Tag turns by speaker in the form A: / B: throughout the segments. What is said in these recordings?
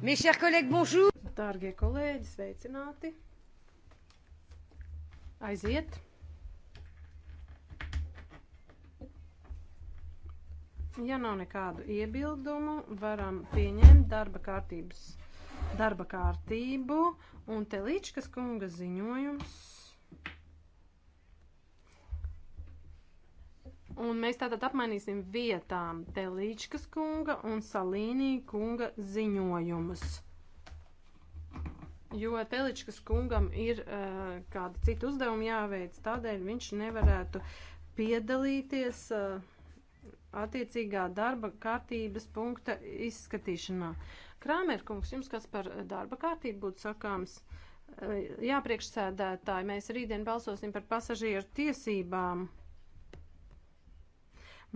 A: Dārgie kolēģi, sveicināti! Aiziet! Ja nav nekādu iebildumu, varam pieņemt darba kārtības darba kārtību un Teličkas kunga ziņojums. Un mēs tātad apmainīsim vietām Telīčkas kunga un Salīnī kunga ziņojumus. Jo Teličkas kungam ir uh, kāda cita uzdevuma jāveic, tādēļ viņš nevarētu piedalīties uh, attiecīgā darba kārtības punkta izskatīšanā. Krāmerkungs, jums kas par darba kārtību būtu sakāms? Uh, jā, priekšsēdētāji, mēs rītdien balsosim par pasažieru tiesībām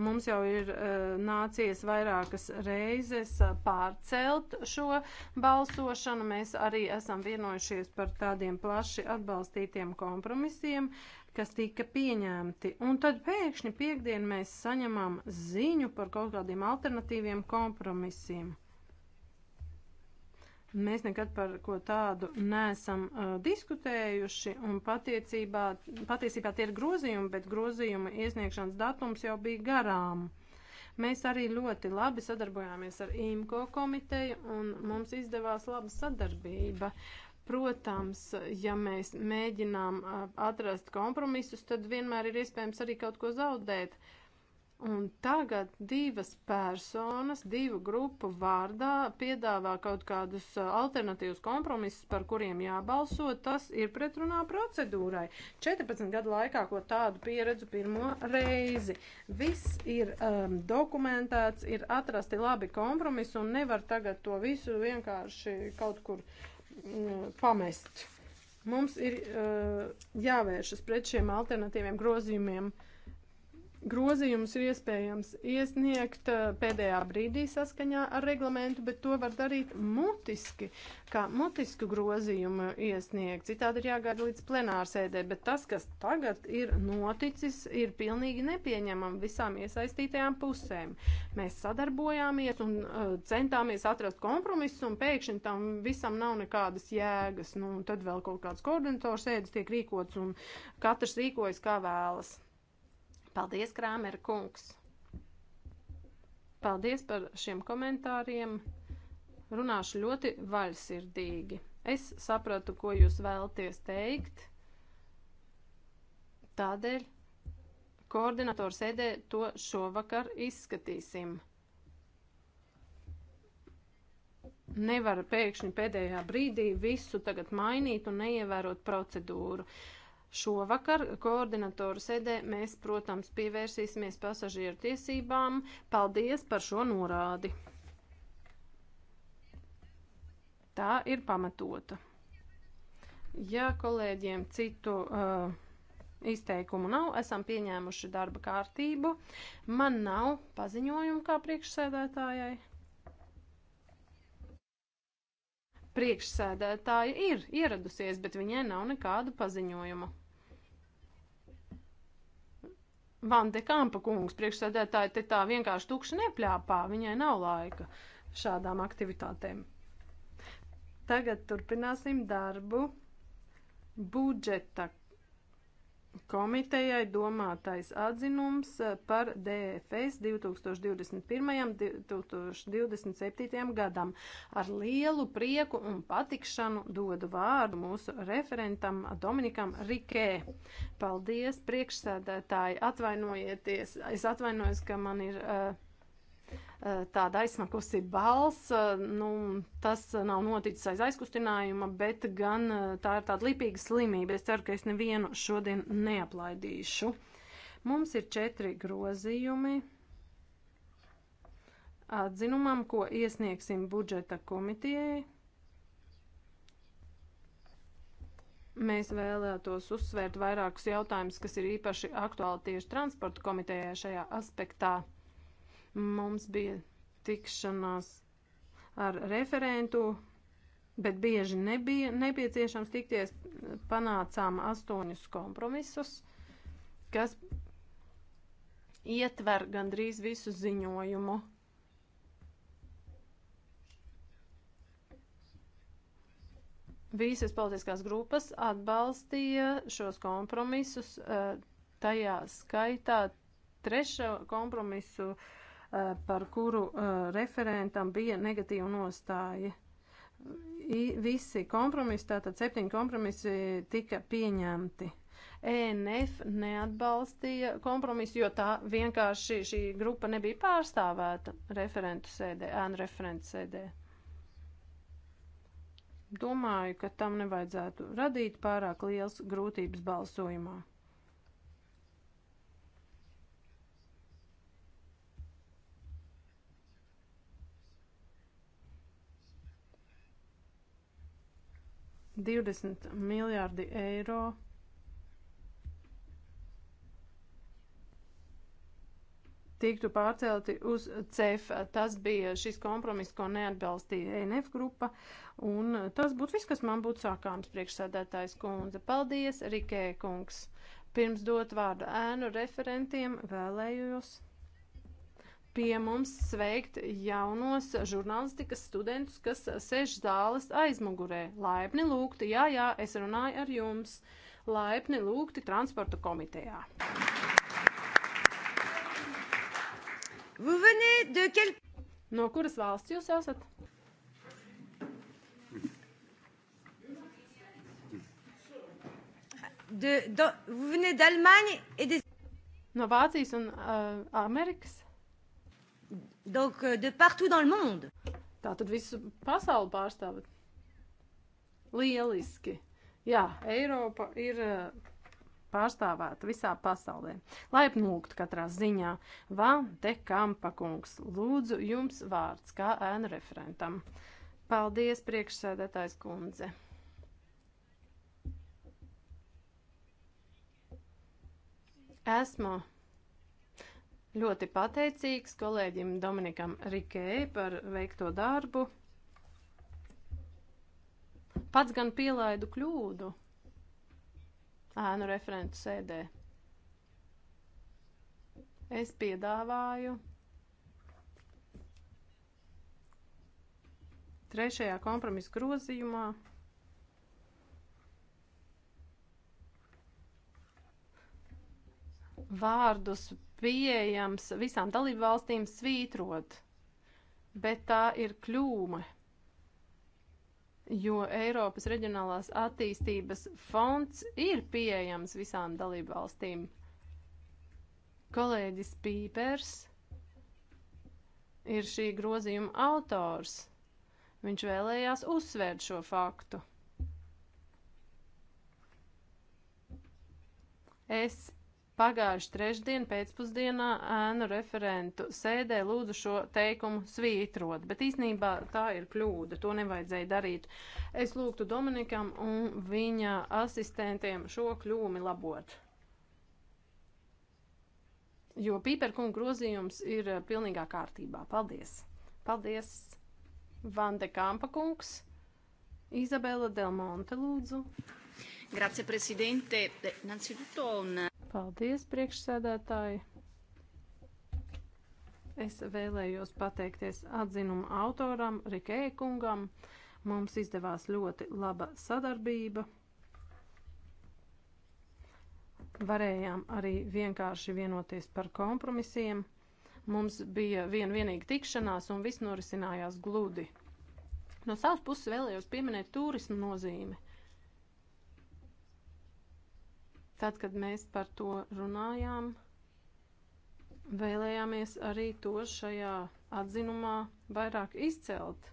A: Mums jau ir uh, nācies vairākas reizes e, pārcelt šo balsošanu. Mēs arī esam vienojušies par tādiem plaši atbalstītiem kompromisiem, kas tika pieņemti. Un tad pēkšņi piekdien mēs saņemam ziņu par kaut kādiem alternatīviem kompromisiem. Mēs nekad par ko tādu neesam uh, diskutējuši, un patiecībā, patiesībā tie ir grozījumi, bet grozījuma iesniegšanas datums jau bija garām. Mēs arī ļoti labi sadarbojāmies ar IMCO komiteju, un mums izdevās laba sadarbība. Protams, ja mēs mēģinām uh, atrast kompromisus, tad vienmēr ir iespējams arī kaut ko zaudēt. Uh, Un tagad divas personas, divu grupu vārdā piedāvā kaut kādus uh, alternatīvus kompromisus, par kuriem jābalso. Tas ir pretrunā procedūrai. 14 gadu laikā, ko tādu pieredzu pirmo reizi, viss ir um, dokumentēts, ir atrasti labi kompromisi un nevar tagad to visu vienkārši kaut kur mm, pamest. Mums ir uh, jāvēršas pret šiem alternatīviem grozījumiem. Uh, Grozījumus ir iespējams iesniegt eh, pēdējā brīdī saskaņā ar reglamentu, bet to var darīt mutiski, kā mutisku grozījumu iesniegt. Citādi ir jāgaida līdz plenārsēdē, bet tas, kas tagad ir noticis, ir pilnīgi nepieņemam visām iesaistītajām pusēm. Mēs sadarbojāmies un uh, centāmies atrast kompromisu, un pēkšņi tam visam nav nekādas jēgas. Nu, tad vēl kaut kāds koordinators sēdes tiek rīkots, un katrs rīkojas kā vēlas. Paldies, Krāmer kungs! Paldies par šiem komentāriem. Runāšu ļoti vaļsirdīgi. Es sapratu, ko jūs vēlties teikt. Tādēļ koordinatoru sēdē to šovakar izskatīsim. Nevar pēkšņi pēdējā brīdī visu tagad mainīt un neievērot procedūru. Šovakar koordinatoru sēdē mēs, protams, pievērsīsimies pasažieru tiesībām. Paldies par šo norādi. Tā ir pamatota. Ja kolēģiem citu. Uh, izteikumu nav, esam pieņēmuši darba kārtību. Man nav paziņojumu kā priekšsēdētājai. Priekšsēdētāja ir ieradusies, bet viņai nav nekādu paziņojumu. Van de Kampa kungs, priekšsēdētāji, te tā vienkārši tukši nepļāpā, viņai nav laika šādām aktivitātēm. Tagad turpināsim darbu budžeta komitejai domātais atzinums par DFS 2021-2027 gadam. Ar lielu prieku un patikšanu dodu vārdu mūsu referentam Dominikam Rikē. Paldies, priekšsēdētāji, atvainojieties. Es atvainojos, ka man ir. Uh, Eh, tāda aizsmakusi balss. Eh, nu, tas nav noticis aiz aizkustinājuma, bet gan eh, tā ir tāda lipīga slimība. Es ceru, ka es nevienu šodien neaplaidīšu. Mums ir četri grozījumi atzinumam, ko iesniegsim budžeta komitijai. Mēs vēlētos uzsvērt vairākus jautājumus, kas ir īpaši aktuāli tieši transporta komitejā šajā aspektā. Mums bija tikšanās ar referentu, bet bieži nebija nepieciešams tikties. Panācām astoņus kompromisus, kas ietver gandrīz visu ziņojumu. Visas politiskās grupas atbalstīja šos kompromisus, eh, tajā skaitā trešo kompromisu uh, par kuru eh, referentam bija negatīva nostāja. Visi kompromisi, tātad septiņi kompromisi tika pieņemti. ENF neatbalstīja kompromisu, jo tā vienkārši šī grupa nebija pārstāvēta referentu sēdē, ēnu referentu sēdē. Domāju, ka tam nevajadzētu radīt pārāk liels grūtības balsojumā. 20 miljārdi eiro. tiktu pārcelti uz CEF. Tas bija šis kompromiss, ko neatbalstīja ENF grupa. Un tas būtu viss, kas man būtu sākāms priekšsēdētājs kundze. Paldies, Rikē kungs! Pirms dot vārdu ēnu referentiem vēlējos pie mums sveikt jaunos žurnālistikas studentus, kas sēž zāles aizmugurē. Laipni lūgti, jā, jā, es runāju ar jums. Laipni lūgti transporta komitejā. Quel... No kuras valsts jūs esat? De, de, vous venez d'Allemagne et des... No Vācijas un uh, Amerikas? Donc, euh, de partout dans le monde. Tā tad visu pasauli pārstāvat. Lieliski. Jā, Eiropa ir uh, pārstāvēta visā pasaulē. Laipni lūgt katrā ziņā. Vam te kampa kungs, lūdzu jums vārds kā ēnu referentam. Paldies, priekšsēdētājs kundze. Esmu Ļoti pateicīgs kolēģim Dominikam Rikēji par veikto darbu. Pats gan pielaidu kļūdu ēnu referentu sēdē. Es piedāvāju trešajā kompromisa grozījumā vārdus pieejams visām dalību valstīm svītrot, bet tā ir kļūme, jo Eiropas reģionālās attīstības fonds ir pieejams visām dalību valstīm. Kolēģis Pīpers ir šī grozījuma autors. Viņš vēlējās uzsvērt šo faktu. Es Pagājuši trešdien pēcpusdienā ēnu referentu sēdē lūdzu šo teikumu svītrot, bet īsnībā tā ir kļūda, to nevajadzēja darīt. Es lūgtu Dominikam un viņa asistentiem šo kļūmi labot. Jo pīperkunga grozījums ir eh, pilnīgā kārtībā. Paldies! Paldies, Vande Kampa kungs! Izabela Delmonte, lūdzu!
B: Grazie, Presidente. Innanzitutto un
A: Paldies, priekšsēdētāji! Es vēlējos pateikties atzinuma autoram Rikēja kungam. Mums izdevās ļoti laba sadarbība. Varējām arī vienkārši vienoties par kompromisiem. Mums bija vien vienīga tikšanās un viss norisinājās gludi. No savas puses vēlējos pieminēt turismu nozīmi. Tad, kad mēs par to runājām, vēlējāmies arī to šajā atzinumā vairāk izcelt.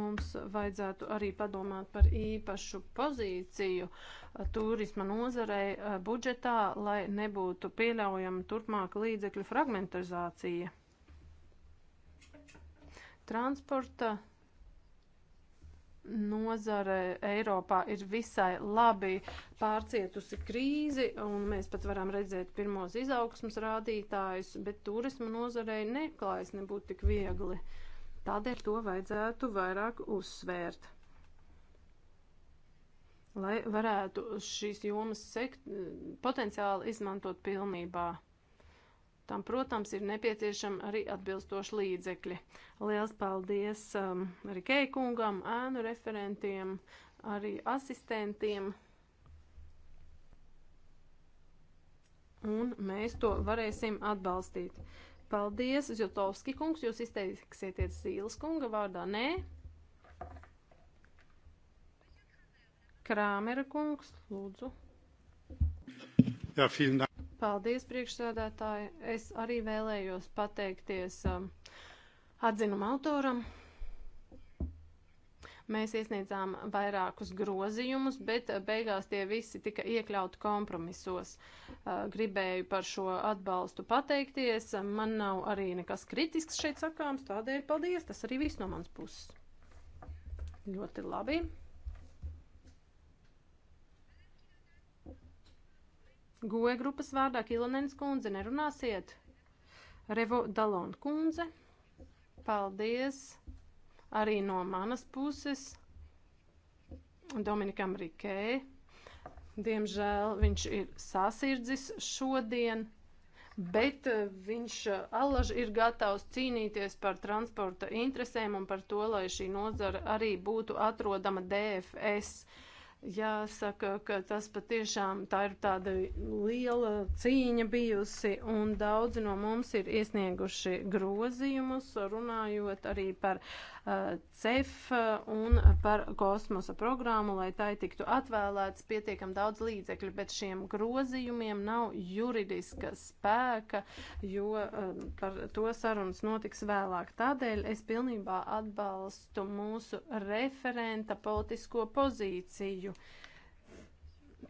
A: mums vajadzētu arī padomāt par īpašu pozīciju turisma nozarei budžetā, lai nebūtu pieļaujama turpmāk līdzekļu fragmentarizācija. Transporta nozare Eiropā ir visai labi pārcietusi krīzi, un mēs pat varam redzēt pirmos izaugsmas rādītājus, bet turismu nozarei neklājas nebūtu tik viegli. Tādēļ to vajadzētu vairāk uzsvērt. Lai varētu šīs jomas sekt, potenciāli izmantot pilnībā. Tam, protams, ir nepieciešama arī atbilstoši līdzekļi. Liels paldies um, Rikei kungam, ēnu referentiem, arī asistentiem. Un mēs to varēsim atbalstīt. Paldies, Ziltovski kungs, jūs izteiksieties Zīles kunga vārdā, nē? Krāmera kungs, lūdzu.
C: Jā, ja, vielen dank.
A: Paldies, priekšsēdētāji. Es arī vēlējos pateikties um, atzinuma autoram. Mēs iesniedzām vairākus grozījumus, bet uh, beigās tie visi tika iekļauti kompromisos. Uh, gribēju par šo atbalstu pateikties. Man nav arī nekas kritisks šeit sakāms, tādēļ paldies. Tas arī viss no manas puses. Ļoti labi. Goja grupas vārdā Kilonens kundze, nerunāsiet? Revo Dalon kundze, paldies arī no manas puses Dominikam Rikē. Diemžēl viņš ir sasirdzis šodien, bet eh, viņš eh, allaž ir gatavs cīnīties par transporta interesēm un par to, lai šī nozara arī būtu atrodama DFS. Jāsaka, ka tas patiešām tā ir tāda liela cīņa bijusi, un daudzi no mums ir iesnieguši grozījumus, runājot arī par uh, CEF eh, un par kosmosa programmu, lai tai tiktu atvēlēts pietiekam daudz līdzekļu, bet šiem grozījumiem nav juridiska spēka, jo eh, par to sarunas notiks vēlāk. Tādēļ es pilnībā atbalstu mūsu referenta politisko pozīciju.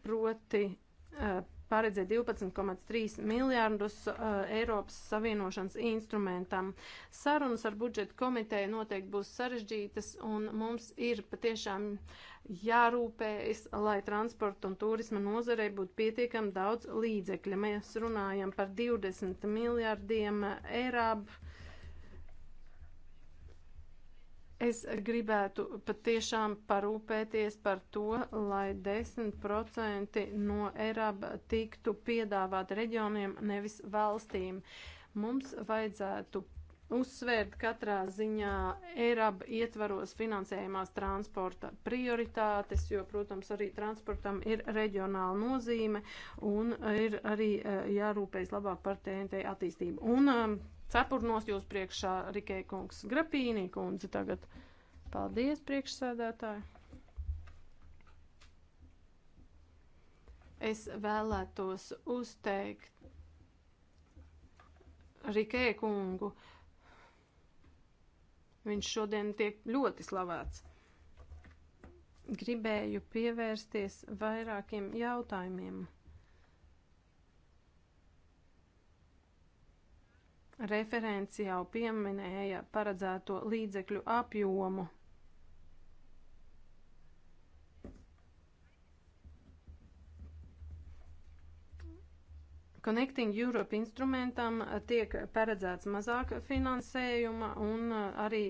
A: Proti, eh, paredzēja 12,3 miljārdus uh, Eiropas Savienošanas instrumentam. Sarunas ar budžeta komiteju noteikti būs sarežģītas, un mums ir patiešām jārūpējas, lai transporta un turisma nozarei būtu pietiekami daudz līdzekļa. Mēs runājam par 20 miljārdiem eirābu Es gribētu patiešām parūpēties par to, lai 10% no ERAB tiktu piedāvāt reģioniem, nevis valstīm. Mums vajadzētu uzsvērt katrā ziņā ERAB ietvaros finansējumās transporta prioritātes, jo, protams, arī transportam ir reģionāla nozīme un ir arī eh, jārūpējas labāk par TNT attīstību. Un, um, cepurnos jūs priekšā Rikē kungs Grapīnī kundze tagad. Paldies, priekšsēdētāji! Es vēlētos uzteikt Rikē kungu. Viņš šodien tiek ļoti slavēts. Gribēju pievērsties vairākiem jautājumiem. Referents jau pieminēja paredzēto līdzekļu apjomu. Connecting Europe instrumentam tiek paredzēts mazāk finansējuma un uh, arī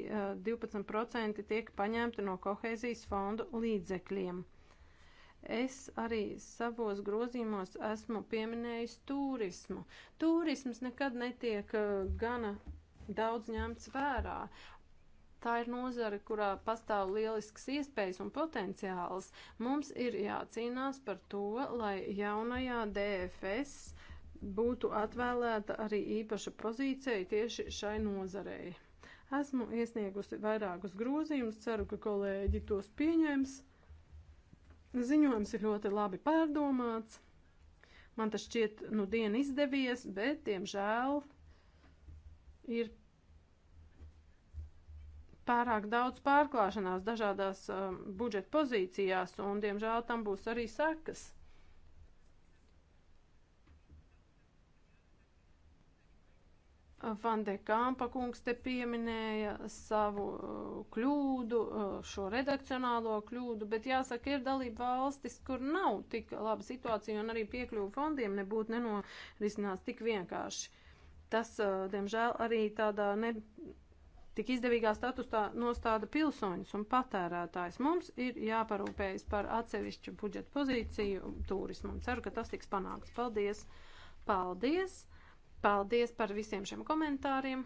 A: 12% uh, tiek paņemti no kohēzijas fondu līdzekļiem. Es arī savos grozījumos esmu pieminējis turismu. Turisms nekad netiek eh, gana daudz ņemts vērā. Tā ir nozara, kurā pastāv lielisks iespējas un potenciāls. Mums ir jācīnās par to, lai jaunajā DFS būtu atvēlēta arī īpaša pozīcija tieši šai nozarei. Esmu iesniegusi vairākus grozījumus, ceru, ka kolēģi tos pieņems. Ziņojums ir ļoti labi pārdomāts. Man tas šķiet, nu, diena izdevies, bet, diemžēl, ir pārāk daudz pārklāšanās dažādās um, budžeta pozīcijās, un, diemžēl, tam būs arī sekas. Vande Kampa kungs te pieminēja savu uh, kļūdu, uh, šo redakcionālo kļūdu, bet jāsaka, ir dalība valstis, kur nav tik laba situācija un arī piekļuvu fondiem nebūtu nenorisinās tik vienkārši. Tas, uh, diemžēl, arī tādā ne tik izdevīgā statusā nostāda pilsoņus un patērētājs. Mums ir jāparūpējas par atsevišķu budžeta pozīciju turismam. Ceru, ka tas tiks panākts. Paldies! Paldies! Paldies par visiem šiem komentāriem.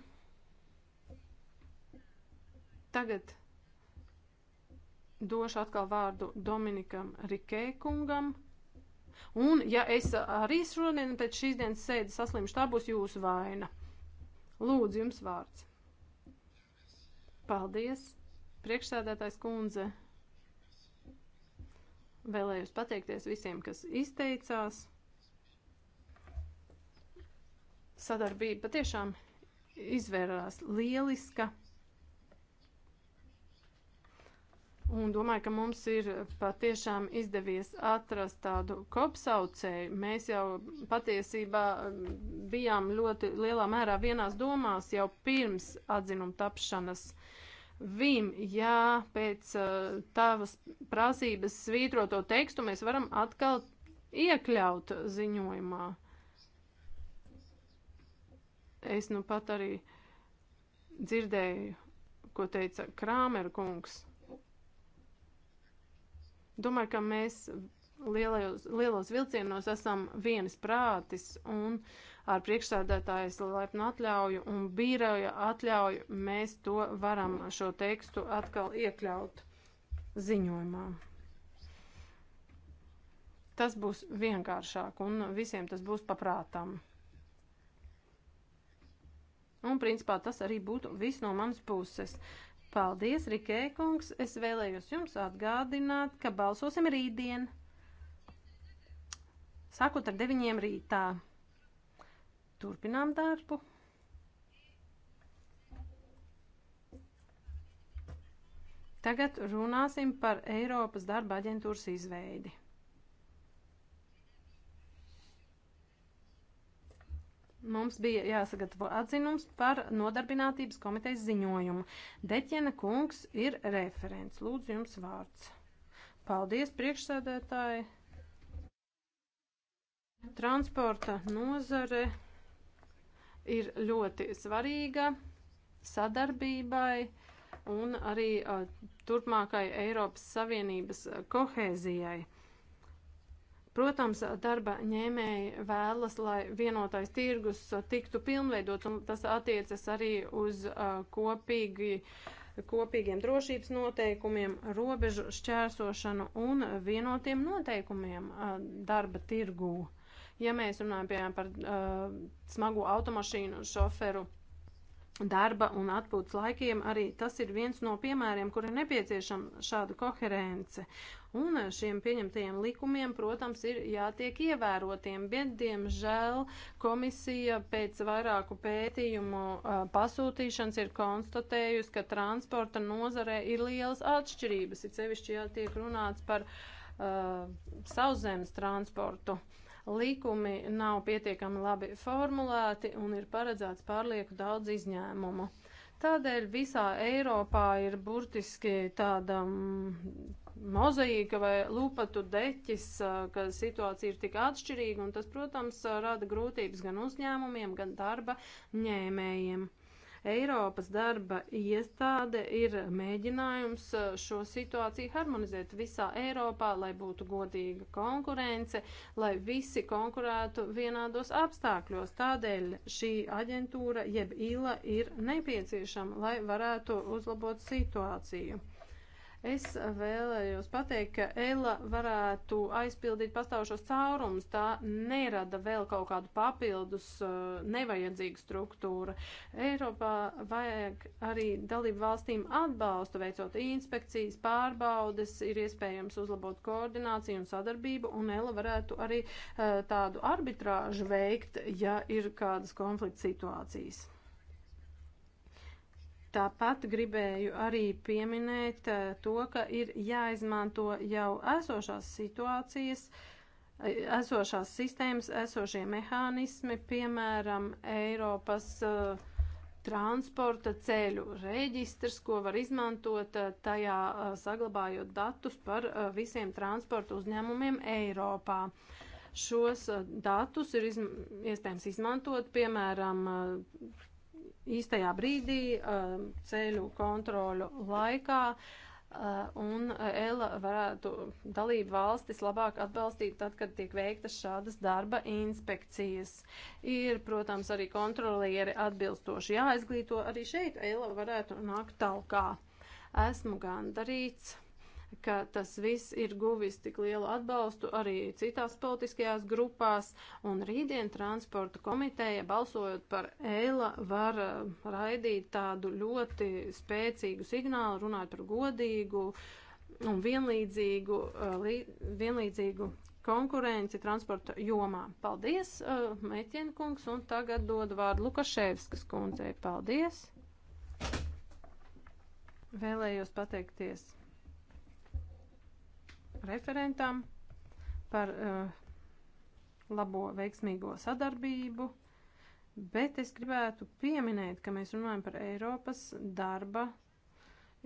A: Tagad došu atkal vārdu Dominikam Rikē kungam. Un, ja es arī šodien pēc šīs dienas sēdi saslimšu, tā būs jūsu vaina. Lūdzu, jums vārds. Paldies, priekšsēdētājs kundze. Vēlējos pateikties visiem, kas izteicās sadarbība patiešām izvērās lieliska. Un domāju, ka mums ir patiešām izdevies atrast tādu kopsaucēju. Mēs jau patiesībā bijām ļoti lielā mērā vienās domās jau pirms atzinuma tapšanas. Vim, jā, pēc uh, tavas prasības svītroto tekstu mēs varam atkal iekļaut ziņojumā. Uh, Es nu pat arī dzirdēju, ko teica Krāmera kungs. Domāju, ka mēs lielajos, lielos vilcienos esam vienas prātis un ar priekšsēdētājas laipnu atļauju un bīroja atļauju mēs to varam šo tekstu atkal iekļaut ziņojumā. Tas būs vienkāršāk un visiem tas būs paprātām. Un, principā, tas arī būtu viss no manas puses. Paldies, Rikēkungs! Es vēlējos jums atgādināt, ka balsosim rītdien, sākot ar deviņiem rītā. Turpinām darbu. Tagad runāsim par Eiropas darba aģentūras izveidi. mums bija jāsagatavo atzinums par nodarbinātības komitejas ziņojumu. Deķena kungs ir referents. Lūdzu, jums vārds. Paldies, priekšsēdētāji. Transporta nozare ir ļoti svarīga sadarbībai un arī uh, turpmākai Eiropas Savienības kohēzijai. Protams, darba ņēmēji vēlas, lai vienotais tirgus tiktu pilnveidots, un tas attiecas arī uz uh, kopīgi kopīgiem drošības noteikumiem, robežu šķērsošanu un vienotiem noteikumiem uh, darba tirgū. Ja mēs runājam, piemēram, par uh, smagu automašīnu šoferu darba un atpūtas laikiem arī tas ir viens no piemēriem, kur ir nepieciešama šāda koherence. Un šiem pieņemtajiem likumiem, protams, ir jātiek ievērotiem, bet, diemžēl, komisija pēc vairāku pētījumu uh, pasūtīšanas ir konstatējusi, ka transporta nozarē ir lielas atšķirības, ir sevišķi jātiek runāts par uh, sauszemes transportu. Uh, likumi nav pietiekami labi formulēti un ir paredzēts pārlieku daudz izņēmumu. Tādēļ visā Eiropā ir burtiski tāda mm, mozaīka vai lupatu deķis, ka situācija ir tik atšķirīga, un tas, protams, rada grūtības gan uzņēmumiem, gan darba ņēmējiem. Eiropas darba iestāde ir mēģinājums uh, šo situāciju harmonizēt visā Eiropā, lai būtu godīga konkurence, lai visi konkurētu vienādos apstākļos. Tādēļ šī aģentūra jeb īla ir nepieciešama, lai varētu uzlabot situāciju. Es vēlējos pateikt, ka Ela varētu aizpildīt pastāvošos caurumus. Tā nerada vēl kaut kādu papildus uh, nevajadzīgu struktūru. Eiropā vajag arī dalību valstīm atbalstu, veicot inspekcijas, pārbaudes, ir iespējams uzlabot koordināciju un sadarbību, un Ela varētu arī uh, tādu arbitrāžu veikt, ja ir kādas konflikts situācijas. Tāpat gribēju arī pieminēt eh, to, ka ir jāizmanto jau esošās situācijas, eh, esošās sistēmas, esošie mehānismi, piemēram, Eiropas uh, transporta ceļu reģistrs, ko var izmantot tajā saglabājot datus par visiem transporta uzņēmumiem Eiropā. Šos datus ir izm iespējams izmantot, piemēram, īstajā brīdī um, ceļu kontroļu laikā. Uh, un uh, ELA varētu dalību valstis labāk atbalstīt tad, kad tiek veiktas šādas darba inspekcijas. Ir, protams, arī kontrolieri atbilstoši jāizglīto. Arī šeit ELA varētu nākt talkā. Esmu gandarīts ka tas viss ir guvis tik lielu atbalstu arī citās politiskajās grupās, un rītdien transporta komiteja balsojot par ELA var eh, raidīt tādu ļoti spēcīgu signālu, runāt par godīgu un vienlīdzīgu, eh, vienlīdzīgu konkurenci transporta jomā. Paldies, uh, eh, Mēķina kungs, un tagad dodu vārdu Lukaševskas kundzei. Paldies! Vēlējos pateikties referentam par uh, labo veiksmīgo sadarbību, bet es gribētu pieminēt, ka mēs runājam par Eiropas darba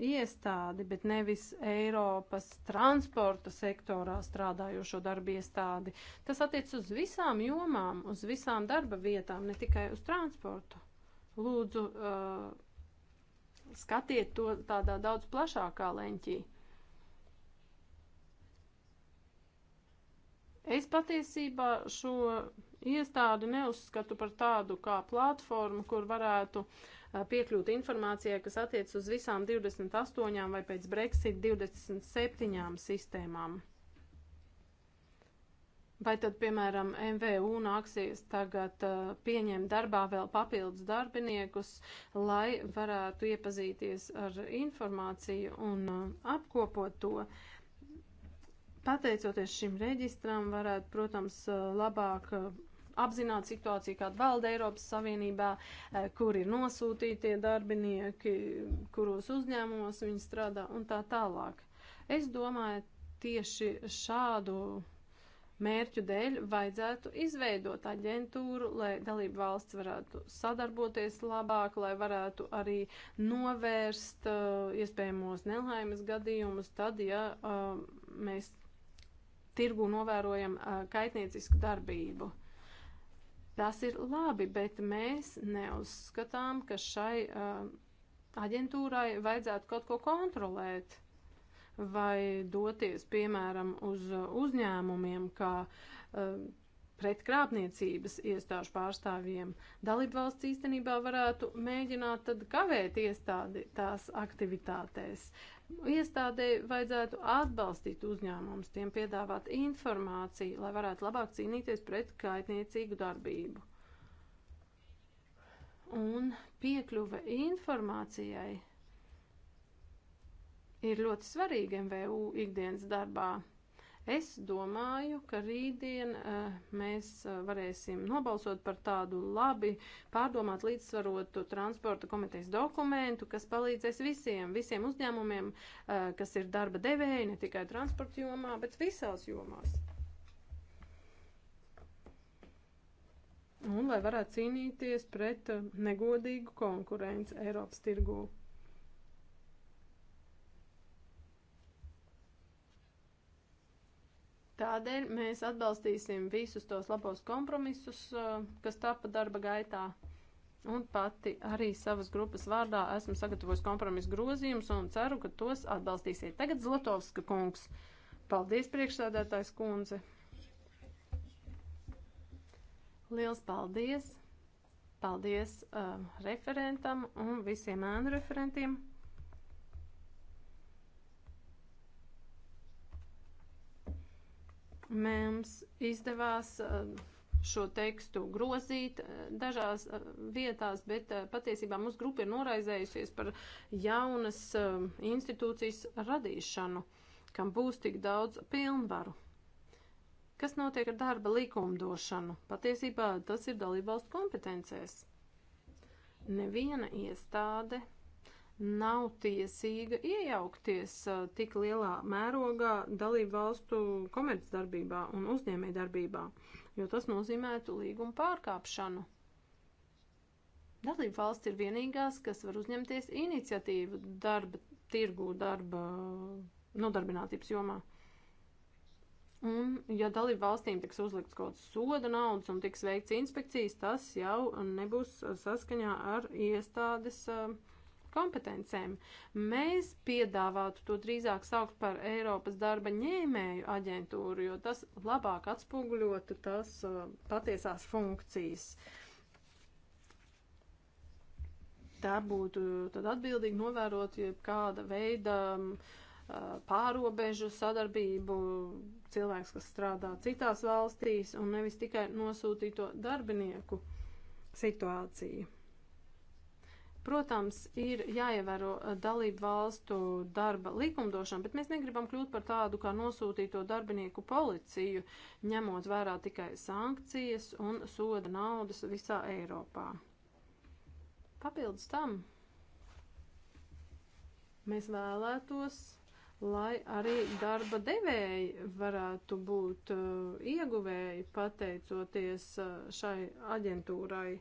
A: iestādi, bet nevis Eiropas transporta sektorā strādājošo darba iestādi. Tas attiec uz visām jomām, uz visām darba vietām, ne tikai uz transportu. Lūdzu, uh, skatiet to tādā daudz plašākā leņķī. Es patiesībā šo iestādi neuzskatu par tādu kā platformu, kur varētu piekļūt informācijai, kas attiec uz visām 28 vai pēc Brexit 27 sistēmām. Vai tad, piemēram, MVU nāksies tagad uh, pieņemt darbā vēl papildus darbiniekus, lai varētu iepazīties ar informāciju un uh, apkopot to? Uh, Pateicoties šim reģistram, varētu, protams, eh, labāk eh, apzināt situāciju, kāda valda Eiropas Savienībā, eh, kur ir nosūtītie darbinieki, kuros uzņēmumos viņi strādā un tā tālāk. Es domāju, tieši šādu mērķu dēļ vajadzētu izveidot aģentūru, lai dalību valsts varētu sadarboties labāk, lai varētu arī novērst uh, iespējamos nelaimes gadījumus, tad, ja uh, mēs tirgu novērojam kaitniecisku darbību. Tas ir labi, bet mēs neuzskatām, ka šai uh, aģentūrai vajadzētu kaut ko kontrolēt vai doties, piemēram, uz uzņēmumiem, kā uh, pret krāpniecības iestāžu pārstāvjiem. Dalībvalsts īstenībā varētu mēģināt tad kavēt iestādi tās aktivitātēs. Iestādēji vajadzētu atbalstīt uzņēmumus, tiem piedāvāt informāciju, lai varētu labāk cīnīties pret kaitniecīgu darbību. Un piekļuve informācijai ir ļoti svarīga MVU ikdienas darbā. Es domāju, ka rītdien uh, mēs eh, varēsim nobalsot par tādu labi pārdomāt līdzsvarotu transporta komitejas dokumentu, kas palīdzēs visiem, visiem uzņēmumiem, uh, kas ir darba devēji, ne tikai transporta jomā, bet visās jomās. Un lai varētu cīnīties pret negodīgu konkurenci Eiropas tirgū. Tādēļ mēs atbalstīsim visus tos labos kompromisus, eh, kas tapa darba gaitā. Un pati arī savas grupas vārdā esmu sagatavojis kompromisu grozījumus un ceru, ka tos atbalstīsiet. Tagad Zlatovska kungs. Paldies, priekšsādātājs kundze. Liels paldies! Paldies uh, referentam un visiem ēnu referentiem! Mums izdevās eh, šo tekstu grozīt eh, dažās eh, vietās, bet patiesībā mūsu grupa ir noraizējusies par jaunas institūcijas radīšanu, kam būs tik daudz pilnvaru. Kas notiek ar darba likumdošanu? Patiesībā tas ir dalībvalstu kompetencēs. Neviena iestāde nav tiesīga iejaukties tik lielā mērogā dalību valstu komercdarbībā un uzņēmējdarbībā, jo tas nozīmētu līguma pārkāpšanu. Dalību valsts ir vienīgās, kas var uzņemties iniciatīvu darba tirgu, darba nodarbinātības jomā. Un, ja dalību valstīm tiks uzlikts kaut kāds soda naudas un tiks veikts inspekcijas, tas jau nebūs saskaņā ar iestādes uh, kompetencēm. Mēs piedāvātu to drīzāk saukt par Eiropas darba ņēmēju aģentūru, jo tas labāk atspoguļotu tas uh, patiesās funkcijas. Tā būtu tad atbildīgi novērot kāda veida um, uh, pārobežu sadarbību, cilvēks, kas strādā citās valstīs, un nevis tikai nosūtīto darbinieku situāciju. Protams, ir jāievēro uh, dalību valstu darba likumdošana, bet mēs negribam kļūt par tādu kā nosūtīto darbinieku policiju, ņemot vērā tikai sankcijas un soda naudas visā Eiropā. Papildus tam mēs vēlētos, lai arī darba devēji varētu būt uh, ieguvēji pateicoties uh, šai aģentūrai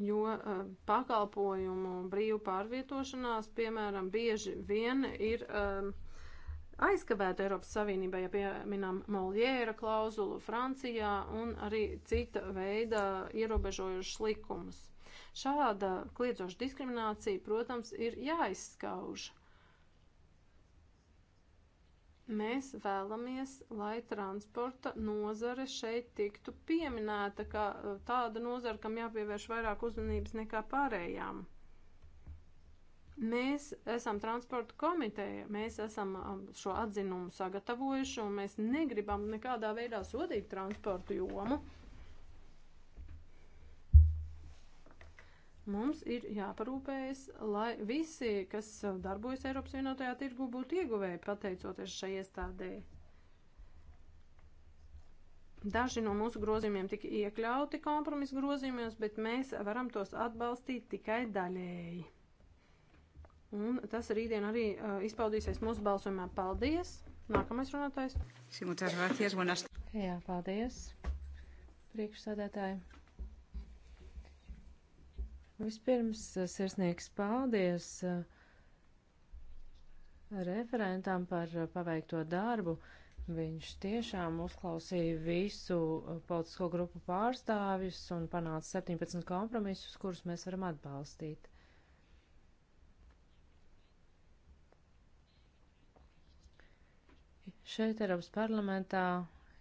A: jo uh, pakalpojumu brīvu pārvietošanās, piemēram, bieži vien ir uh, aizkavēta Eiropas Savienībā, ja pieminam Moljēra klauzulu Francijā un arī cita veida ierobežojušas likumus. Šāda kliedzoša diskriminācija, protams, ir jāizskauž. Mēs vēlamies, lai transporta nozare šeit tiktu pieminēta kā uh, tāda nozara, kam jāpievērš vairāk uzmanības nekā pārējām. Mēs esam transporta komiteja, mēs esam um, šo atzinumu sagatavojuši un mēs negribam nekādā veidā sodīt transportu jomu. Jo Mums ir jāparūpējas, lai visi, kas darbojas Eiropas vienotajā tirgu, būtu ieguvēji pateicoties šai iestādē. Daži no mūsu grozījumiem tika iekļauti kompromisu grozījumos, bet mēs varam tos atbalstīt tikai daļēji. Un tas rītdien arī uh, izpaudīsies mūsu balsojumā. Paldies! Nākamais runātājs. Jā, paldies! Priekšsādētāji! Vispirms eh, sirsnīgs
B: paldies eh, referentam par eh, paveikto darbu. Viņš tiešām uzklausīja visu politisko grupu pārstāvjus un panāca 17 kompromisus, kurus mēs varam atbalstīt. Šeit Eiropas parlamentā,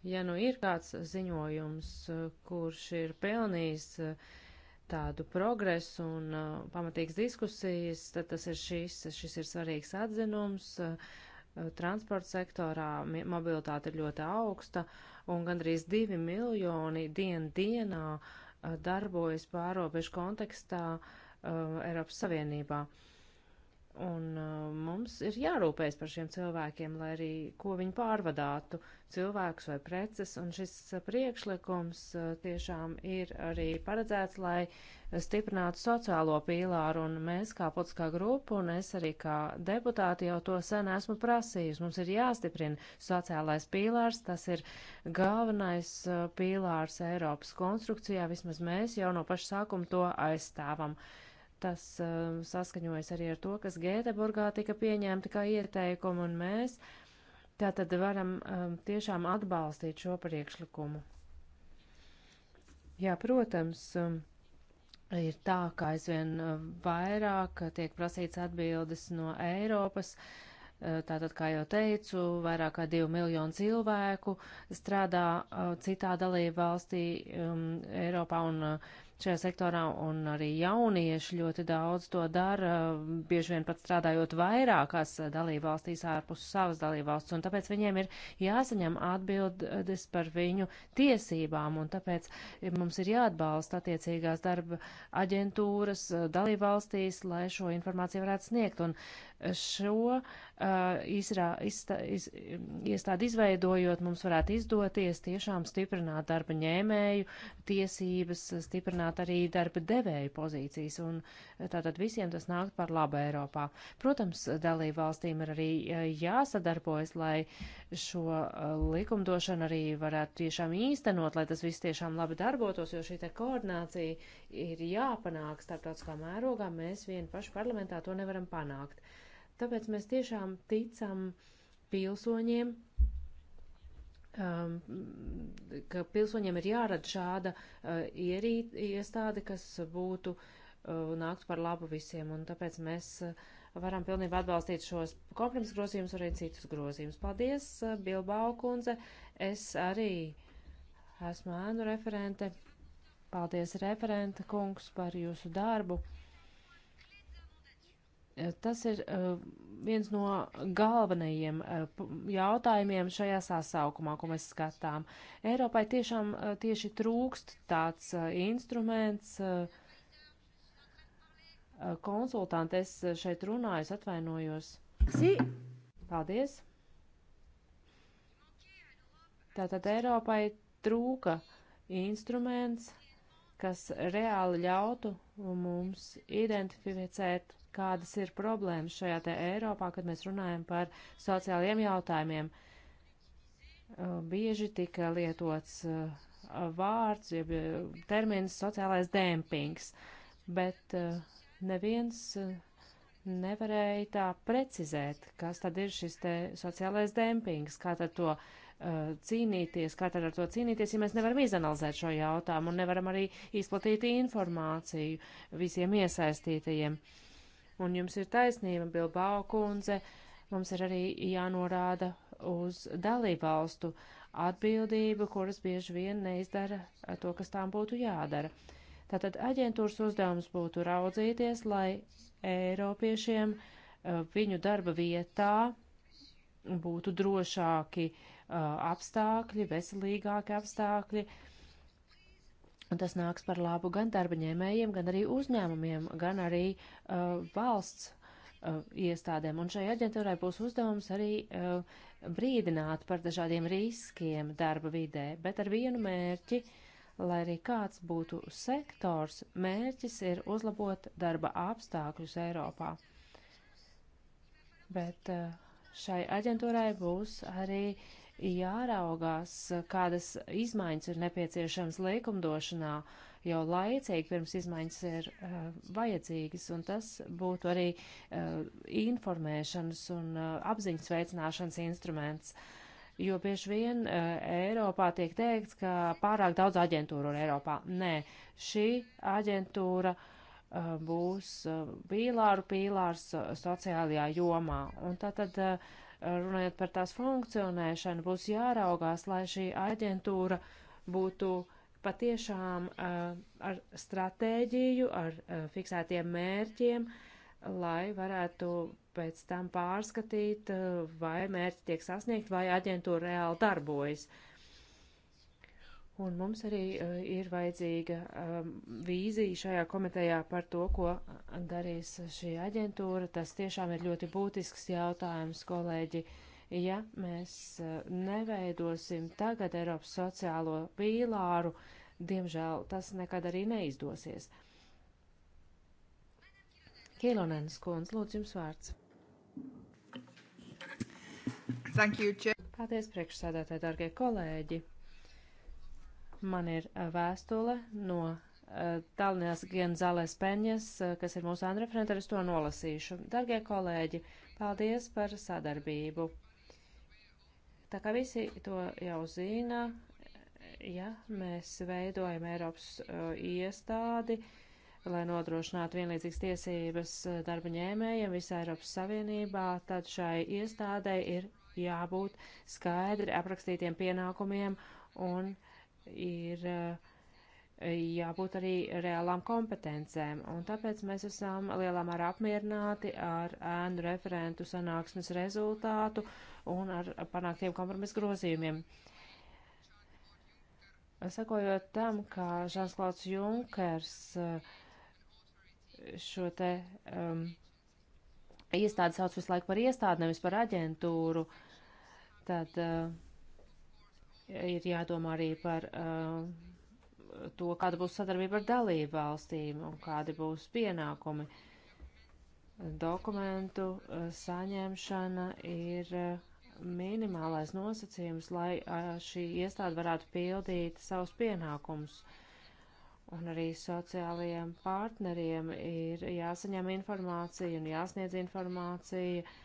B: ja nu ir kāds ziņojums, kurš ir pelnījis uh, tādu progresu un uh, pamatīgas diskusijas, tad tas ir šis, šis ir svarīgs atzinums. Uh, transporta sektorā mobilitāte ir ļoti augsta un gandrīz divi miljoni dien dienā uh, darbojas pārobežu kontekstā uh, Eiropas Savienībā. Uh, Un uh, mums ir jārūpējas par šiem cilvēkiem, lai arī ko viņi pārvadātu, cilvēkus vai preces. Un šis priekšlikums uh, tiešām ir arī paredzēts, lai stiprinātu sociālo pīlāru. Un mēs kā politiskā grupa un es arī kā deputāti jau to sen esmu prasījusi. Mums ir jāstiprina sociālais pīlārs. Tas ir galvenais uh, pīlārs Eiropas konstrukcijā. Vismaz mēs jau no paša sākuma to aizstāvam. Uh, Tas um, saskaņojas arī ar to, kas Gēteburgā tika pieņemta kā ieteikuma, un mēs tātad varam um, tiešām atbalstīt šo priekšlikumu. Jā, protams, um, ir tā, ka aizvien um, vairāk tiek prasīts atbildes no Eiropas. Uh, Tātad, kā jau teicu, vairāk kā 2 miljonu cilvēku strādā uh, citā dalība valstī um, Eiropā un uh, šajā sektorā, un arī jaunieši ļoti daudz to dara, bieži vien pat strādājot vairākās dalībvalstīs ārpus savas dalībvalsts, un tāpēc viņiem ir jāsaņem atbildes par viņu tiesībām, un tāpēc mums ir jāatbalsta attiecīgās darba aģentūras dalībvalstīs, lai šo informāciju varētu sniegt, un šo uh, izrā, izstā, iz, iestādi izveidojot, mums varētu izdoties tiešām stiprināt darba ņēmēju tiesības, stiprināt arī darba devēju pozīcijas, un tātad visiem tas nāk par labu Eiropā. Protams, dalību valstīm ir arī uh, jāsadarbojas, lai šo uh, likumdošanu arī varētu tiešām īstenot, lai tas viss tiešām labi darbotos, jo šī te koordinācija ir jāpanāk starptautiskā mērogā, mēs vien paši parlamentā to nevaram panākt. Uh, Tāpēc mēs tiešām ticam pilsoņiem, um, ka pilsoņiem ir jārada šāda uh, ierī, iestāde, kas būtu uh, nāktu par labu visiem, un tāpēc mēs uh, varam pilnībā atbalstīt šos kompromisu grozījumus, arī citus grozījumus. Paldies, uh, Bilbao kundze, es arī esmu ēnu referente. Paldies, referenta kungs, par jūsu darbu. Tas ir eh, viens no galvenajiem eh, jautājumiem šajā sasaukumā, ko mēs skatām. Eiropai tiešām eh, tieši trūkst tāds instruments. Konsultanti, es šeit runāju, es atvainojos. Si. Paldies. Tātad Eiropai trūka instruments, kas reāli ļautu mums identificēt, kādas ir problēmas šajā te Eiropā, kad mēs runājam par sociālajiem jautājumiem. Uh, bieži tika lietots uh, vārds, jeb uh, termins sociālais dempings, bet neviens nevarēja tā precizēt, kas tad ir šis te sociālais dempings, kā tad to uh, Eh, cīnīties, kā tad ar to cīnīties, ja mēs nevaram izanalizēt šo jautājumu un nevaram arī izplatīt informāciju visiem iesaistītajiem. Un jums ir taisnība, Bilbao kundze, mums ir arī jānorāda uz dalībvalstu atbildību, kuras bieži vien neizdara to, kas tām būtu jādara. Tātad aģentūras uzdevums būtu raudzīties, lai Eiropiešiem eh, viņu darba vietā būtu drošāki uh, Uh, apstākļi, veselīgāki apstākļi. Un tas nāks par labu gan darbaņēmējiem, gan arī uzņēmumiem, gan arī uh, valsts uh, iestādēm. Un šai aģentūrai būs uzdevums arī uh, brīdināt par dažādiem riskiem darba vidē, bet ar vienu mērķi, lai arī kāds būtu sektors, mērķis ir uzlabot darba apstākļus Eiropā. Bet uh, šai aģentūrai būs arī uh, jāraugās, kādas izmaiņas ir nepieciešams likumdošanā, jau laicīgi pirms izmaiņas ir uh, vajadzīgas, un tas būtu arī uh, informēšanas un uh, apziņas veicināšanas instruments. Jo bieži vien uh, Eiropā tiek teikts, ka pārāk daudz aģentūru ir Eiropā. Nē, šī aģentūra uh, būs pīlāru pīlārs sociālajā jomā. Un tātad uh, runājot par tās funkcionēšanu, būs jāraugās, lai šī aģentūra būtu patiešām eh, ar stratēģiju, ar eh, fiksētiem mērķiem, lai varētu pēc tam pārskatīt, eh, vai mērķi tiek sasniegt, vai aģentūra reāli darbojas. Uh, Un mums arī eh, ir vajadzīga eh, vīzija šajā komitejā par to, ko darīs šī aģentūra. Tas tiešām ir ļoti būtisks jautājums, kolēģi. Ja mēs eh, neveidosim tagad Eiropas sociālo pīlāru, diemžēl tas nekad arī neizdosies. Kilonenes kundz, lūdzu jums vārds. Thank you, Paldies priekšsādātāji, dargie kolēģi! Man ir eh, vēstule no eh, Tallinās Genzālēs Peņas, eh, kas ir mūsu anreferenta, es to nolasīšu. Dargie kolēģi, paldies par sadarbību. Tā kā visi to jau zina, ja mēs veidojam Eiropas uh, iestādi, lai nodrošinātu vienlīdzīgas tiesības darba ņēmējiem visā Eiropas Savienībā, tad šai iestādei ir jābūt skaidri aprakstītiem pienākumiem un uh, ir eh, jābūt arī reālām kompetencēm, un tāpēc mēs esam lielā mērā apmierināti ar ēnu referentu sanāksmes rezultātu un ar panāktiem kompromisu grozījumiem. Sakojot tam, ka Žansklauds Junkers eh, šo te um, iestādi sauc visu laiku par iestādi, nevis par aģentūru, tad uh, ir jādomā arī par uh, to, kāda būs sadarbība ar dalību valstīm un kādi būs pienākumi. Dokumentu uh, saņemšana ir uh, minimālais nosacījums, lai uh, šī iestāde varētu pildīt savus pienākumus. Un arī sociālajiem partneriem ir jāsaņem informācija un jāsniedz informācija uh,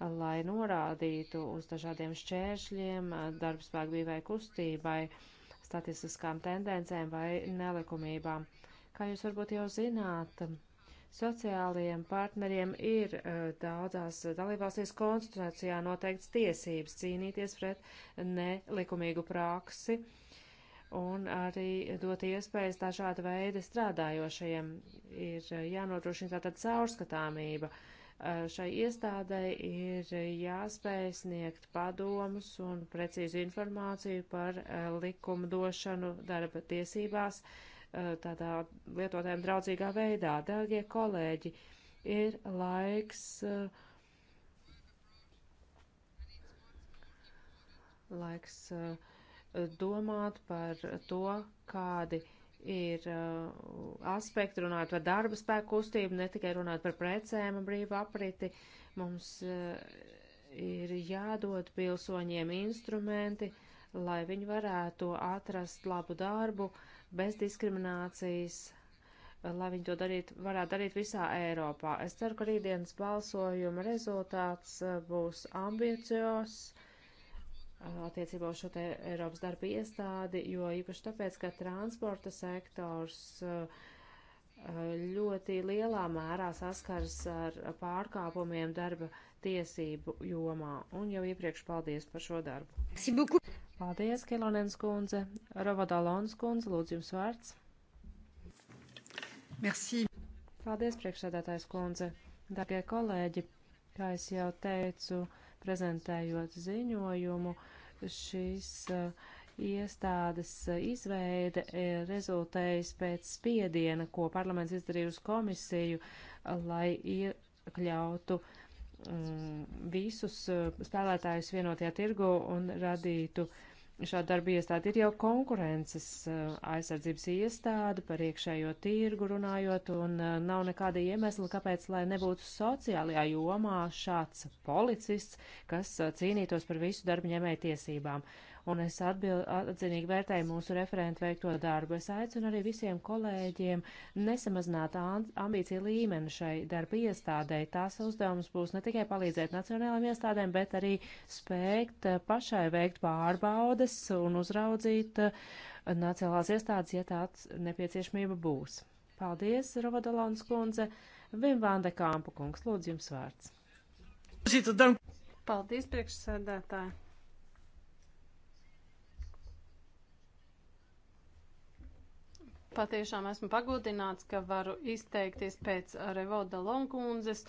B: lai norādītu uz dažādiem šķēršļiem, darbspēku brīvai kustībai, statistiskām tendencēm vai nelikumībām. Kā jūs varbūt jau zināt, sociālajiem partneriem ir eh, daudzās dalībvalstīs konstitūcijā noteikts tiesības cīnīties pret nelikumīgu praksi un arī dot iespējas dažāda veida strādājošajiem. Ir eh, jānodrošina tātad caurskatāmība. Uh, Eh, šai iestādai ir jāspēj sniegt padomus un precīzu informāciju par eh, likumdošanu darba tiesībās eh, tādā lietotājiem draudzīgā veidā. Dārgie kolēģi, ir laiks, laiks domāt par to, kādi ir uh, aspekti, runājot par darba spēku kustību, ne tikai runājot par precēm un brīvu apriti. Mums uh, ir jādod pilsoņiem instrumenti, lai viņi varētu atrast labu darbu bez diskriminācijas, lai viņi to darīt, varētu darīt visā Eiropā. Es ceru, ka rītdienas balsojuma rezultāts uh, būs ambiciozs attiecībā uz šo te Eiropas darba iestādi, jo īpaši tāpēc, ka transporta sektors uh, uh, ļoti lielā mērā saskars ar pārkāpumiem darba tiesību jomā. Un jau iepriekš paldies par šo darbu. Paldies, Kilonens kundze. Rovadalons kundze, lūdzu jums vārds. Merci. Paldies, priekšsēdētājs kundze. Darbie kolēģi, kā es jau teicu, uh, prezentējot ziņojumu, šīs uh, eh, iestādes eh, izveide eh, rezultējas pēc spiediena, ko parlaments izdarīja uz komisiju, lai iekļautu um, visus spēlētājus vienotajā tirgu un radītu uh, šāda darba iestāde ir jau konkurences eh, aizsardzības iestāde par iekšējo tirgu runājot, un eh, nav nekāda iemesla, kāpēc, lai nebūtu sociālajā jomā šāds policists, kas eh, cīnītos par visu darba ņēmēju tiesībām un es atbild, atzinīgi vērtēju mūsu referentu veikto darbu. Es aicinu arī visiem kolēģiem nesamazināt ambīciju līmeni šai darba iestādē. Tās uzdevums būs ne tikai palīdzēt nacionālajām iestādēm, bet arī spēkt eh, pašai veikt pārbaudes un uzraudzīt eh, nacionālās iestādes, ja tāds nepieciešamība būs. Paldies, Rovadolons kundze. Vim Vanda Kāmpa kungs, lūdzu jums vārds.
A: Paldies, priekšsēdētāji. Patiešām esmu pagodināts, ka varu izteikties pēc Revoda Lonkundzes,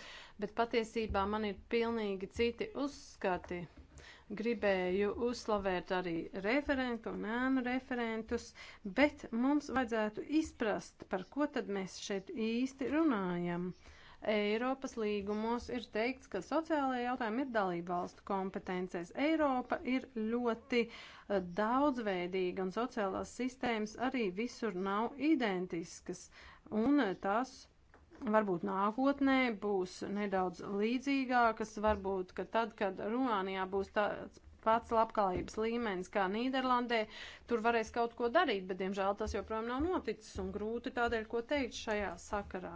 A: bet patiesībā man ir pilnīgi citi uzskati. Gribēju uzslavēt arī referentu un ēnu referentus, bet mums vajadzētu izprast, par ko tad mēs šeit īsti runājam. Uh, Eiropas līgumos ir teikts, ka sociālajie jautājumi ir dalību valstu kompetencēs. Eiropa ir ļoti eh, daudzveidīga un sociālās sistēmas arī visur nav identiskas. Un eh, tas varbūt nākotnē būs nedaudz līdzīgākas, varbūt, ka tad, kad Rumānijā būs tāds pats labklājības līmenis kā Nīderlandē, tur varēs kaut ko darīt, bet, diemžēl, tas joprojām nav noticis un grūti tādēļ, ko teikt šajā sakarā.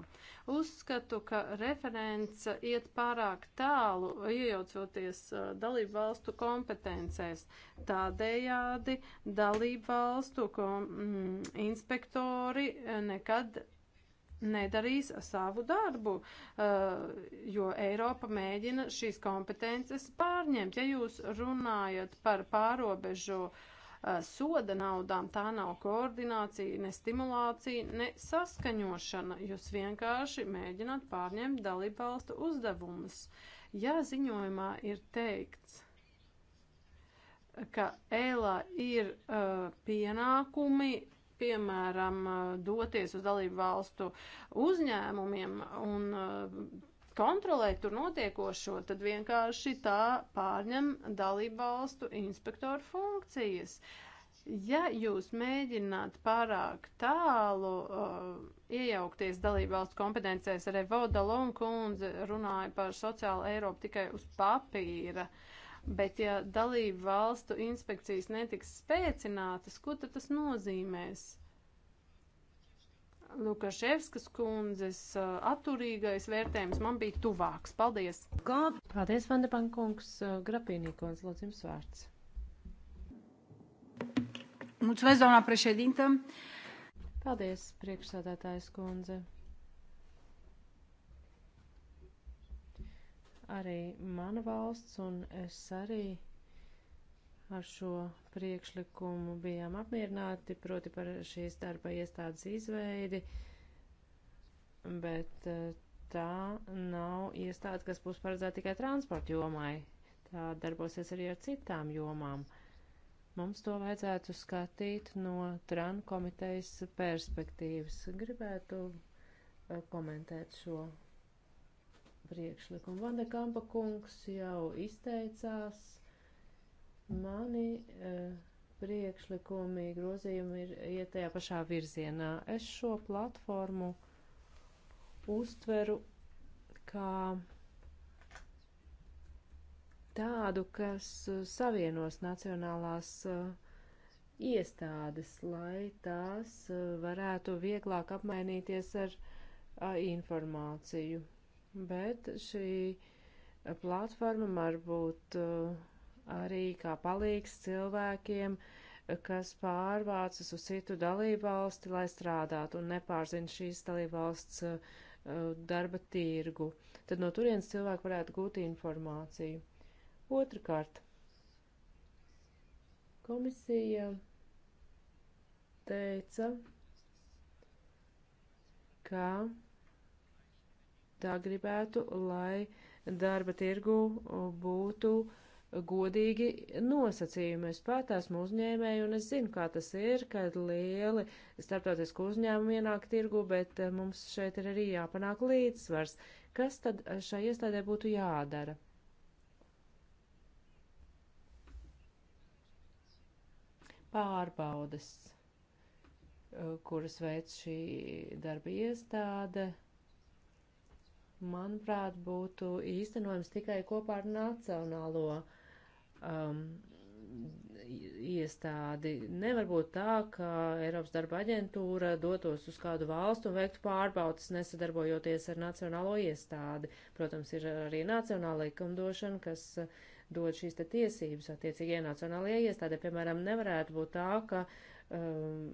A: Uzskatu, ka referents iet pārāk tālu, iejaucoties dalību valstu kompetencēs. Tādējādi dalību valstu kom, mm, inspektori nekad nedarīs savu darbu, eh, jo Eiropa mēģina šīs kompetences pārņemt. Ja jūs runājat par pārobežu eh, soda naudām, tā nav koordinācija, ne stimulācija, ne saskaņošana. Jūs vienkārši mēģināt pārņemt dalībvalstu uzdevumus. Ja ziņojumā ir teikts, ka ēlā ir uh, pienākumi piemēram, doties uz dalību valstu uzņēmumiem un uh, kontrolēt tur notiekošo, tad vienkārši tā pārņem dalību valstu inspektoru funkcijas. Ja jūs mēģināt pārāk tālu uh, iejaukties dalībvalstu kompetencēs, arī Voda Lonkundze runāja par sociālu Eiropu tikai uz papīra. Uh, Bet ja dalību valstu inspekcijas netiks spēcinātas, ko tad tas nozīmēs? Lukaševskas kundzes atturīgais vērtējums man bija tuvāks. Paldies! God.
B: Paldies, Vandepankungs, Grapīnī kundze, lūdzu jums vārds.
A: Mulțumesc, doamna președintă.
B: Paldies, priekšsādātājs kundze. arī mana valsts, un es arī ar šo priekšlikumu bijām apmierināti, proti par šīs darba iestādes izveidi, bet eh, tā nav iestāde, kas būs paredzēta tikai transporta jomai. Tā darbosies arī ar citām jomām. Mums to vajadzētu skatīt no tran komitejas perspektīvas. Gribētu eh, komentēt šo priekšlikumu. Vandekampa kungs jau izteicās, mani uh, priekšlikumi, grozījumi ir iet tajā pašā virzienā. Es šo platformu uztveru kā tādu, kas savienos nacionālās uh, iestādes, lai tās e, varētu vieglāk apmainīties ar informāciju bet šī eh, platforma varbūt eh, arī kā palīgs cilvēkiem, eh, kas pārvācas uz citu dalību valsti, lai strādātu un nepārzina šīs dalību valsts darba tirgu. Tad no turienes cilvēki varētu gūt informāciju. Otrakārt, komisija teica, ka tā gribētu, lai darba tirgu uh, būtu godīgi nosacījumi. Es pat esmu uzņēmēji un es zinu, kā tas ir, kad lieli starptautiski uzņēmumi ienāk tirgu, bet uh, mums šeit ir arī jāpanāk līdzsvars. Kas tad uh, šai iestādē būtu jādara? Pārbaudas, kuras veids šī darba iestāde manuprāt, būtu īstenojams tikai kopā ar nacionālo um, iestādi. Nevar būt tā, ka Eiropas darba aģentūra dotos uz kādu valstu un veiktu pārbaudas, nesadarbojoties ar nacionālo iestādi. Protams, ir arī nacionāla likumdošana, kas dod šīs te tiesības attiecīgajai nacionālajai iestādē. Piemēram, nevarētu būt tā, ka um,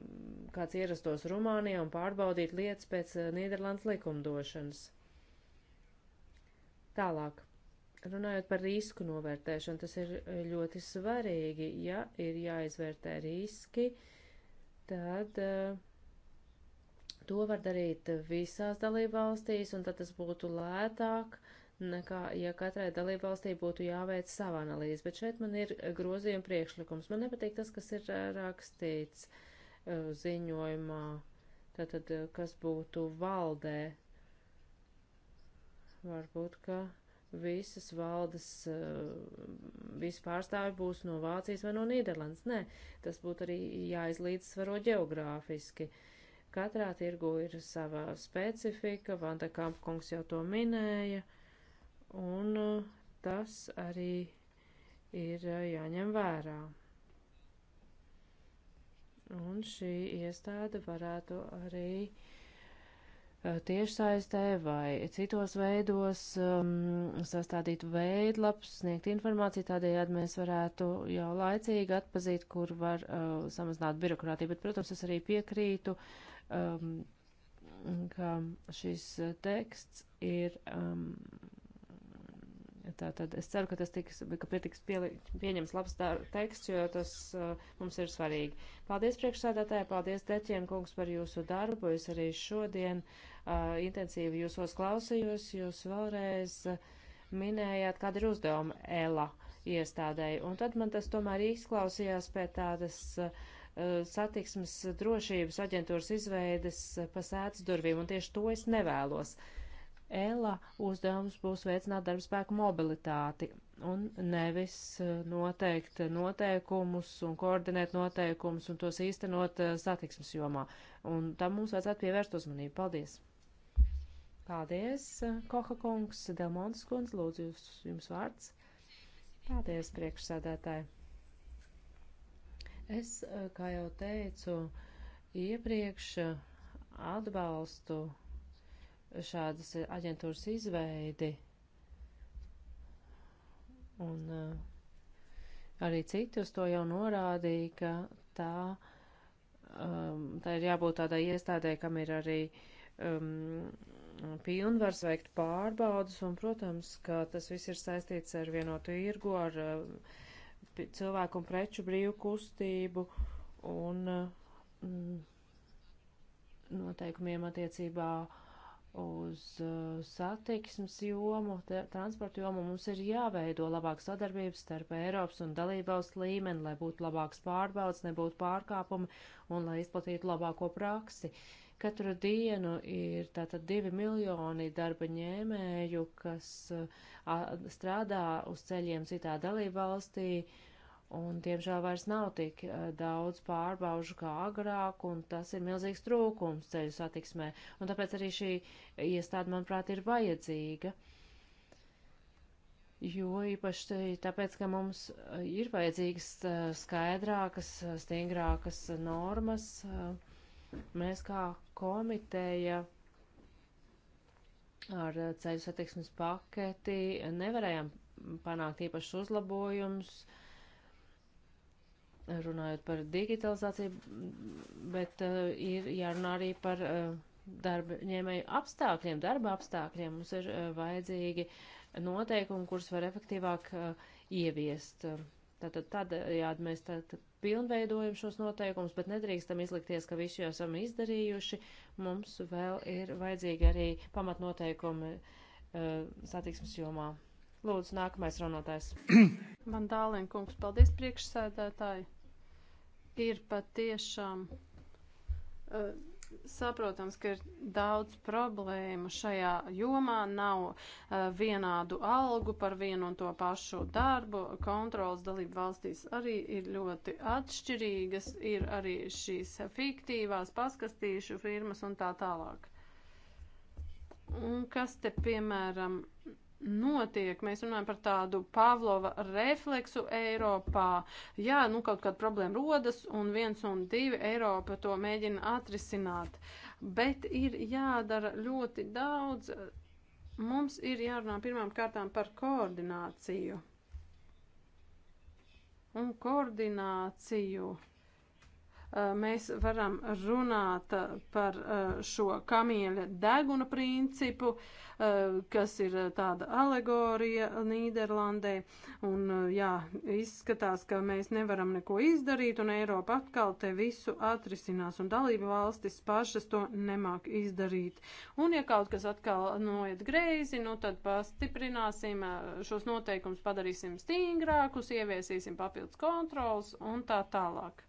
B: kāds ierastos Rumānijā un pārbaudīt lietas pēc uh, Nīderlandes likumdošanas. Tālāk, runājot par risku novērtēšanu, tas ir ļoti svarīgi. Ja ir jāizvērtē riski, tad uh, to var darīt visās dalībvalstīs, un tad tas būtu lētāk nekā, ja katrai dalībvalstī būtu jāveic sava analīze. Bet šeit man ir grozījuma priekšlikums. Man nepatīk tas, kas ir eh, rakstīts uh, ziņojumā, tātad, kas būtu valdē Varbūt, ka visas valdes, eh, visi pārstāvi būs no Vācijas vai no Nīderlandes. Nē, tas būtu arī jāizlīdzsvaro geogrāfiski. Katrā tirgu ir sava specifika, Vanda Kampkungs jau to minēja, un eh, tas arī ir eh, jāņem vērā. Un šī iestāde varētu arī uh, Eh, tiešsaistē vai citos veidos um, sastādīt veidlaps, sniegt informāciju, tādējādi mēs varētu jau laicīgi atpazīt, kur var uh, samazināt birokrātiju. Bet, protams, es arī piekrītu, um, ka šis teksts ir um, Tātad es ceru, ka tas tiks, ka pietiks pieņems labs teksts, jo tas uh, mums ir svarīgi. Paldies priekšsēdētāji, paldies Deķiem kungs par jūsu darbu. Es arī šodien uh, intensīvi jūsos klausījos, jūs vēlreiz uh, minējāt, kāda ir uzdevuma ELA iestādēji. Un tad man tas tomēr izklausījās pēc tādas. Uh, satiksmes drošības aģentūras izveides uh, pa sēdz durvīm, un tieši to es nevēlos. Uh, ELA uzdevums būs veicināt darbspēku mobilitāti un nevis eh, noteikt noteikumus un koordinēt noteikumus un tos īstenot eh, satiksmes jomā. Un tam mums vajadzētu pievērst uzmanību. Paldies! Paldies, eh, Koha kungs, Delmontas kundz, lūdzu jūs, jums vārds. Paldies, priekšsādātāji. Es, kā jau teicu, iepriekš atbalstu šādas aģentūras izveidi un uh, arī citi uz to jau norādīja, ka tā, um, tā ir jābūt tādai iestādē, kam ir arī um, pilnvars veikt pārbaudas, un, protams, ka tas viss ir saistīts ar vienotu irgu, ar uh, cilvēku un preču brīvu kustību un uh, noteikumiem attiecībā uh, uz uh, satiksmes jomu, transporta jomu mums ir jāveido labāk sadarbības starp Eiropas un dalībvalsts līmeni, lai būtu labāks pārbaudas, nebūtu pārkāpumi un lai izplatītu labāko praksi. Katru dienu ir tātad divi miljoni darba ņēmēju, kas uh, a, strādā uz ceļiem citā dalībvalstī. valstī Un, diemžēl, vairs nav tik eh, daudz pārbaužu kā agrāk, un tas ir milzīgs trūkums ceļu satiksmē. Un tāpēc arī šī iestāde, manuprāt, ir vajadzīga. Jo īpaši tāpēc, ka mums eh, ir vajadzīgas eh, skaidrākas, stingrākas normas, mēs kā komiteja ar ceļu satiksmes paketi nevarējām panākt īpašus uzlabojumus runājot par digitalizāciju, bet uh, ir jārunā arī par uh, darba ņēmēju apstākļiem, darba apstākļiem. Mums ir uh, vajadzīgi noteikumi, kurus var efektīvāk uh, ieviest. Tātad tādējādi mēs tātad pilnveidojam šos noteikumus, bet nedrīkstam izlikties, ka visu jau esam izdarījuši. Mums vēl ir vajadzīgi arī pamatnoteikumi uh, satiksmes jomā. Lūdzu, nākamais runātājs.
A: Man dālien kungs, paldies priekšsēdētāji ir patiešām uh, saprotams, ka ir daudz problēmu šajā jomā, nav uh, vienādu algu par vienu un to pašu darbu, kontrols dalību valstīs arī ir ļoti atšķirīgas, ir arī šīs fiktīvās paskastīšu firmas un tā tālāk. Un kas te, piemēram, notiek. Mēs runājam par tādu Pāvlova refleksu Eiropā. Jā, nu kaut kāda problēma rodas un viens un divi Eiropa to mēģina atrisināt. Bet ir jādara ļoti daudz. Mums ir jārunā pirmām kārtām par koordināciju. Un koordināciju mēs varam runāt par šo kamieļa deguna principu, kas ir tāda alegorija Nīderlandē. Un jā, izskatās, ka mēs nevaram neko izdarīt, un Eiropa atkal te visu atrisinās, un dalība valstis pašas to nemāk izdarīt. Un ja kaut kas atkal noiet greizi, nu tad pastiprināsim šos noteikumus, padarīsim stingrākus, ieviesīsim papildus kontrols un tā tālāk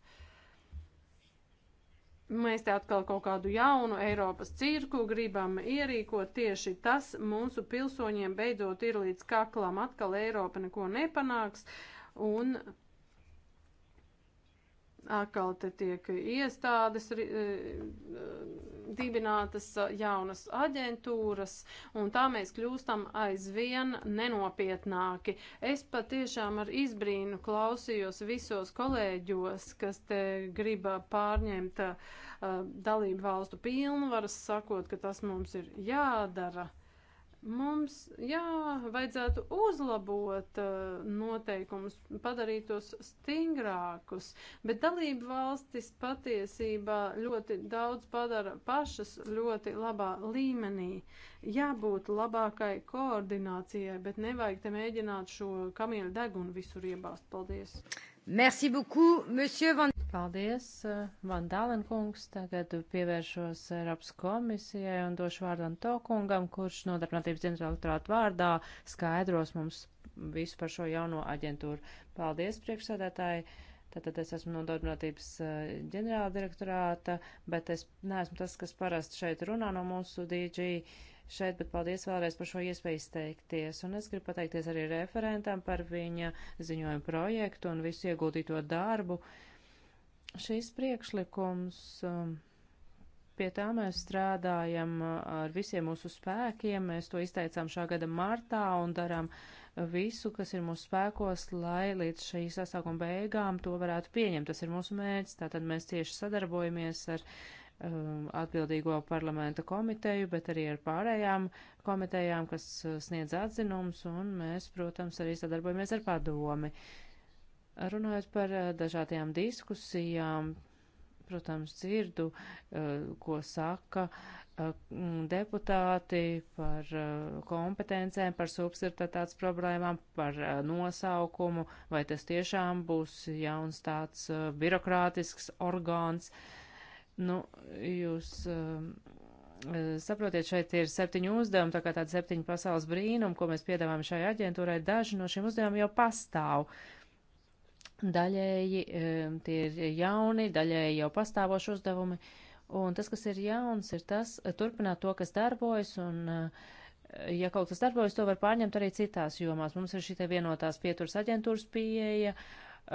A: mēs te atkal kaut kādu jaunu Eiropas cirku gribam ierīkot tieši tas mūsu pilsoņiem beidzot ir līdz kaklam. Atkal Eiropa neko nepanāks un atkal te tiek iestādes dibinātas jaunas aģentūras, un tā mēs kļūstam aizvien nenopietnāki. Es patiešām ar izbrīnu klausījos visos kolēģos, kas te grib pārņemt uh, dalību valstu pilnvaras, sakot, ka tas mums ir jādara. Uh, Mums, jā, vajadzētu uzlabot uh, noteikumus, padarīt tos stingrākus, bet dalību valstis patiesībā ļoti daudz padara pašas ļoti labā līmenī. Jābūt labākai koordinācijai, bet nevajag te mēģināt šo kamieļu degunu visur iebāzt. Paldies!
B: Merci beaucoup, monsieur Van. Paldies, eh, Van Dālenkungs. Tagad pievēršos Eiropas komisijai un došu vārdu Anto kungam, kurš nodarbinātības ģenerāldirektorāta vārdā skaidros mums visu par šo jauno aģentūru. Paldies, priekšsēdētāji. Tātad es esmu nodarbinātības eh, ģenerāldirektorāta, bet es neesmu tas, kas parasti šeit runā no mūsu DG šeit, bet paldies vēlreiz par šo iespēju izteikties. Un es gribu pateikties arī referentam par viņa ziņojumu projektu un visu ieguldīto darbu. Uh, Šis priekšlikums, um, pie tā mēs strādājam uh, ar visiem mūsu spēkiem, mēs to izteicām šā gada martā un darām visu, kas ir mūsu spēkos, lai līdz šī sasākuma beigām to varētu pieņemt. Tas ir mūsu mērķis, tātad mēs cieši sadarbojamies ar um, atbildīgo parlamenta komiteju, bet arī ar pārējām komitejām, kas uh, sniedz atzinums, un mēs, protams, arī sadarbojamies ar padomi. Uh, Runājot par eh, dažādajām diskusijām, protams, dzirdu, eh, ko saka eh, deputāti par kompetencēm, par subsidētāts problēmām, par nosaukumu, vai tas tiešām būs jauns tāds birokrātisks orgāns. Nu, jūs saprotiet, šeit ir septiņi uzdevumi, tā kā tādi septiņi pasaules brīnumi, ko mēs piedāvājam šai aģentūrai. Daži no šiem uzdevumiem jau pastāv. Uh, Daļēji tie ir jauni, daļēji jau pastāvoši uzdevumi, un tas, kas ir jauns, ir tas eh, turpināt to, kas darbojas, un eh, ja kaut kas darbojas, to var pārņemt arī citās jomās. Mums ir šī te vienotās pieturas aģentūras pieeja,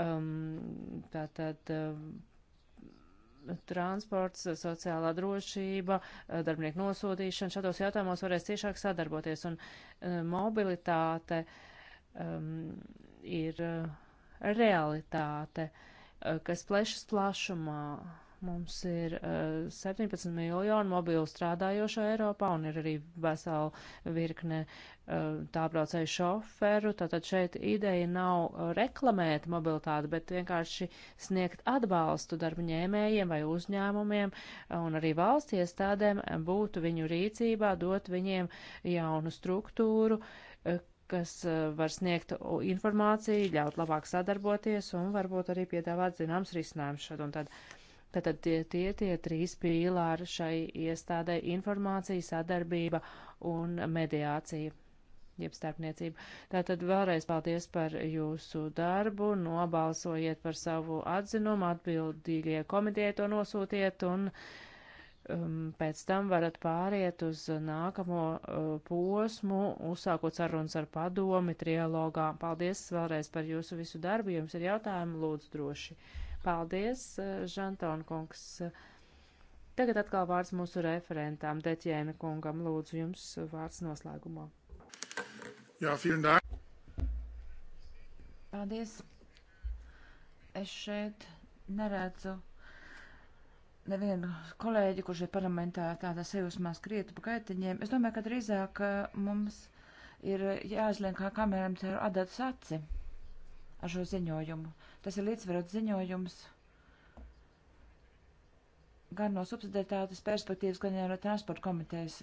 B: um, tātad transports, sociālā drošība, eh, darbinieku nosodīšana. Šādos jautājumos varēs ciešāk sadarboties, un mobilitāte um, ir. Uh, realitāte, eh, kas plešas plašumā. Mums ir 17 eh, miljoni mobilu strādājošo Eiropā un ir arī vesela virkne eh, tābraucēju šoferu. Tātad šeit ideja nav reklamēt mobilitāti, bet vienkārši sniegt atbalstu darba ņēmējiem vai uzņēmumiem un arī valsts iestādēm būtu viņu rīcībā, dot viņiem jaunu struktūru, kas eh, var sniegt informāciju, ļaut labāk sadarboties un varbūt arī piedāvāt zināms risinājums šad un tad. Tātad tie, tie, tie trīs pīlāri šai iestādē - informācija, sadarbība un mediācija, jeb starpniecība. Tātad vēlreiz paldies par jūsu darbu, nobalsojiet par savu atzinumu, atbildīgie komitē to nosūtiet un uh, um, pēc tam varat pāriet uz nākamo uh, posmu, uzsākot sarunas ar padomi, trialogā. Paldies vēlreiz par jūsu visu darbu. Jums ir jautājumi, lūdzu droši. Paldies, uh, Žantona kungs. Tagad atkal vārds mūsu referentām, Deķēna kungam. Lūdzu, jums vārds noslēgumā.
C: Jā, vielen dank.
D: Paldies. Es šeit neredzu nevienu kolēģi, kurš ir parlamentā tādā sajūsmā skrietu pa gaitiņiem. Es domāju, ka drīzāk uh, mums ir jāizlien kā kameram ar adatu saci ar šo ziņojumu. Tas ir līdzsvarots ziņojums gan no subsidētātas perspektīvas, gan no transporta komitejas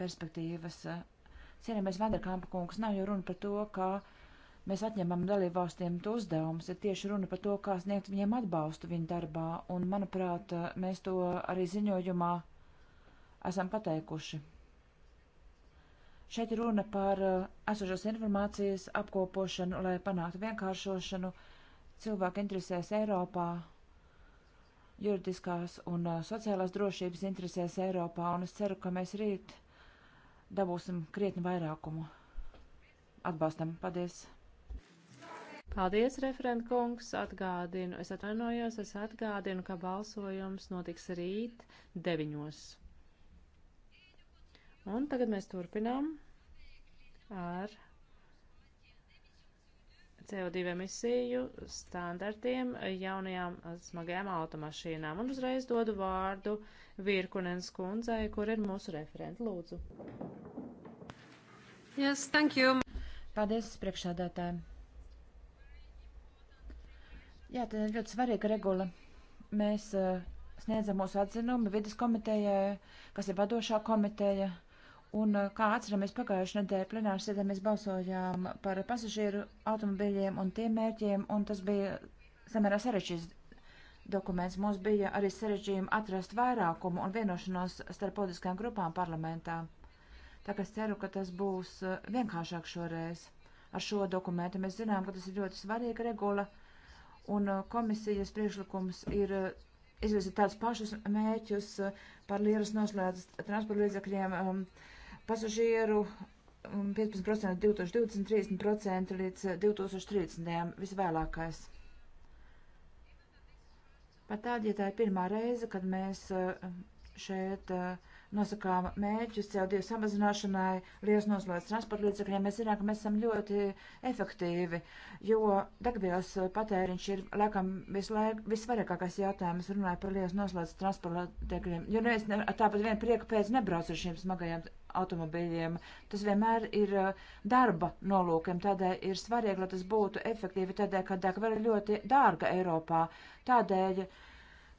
D: perspektīvas. Cienījamies Vanderkampa kungs, nav jau runa par to, ka Mēs atņemam dalībvalstīm to uzdevumus, ir tieši runa par to, kā sniegt viņiem atbalstu viņu darbā, un, manuprāt, mēs to arī ziņojumā esam pateikuši. Šeit ir runa par uh, esošās informācijas apkopošanu, lai panāktu vienkāršošanu. Cilvēku interesēs Eiropā, juridiskās un uh, sociālās drošības interesēs Eiropā, un es ceru, ka mēs rīt dabūsim krietni vairākumu. Atbalstam, paldies! Paldies, referent kungs,
B: atgādinu, es atvainojos, es atgādinu, ka balsojums notiks rīt deviņos. Un tagad mēs turpinām ar CO2 emisiju standartiem jaunajām smagajām automašīnām. Un uzreiz dodu vārdu Virkunens kundzei, kur ir mūsu referenta lūdzu.
D: Yes, thank you. Paldies, priekšādātāji. Jā, tā ir ļoti svarīga regula. Mēs uh, sniedzam mūsu atzinumu vidas komitejai, kas ir vadošā komiteja. Un kā atceramies pagājušajā nedēļā plenāru sēdē mēs balsojām par pasažieru automobīļiem un tiem mērķiem, un tas bija samērā sarežģīts dokuments. Mums bija arī sarežģījumi atrast vairākumu un vienošanos starp politiskajām grupām parlamentā. Tā kā es ceru, ka tas būs vienkāršāk šoreiz ar šo dokumentu. Mēs zinām, ka tas ir ļoti svarīga regula. Uh, un uh, komisijas priekšlikums ir uh, izvirzīt tādus pašus mēķus uh, par lieras noslēdzas transporta līdzakļiem um, pasažieru 15% 2020, 30% līdz 2030. visvēlākais. Pat tādi, ja tā ir pirmā reize, kad mēs šeit uh, nosakām mērķus CO2 samazināšanai, liels noslodzes transporta līdzekļiem, mēs zinām, ka mēs esam ļoti efektīvi, jo degvielas patēriņš ir, laikam, vislaik, visvarīgākais jautājums, runāja par liels noslodzes transporta līdzekļiem, jo neviens ne, tāpat vien prieka pēc nebrauc ar šiem smagajiem automobīļiem. Tas vienmēr ir darba nolūkiem, tādēļ ir svarīgi, lai tas būtu efektīvi, tādēļ, ka degviela ir ļoti dārga Eiropā. Tādēļ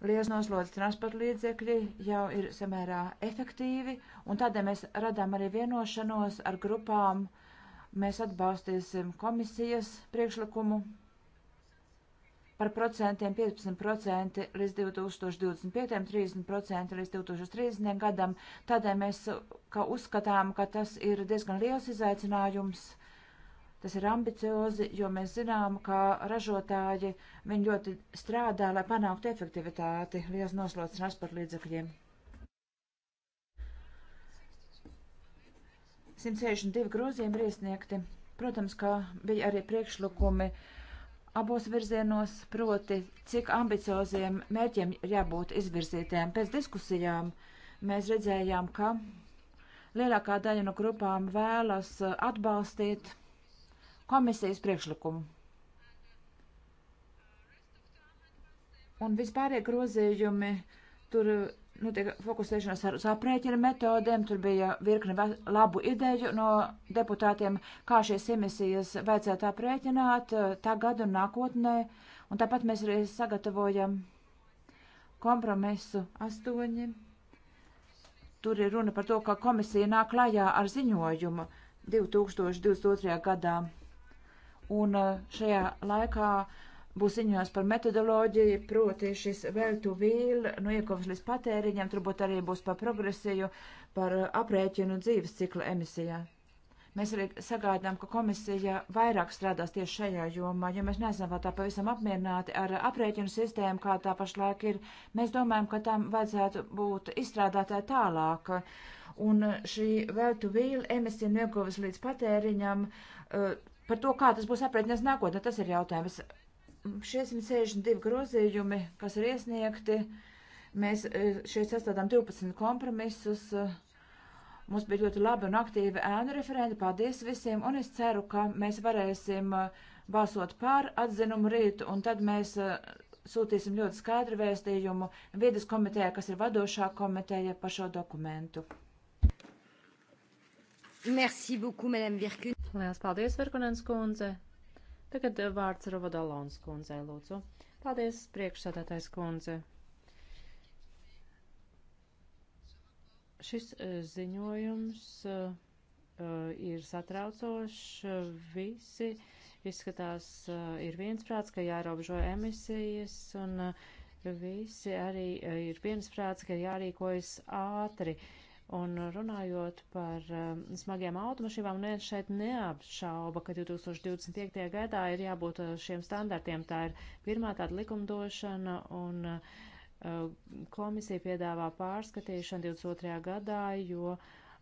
D: Lieznoslodes transporta līdzekļi jau ir samērā efektīvi, un tādēļ mēs radām arī vienošanos ar grupām. Mēs atbalstīsim komisijas priekšlikumu par procentiem 15% līdz 2025, 30% līdz 2030 gadam. Tādēļ mēs uzskatām, ka tas ir diezgan liels izaicinājums Tas ir ambiciozi, jo mēs zinām, ka ražotāji viņi ļoti strādā, lai panāktu efektivitāti liels noslots transporta līdzakļiem. 162 grozījumi ir iesniegti. Protams, ka bija arī priekšlikumi abos virzienos, proti, cik ambicioziem mērķiem ir jābūt izvirzītiem. Pēc diskusijām mēs redzējām, ka lielākā daļa no grupām vēlas atbalstīt komisijas priekšlikumu. Un vispārējie grozījumi tur nu, tiek fokusēšanās ar aprēķina metodēm, tur bija virkni labu ideju no deputātiem, kā šīs emisijas vajadzētu aprēķināt eh, tā gadu un nākotnē, un tāpat mēs arī sagatavojam kompromisu astoņi. Tur ir runa par to, ka komisija nāk klajā ar ziņojumu 2022. gadā un eh, šajā laikā būs ziņojums par metodoloģiju, proti šis vēl tu vīl, no nu, iekovas līdz patēriņam, turbūt arī būs par progresiju, par eh, aprēķinu dzīves cikla emisijā. Mēs arī sagaidām, ka komisija vairāk strādās tieši šajā jomā, jo mēs neesam vēl tā pavisam apmierināti ar aprēķinu sistēmu, kā tā pašlaik ir. Mēs domājam, ka tam vajadzētu būt izstrādātāji tālāk. Un šī vēl tu vīl emisija no nu iekovas līdz patēriņam. Uh, Par to, kā tas būs aprēķināts nākotnē, tas ir jautājums. 662 grozījumi, kas ir iesniegti, mēs e, šeit sastādām 12 kompromisus. Mums bija ļoti labi un aktīvi ēnu referenti. Paldies visiem, un es ceru, ka mēs varēsim e, balsot pār atzinumu rītu, un tad mēs e, sūtīsim ļoti skaidru vēstījumu vides komitejā, kas ir vadošā komiteja par šo dokumentu. Merci beaucoup,
A: Madame
B: Virkun. Lielas paldies, Virkunens kundze. Tagad eh, vārds Rovodalons kundzei, lūdzu. Paldies, priekšsādātais kundze. Šis eh, ziņojums eh, ir satraucošs. Visi izskatās, ir viensprāts, ka jāierobežo emisijas un visi arī ir viensprāts, ka jārīkojas ātri. Uh, Un runājot par uh, smagiem automašīvām, neviens šeit neapšauba, ka 2025. gadā ir jābūt uh, šiem standartiem. Tā ir pirmā tāda likumdošana, un uh, komisija piedāvā pārskatīšanu 22. gadā, jo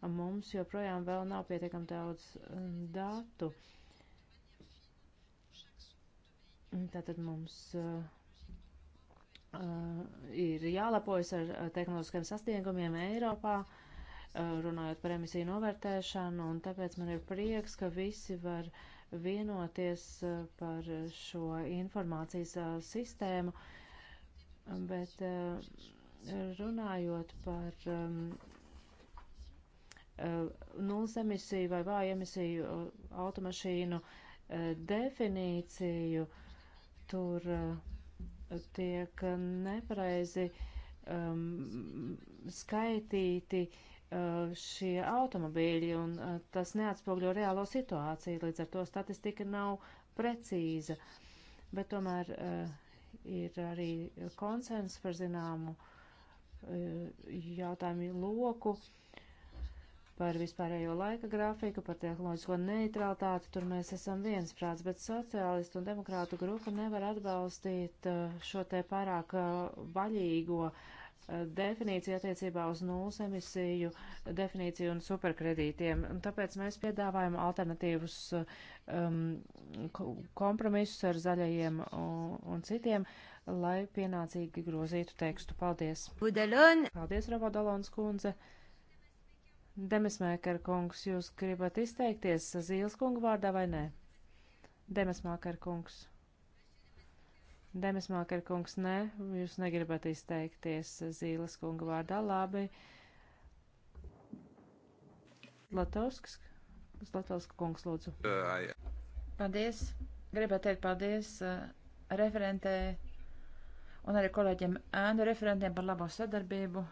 B: mums joprojām vēl nav pietiekam daudz um, datu. Tātad mums. Uh, Uh, ir jālepojas ar uh, tehnoloģiskiem sasniegumiem Eiropā, uh, Uh, runājot par emisiju novērtēšanu, un tāpēc man ir prieks, ka visi var vienoties uh, par šo informācijas uh, sistēmu, bet runājot par um, nulles emisiju vai vāju emisiju automašīnu definīciju, tur tiek nepareizi um, skaitīti uh, Eh, šie automobīļi, un eh, tas neatspogļo reālo situāciju, līdz ar to statistika nav precīza. Bet tomēr eh, ir arī konsens par zināmu jautājumu loku par vispārējo laika grafiku, par tehnoloģisko neutralitāti, tur mēs esam viensprāts, bet sociālistu un demokrātu grupa nevar atbalstīt šo te pārāk baļīgo uh, Eh, definīciju attiecībā uz nulles emisiju definīciju un superkredītiem. Un tāpēc mēs piedāvājam alternatīvus eh, um, kompromisus ar zaļajiem un, un citiem, lai pienācīgi grozītu tekstu. Paldies! Budalon. Paldies, Rabodalons kundze! Demesmēkar kungs, jūs gribat izteikties Zīles kunga vārdā vai nē? Demesmēkar kungs. Demes Mākar kungs, nē, ne, jūs negribat izteikties Zīles kunga vārdā, labi.
D: Latovskas, Latovska kungs, lūdzu. Paldies, gribētu teikt paldies uh, referentē un arī kolēģiem ēnu referentiem par labo sadarbību.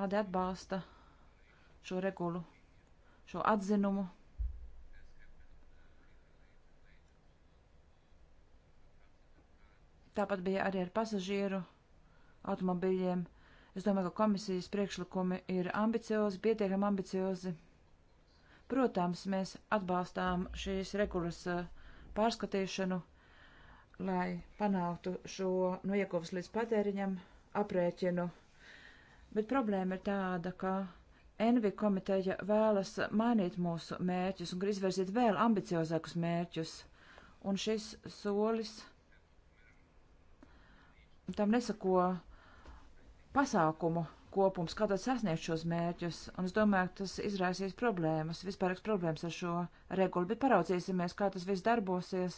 D: Ādi atbalsta šo regulu, šo atzinumu. Tāpat bija arī ar pasažieru automobīļiem. Es domāju, ka komisijas priekšlikumi ir ambiciozi, pietiekami ambiciozi. Protams, mēs atbalstām šīs regulas eh, pārskatīšanu, lai panāktu šo no iekavas līdz patēriņam aprēķinu. Bet problēma ir tāda, ka Envi komiteja vēlas mainīt mūsu mērķus un izvirzīt vēl ambiciozākus mērķus, un šis solis – tam nesako pasākumu kopums, kā tad sasniegt šos mērķus, un es domāju, ka tas izraisīs problēmas, vispārīgs problēmas ar šo regulu, bet paraudzīsimies, kā tas viss darbosies,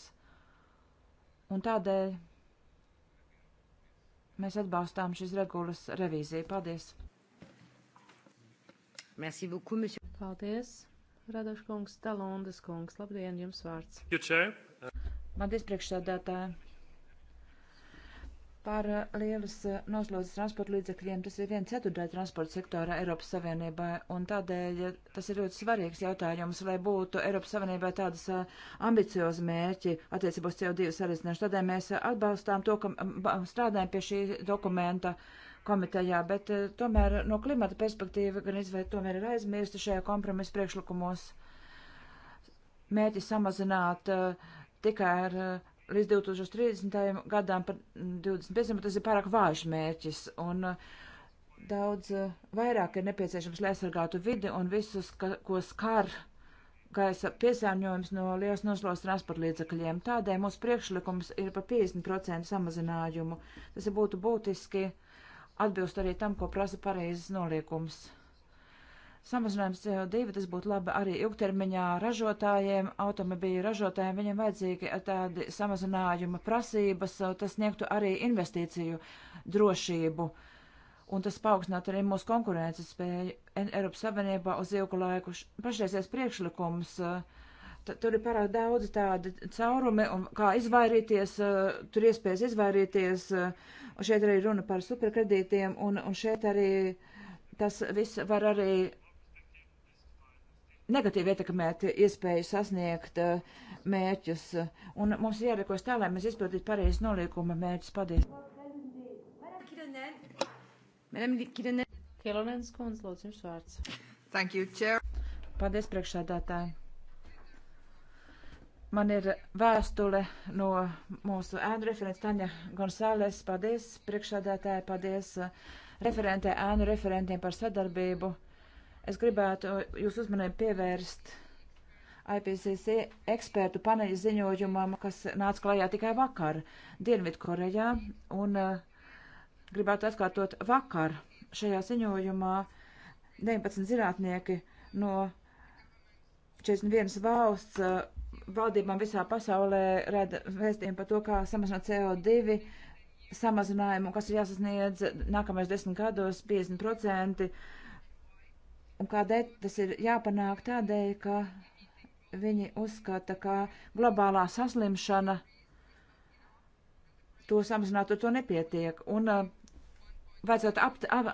D: un tādēļ mēs atbalstām šīs regulas revīziju. Paldies! Merci beaucoup, monsieur. Paldies, Radoškungs, Talondas kungs. Labdien, jums vārds. Paldies, priekšsēdētāji par eh, lielas eh, noslodzes transporta līdzekļiem. Tas ir viens ceturtais transporta sektorā Eiropas Savienībā, un tādēļ eh, tas ir ļoti svarīgs jautājums, lai būtu Eiropas Savienībā tādas ambiciozi mērķi attiecībos CO2 sarīdzināšanu. Tādēļ mēs atbalstām to, ka strādājam pie šī dokumenta komitejā, bet tomēr no klimata perspektīva gan izvērt tomēr ir aizmirsti šajā kompromisa priekšlikumos mērķi samazināt uh, tikai ar uh, līdz 2030. gadām par 25, tas ir pārāk vājš mērķis, un uh, daudz uh, vairāk ir nepieciešams, lai aizsargātu vidi un visus, ka, ko skar gaisa piesārņojums no liels noslos transportlīdzakļiem. Tādēļ mūsu priekšlikums ir par 50% samazinājumu. Tas būtu būtiski atbilst arī tam, ko prasa pareizes noliekums samazinājums CO2, tas būtu labi arī ilgtermiņā ražotājiem, automobīļu ražotājiem, viņiem vajadzīgi tādi samazinājuma prasības, eh, tas sniegtu arī investīciju drošību. Un tas paaugstinātu arī mūsu konkurences spēju Eiropas Savienībā uz ilgu laiku. Pašreizies priekšlikums, eh, tur ir pārāk daudz tādi caurumi, un kā izvairīties, eh, tur iespējas izvairīties, un šeit arī runa par superkredītiem, un, un šeit arī tas viss var arī negatīvi ietekmēt iespēju sasniegt uh, mērķus. Un mums jārīkojas tā, lai mēs izpildītu pareizi nolīkuma mērķus. Paldies! Kilonēns kundze, lūdzu, jums vārds. Thank you, chair. Paldies, priekšsēdētāji. Man ir vēstule no mūsu ēnu referents Taņa Gonzāles. Paldies, priekšsēdētāji, paldies uh, referentē, ēnu referentiem par sadarbību. Es gribētu jūs uzmanību pievērst IPCC ekspertu paneļa ziņojumam, kas nāca klajā tikai vakar Dienvidkorejā, un uh, gribētu atkārtot vakar šajā ziņojumā 19 zinātnieki no 41 valsts uh, valdībām visā pasaulē rada vēstījumu par to, kā samazināt CO2 samazinājumu, kas ir jāsasniedz nākamais desmit gados 50% Un kādēļ tas ir jāpanāk tādēļ, ka viņi uzskata, ka globālā saslimšana to samazinātu, to nepietiek. Un uh, vajadzētu apt, ap,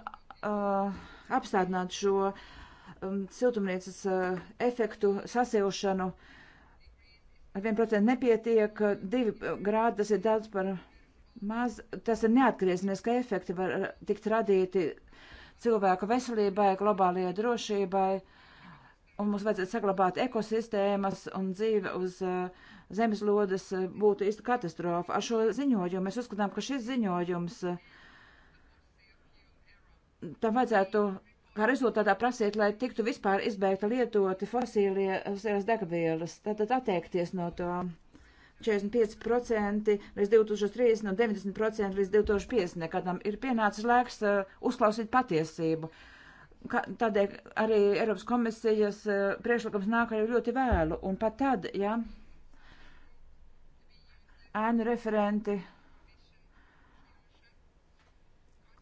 D: uh, apstādināt šo um, siltumnīcas uh, efektu sasilšanu. Ar 1% nepietiek, 2 uh, grādi tas ir daudz par maz, tas ir neatgriezieniski efekti var tikt radīti cilvēku veselībai, globālajai drošībai. Un mums vajadzētu saglabāt ekosistēmas un dzīve uz uh, zemeslodes uh, būtu īsta katastrofa. Ar šo ziņojumu mēs uzskatām, ka šis ziņojums uh, tam vajadzētu kā rezultātā prasīt, lai tiktu vispār izbeigta lietoti fosīlie degvielas, tad, tad atteikties no tām. To 45% līdz 2030 un 90% līdz 2050. Kādam ir pienācis laiks uh, uzklausīt patiesību. Ka, tādēļ arī Eiropas komisijas uh, priekšlikums nāk arī ļoti vēlu. Un pat tad, ja ēnu referenti,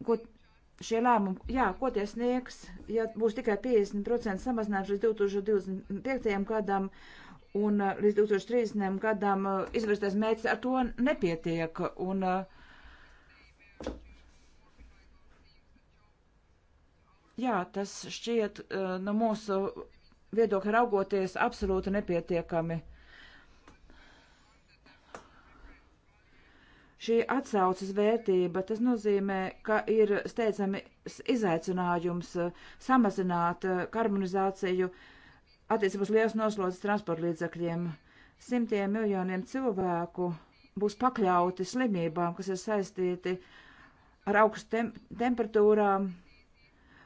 D: ko šie lēmumi, jā, ko tie sniegs, ja būs tikai 50% samazinājums līdz 2025. gadam, uh, un uh, līdz 2030. gadam uh, izvirstais mērķis ar to nepietiek. Un, uh, jā, tas šķiet no mūsu viedokļa raugoties absolūti nepietiekami. Šī atsaucas vērtība, tas nozīmē, ka ir steidzami izaicinājums samazināt karbonizāciju uh, attiecībā uz liels noslodzes transporta līdzakļiem. Simtiem miljoniem cilvēku būs pakļauti slimībām, kas ir saistīti ar augstu tem temperatūrām,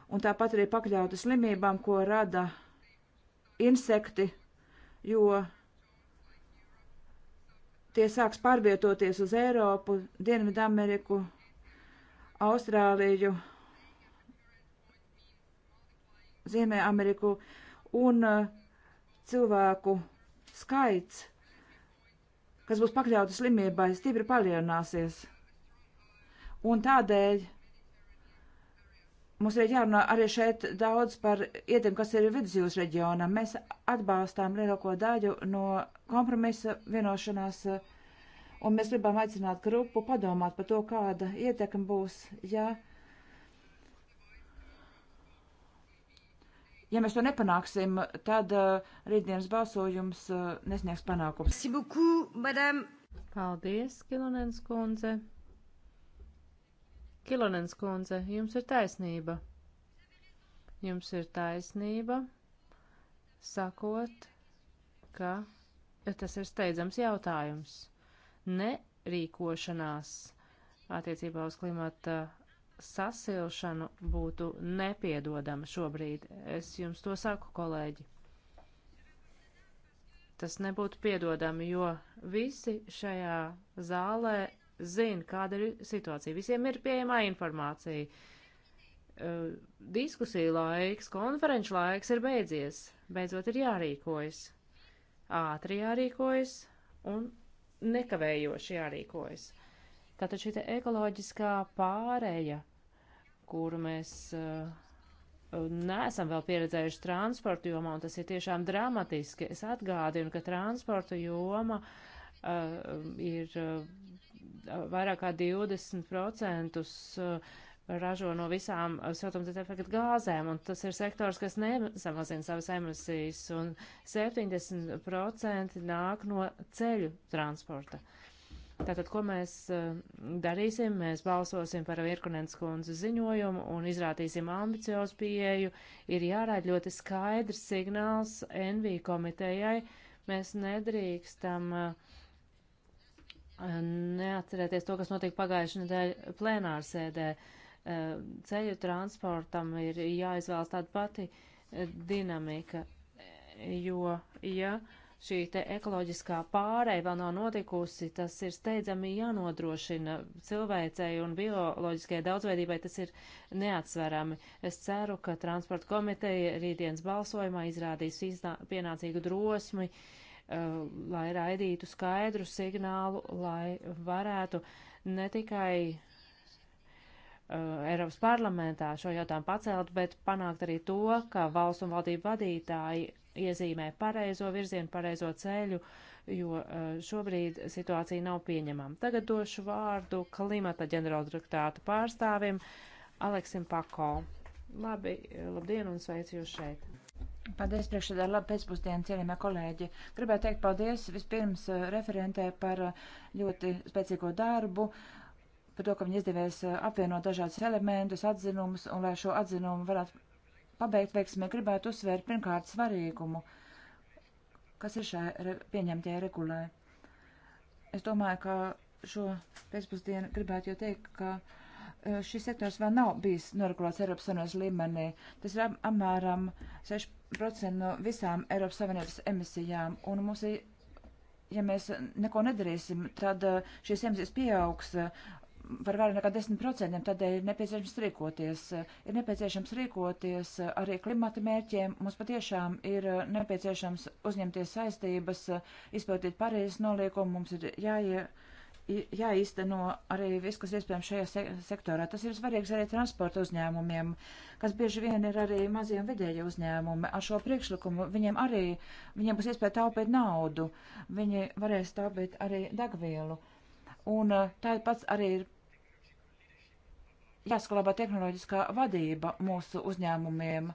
D: un tāpat arī pakļauti slimībām, ko rada insekti, jo tie sāks pārvietoties uz Eiropu, Dienvidu Ameriku, Austrāliju, Ziemeļameriku. Ameriku un eh, cilvēku skaits, kas būs pakļauti slimībai, stipri palielināsies. Un tādēļ mums ir jārunā arī šeit daudz par ietiem, kas ir vidusjūras reģionam. Mēs atbalstām lielāko daļu no kompromisa vienošanās, eh, un mēs gribam aicināt grupu padomāt par to, kāda ietekme būs, ja Ja mēs to nepanāksim, tad uh, rītdienas balsojums uh, nesniegs panākums. Paldies,
B: Kilonens kundze. Kilonens kundze, jums ir taisnība. Jums ir taisnība, sakot, ka ja tas ir steidzams jautājums. Nerīkošanās attiecībā uz klimata sasilšanu būtu nepiedodama šobrīd. Es jums to saku, kolēģi. Tas nebūtu piedodami, jo visi šajā zālē zina, kāda ir situācija. Visiem ir pieejamā informācija. Uh, diskusija laiks, konferenču laiks ir beidzies. Beidzot ir jārīkojas. Ātri jārīkojas un nekavējoši jārīkojas. Tātad šī ekoloģiskā pāreja, kuru mēs uh, neesam vēl pieredzējuši transporta jomā, un tas ir tiešām dramatiski. Es atgādinu, ka transporta joma uh, ir uh, vairāk kā 20% uh, ražo no visām siltumdzēta efekta gāzēm, un tas ir sektors, kas nesamazina savas emisijas, un 70% nāk no ceļu transporta. Uh, Tātad, ko mēs eh, darīsim? Mēs balsosim par Virkunens kundzes ziņojumu un izrādīsim ambiciozu pieeju. Ir jārāda ļoti skaidrs signāls NV komitejai. Mēs nedrīkstam eh, neatcerēties to, kas notika pagājušajā nedēļā plenārsēdē. Eh, ceļu transportam ir jāizvēlas tāda pati dinamika, jo, ja. Uh, šī te ekoloģiskā pārēja vēl nav notikusi, tas ir steidzami jānodrošina cilvēcei un bioloģiskajai daudzveidībai, tas ir neatsverami. Es ceru, ka transporta komiteja rītdienas balsojumā izrādīs pienācīgu drosmi, uh, lai raidītu skaidru signālu, lai varētu ne tikai uh, Eiropas parlamentā šo jautājumu pacelt, bet panākt arī to, ka valsts un valdību vadītāji iezīmē pareizo virzienu, pareizo ceļu, jo uh, šobrīd situācija nav pieņemama. Tagad došu vārdu klimata ģenerāldirektātu pārstāvim Aleksim Pako.
D: Labi, labdien un sveicu jūs šeit! Paldies, priekšsēdā, labi pēcpusdienu, cienījamie kolēģi. Gribētu teikt paldies vispirms uh, referentē par uh, ļoti spēcīgo darbu par to, ka viņi izdevies apvienot dažādas elementus, atzinumus, un lai šo atzinumu varētu pabeigt veiksmē, gribētu uzsvērt pirmkārt svarīgumu, kas ir šai re pieņemtajai regulē. Es domāju, ka šo pēcpusdienu gribētu jau teikt, ka e, šis sektors vēl nav bijis noregulēts Eiropas Savienības līmenī. Tas ir ap, apmēram 6% no visām Eiropas Savienības emisijām, un mums ir ja mēs neko nedarīsim, tad e, šīs emisijas pieaugs e, par vairāk nekā 10%, tādēļ ir nepieciešams rīkoties. Ir nepieciešams rīkoties arī klimata mērķiem. Mums patiešām ir eh, nepieciešams uzņemties saistības, eh, izpildīt Parīzes noliekumu. Mums ir jāie, jāīsteno arī viss, kas iespējams šajā se sektorā. Tas ir svarīgs arī transporta uzņēmumiem, kas bieži vien ir arī mazie un vidēji uzņēmumi. Ar šo priekšlikumu viņiem arī, viņiem būs iespēja taupīt naudu. Viņi varēs taupīt arī degvielu. Un eh, tāpēc arī ir jāskalabā tehnoloģiskā vadība mūsu uzņēmumiem,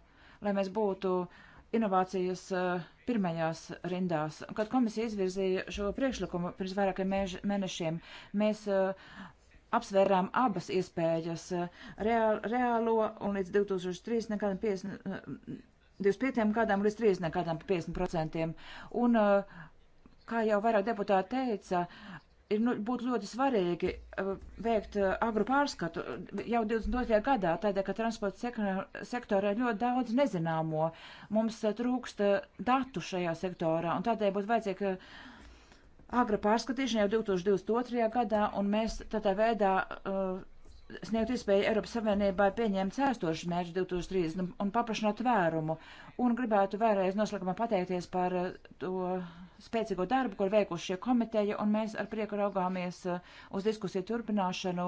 D: lai mēs būtu inovācijas eh, pirmajās rindās. Kad komisija izvirzīja šo priekšlikumu pirms vairākiem mēnešiem, mēs eh, apsvērām abas iespējas eh, reāl, reālo un līdz 2030 nekādam 50, 25 gadam līdz 30 gadam 50%. Un, kā jau vairāk deputāti teica, ir nu, būtu ļoti svarīgi uh, veikt uh, agru pārskatu jau 22. gadā, tādēļ, ka transporta sektorā ir ļoti daudz nezināmo. Mums uh, trūkst datu šajā sektorā, un tādēļ būtu vajadzīga agra pārskatīšana jau 2022. gadā, un mēs tādā veidā sniegt iespēju Eiropas Savienībai pieņemt sēstošu mērķu 2030 un paplašināt vērumu. Un gribētu vēlreiz noslēgumā pateikties par to. Uh, spēcīgo darbu, ko ir veikuši šie komiteja, un mēs ar prieku raugāmies uh, uz diskusiju turpināšanu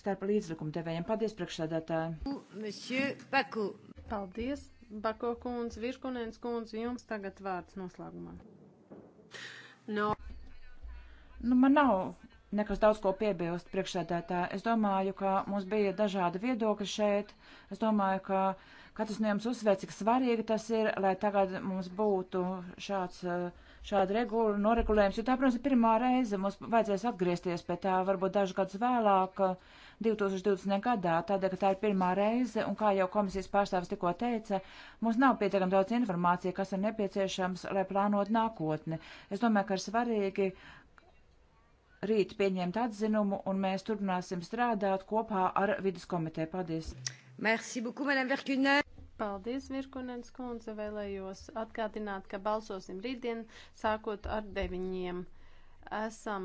D: starp līdzlikumdevējiem. Paldies, priekšsēdētāji!
A: Paldies, Bako kundze, Virkunēns kundze, jums tagad vārds noslēgumā.
D: No. Nu, man nav nekas daudz ko piebilst priekšsēdētā. Es domāju, ka mums bija dažādi viedokļi šeit. Es domāju, ka Katrs no jums uzsver, cik svarīgi tas ir, lai tagad mums būtu šāds, eh, šāda regula, noregulējums, jo tā, protams, ir pirmā reize. Mums vajadzēs atgriezties pie tā varbūt dažus gadus vēlāk, 2020. Eh, gadā, tādēļ, ka tā ir pirmā reize, un kā jau komisijas pārstāvis tikko teica, mums nav pietiekami daudz informācija, kas ir nepieciešams, lai plānot nākotni. Es domāju, ka ir svarīgi rīt pieņemt atzinumu, un mēs turpināsim strādāt kopā ar viduskomiteju. Paldies! Merci beaucoup, Madame Verkunē. Paldies, Virkunens kundze, vēlējos
A: atgādināt, ka balsosim rītdien, sākot ar deviņiem. Esam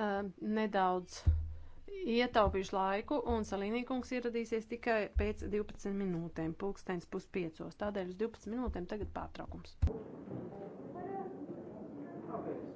A: uh, nedaudz ietaupīšu laiku, un salīnīkums ieradīsies tikai pēc 12 minūtēm, pulksteins puspiecos. Tādēļ uz 12 minūtēm tagad pārtraukums. Paldies.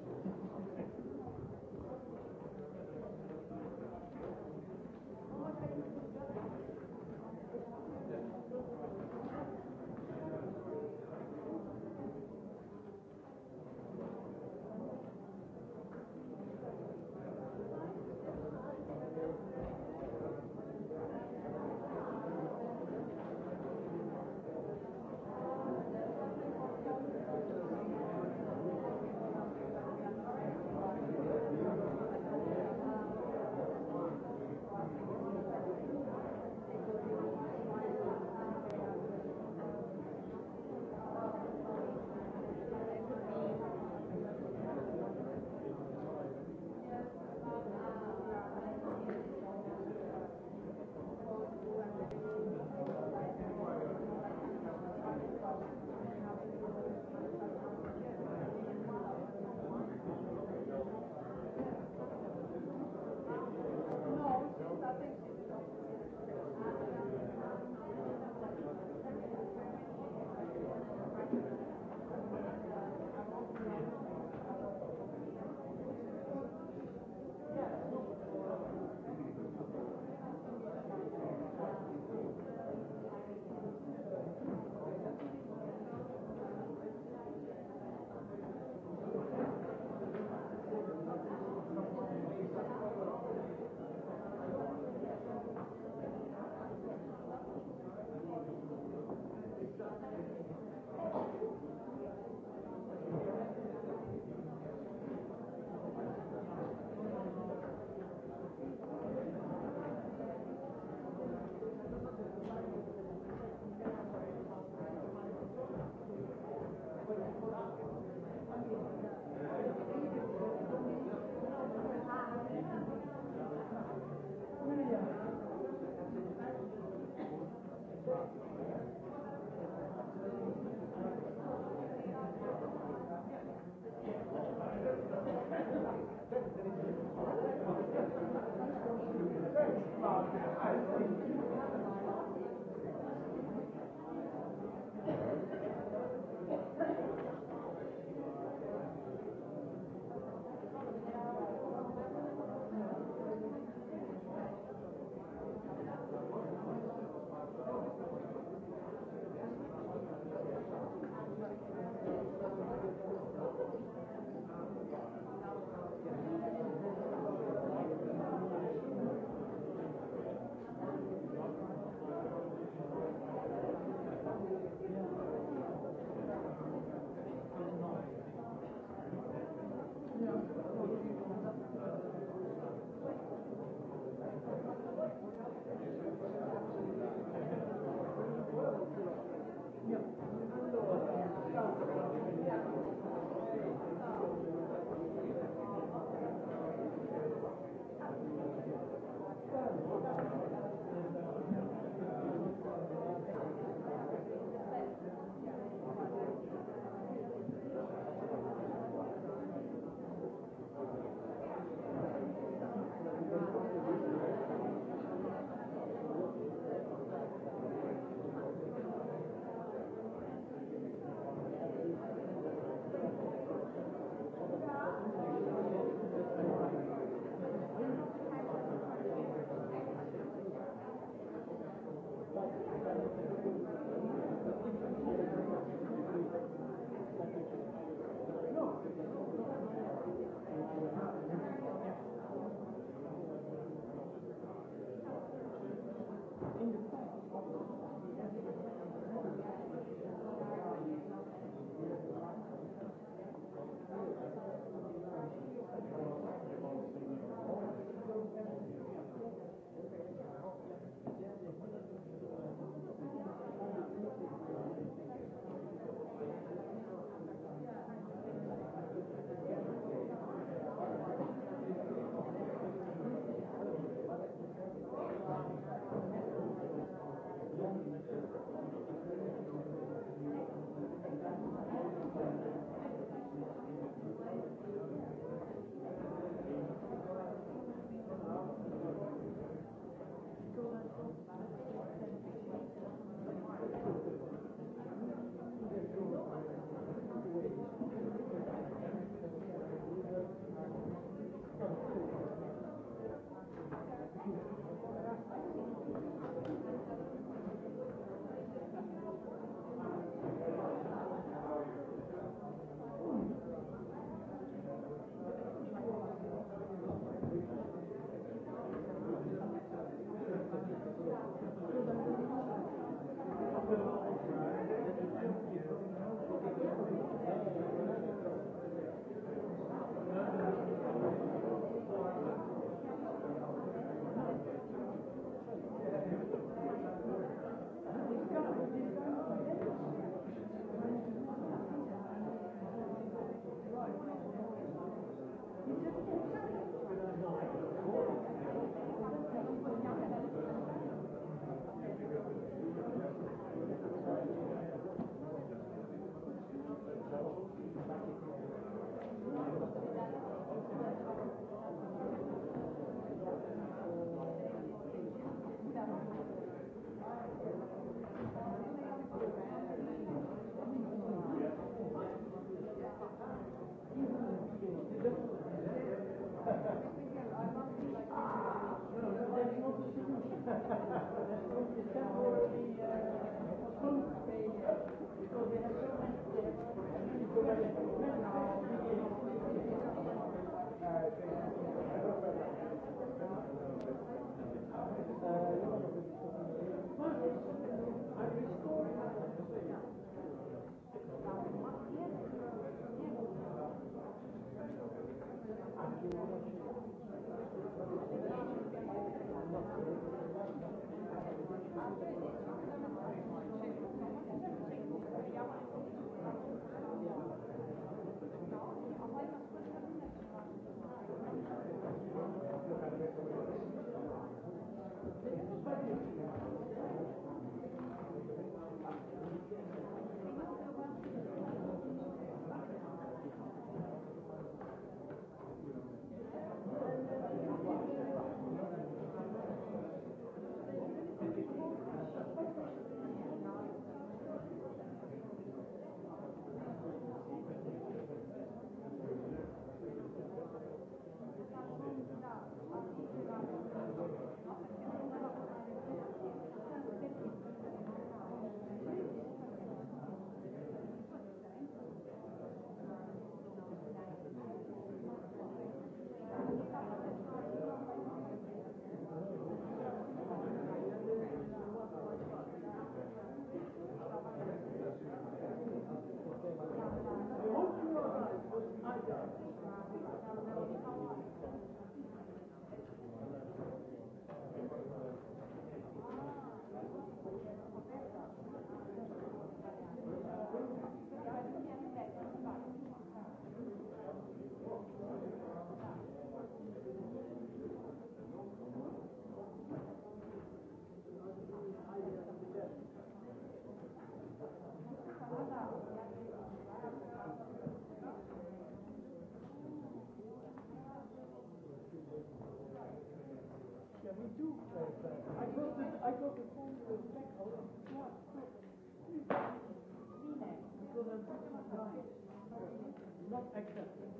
C: Not accepted.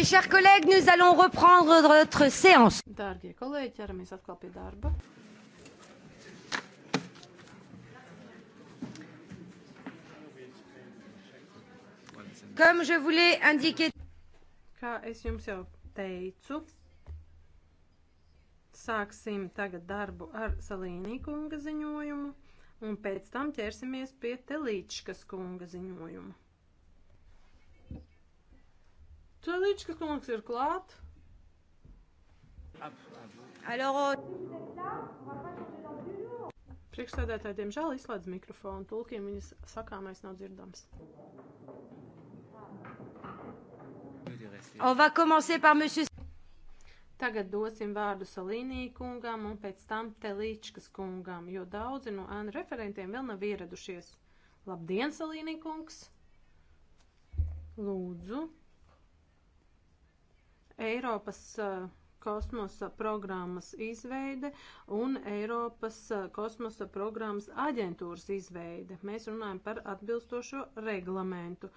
A: Mes chers collègues, nous allons reprendre notre séance. Dārgie kolēģi, ķeramies atkal pie darba.
C: Comme je vous l'ai indiqué.
A: Kā es jums jau teicu, sāksim tagad darbu ar Salīnī kunga ziņojumu, un pēc tam ķersimies pie Telīčkas kunga ziņojumu. Teličkas kungs ir klāt. Alors... Euh, Priekšstādētāji, diemžēl, izslēdz mikrofonu. Tulkiem viņas sakāmais nav dzirdams. On va commencer par monsieur... Tagad dosim vārdu Salīnī kungam un pēc tam Telīčkas kungam, jo daudzi no ēnu referentiem vēl nav ieradušies. Labdien, Salīnī kungs! Lūdzu! Eiropas kosmosa programmas izveide un Eiropas kosmosa programmas aģentūras izveide. Mēs runājam par atbilstošo reglamentu.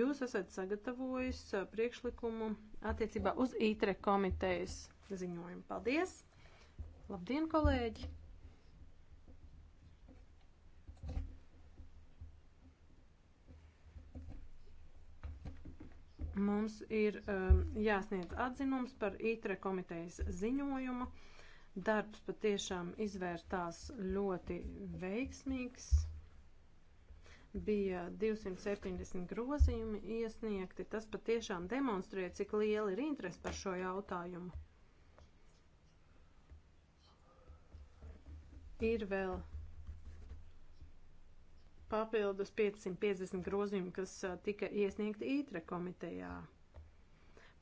A: Jūs esat sagatavojis priekšlikumu attiecībā uz ITRE komitejas ziņojumu. Paldies! Labdien, kolēģi! Mums ir um, jāsniedz atzinums par ITRE komitejas ziņojumu. Darbs patiešām izvērtās ļoti veiksmīgs. Bija 270 grozījumi iesniegti. Tas patiešām demonstrē, cik liela ir interese par šo jautājumu. Ir vēl papildus 550 grozījumu, kas tika iesniegti ītre komitejā.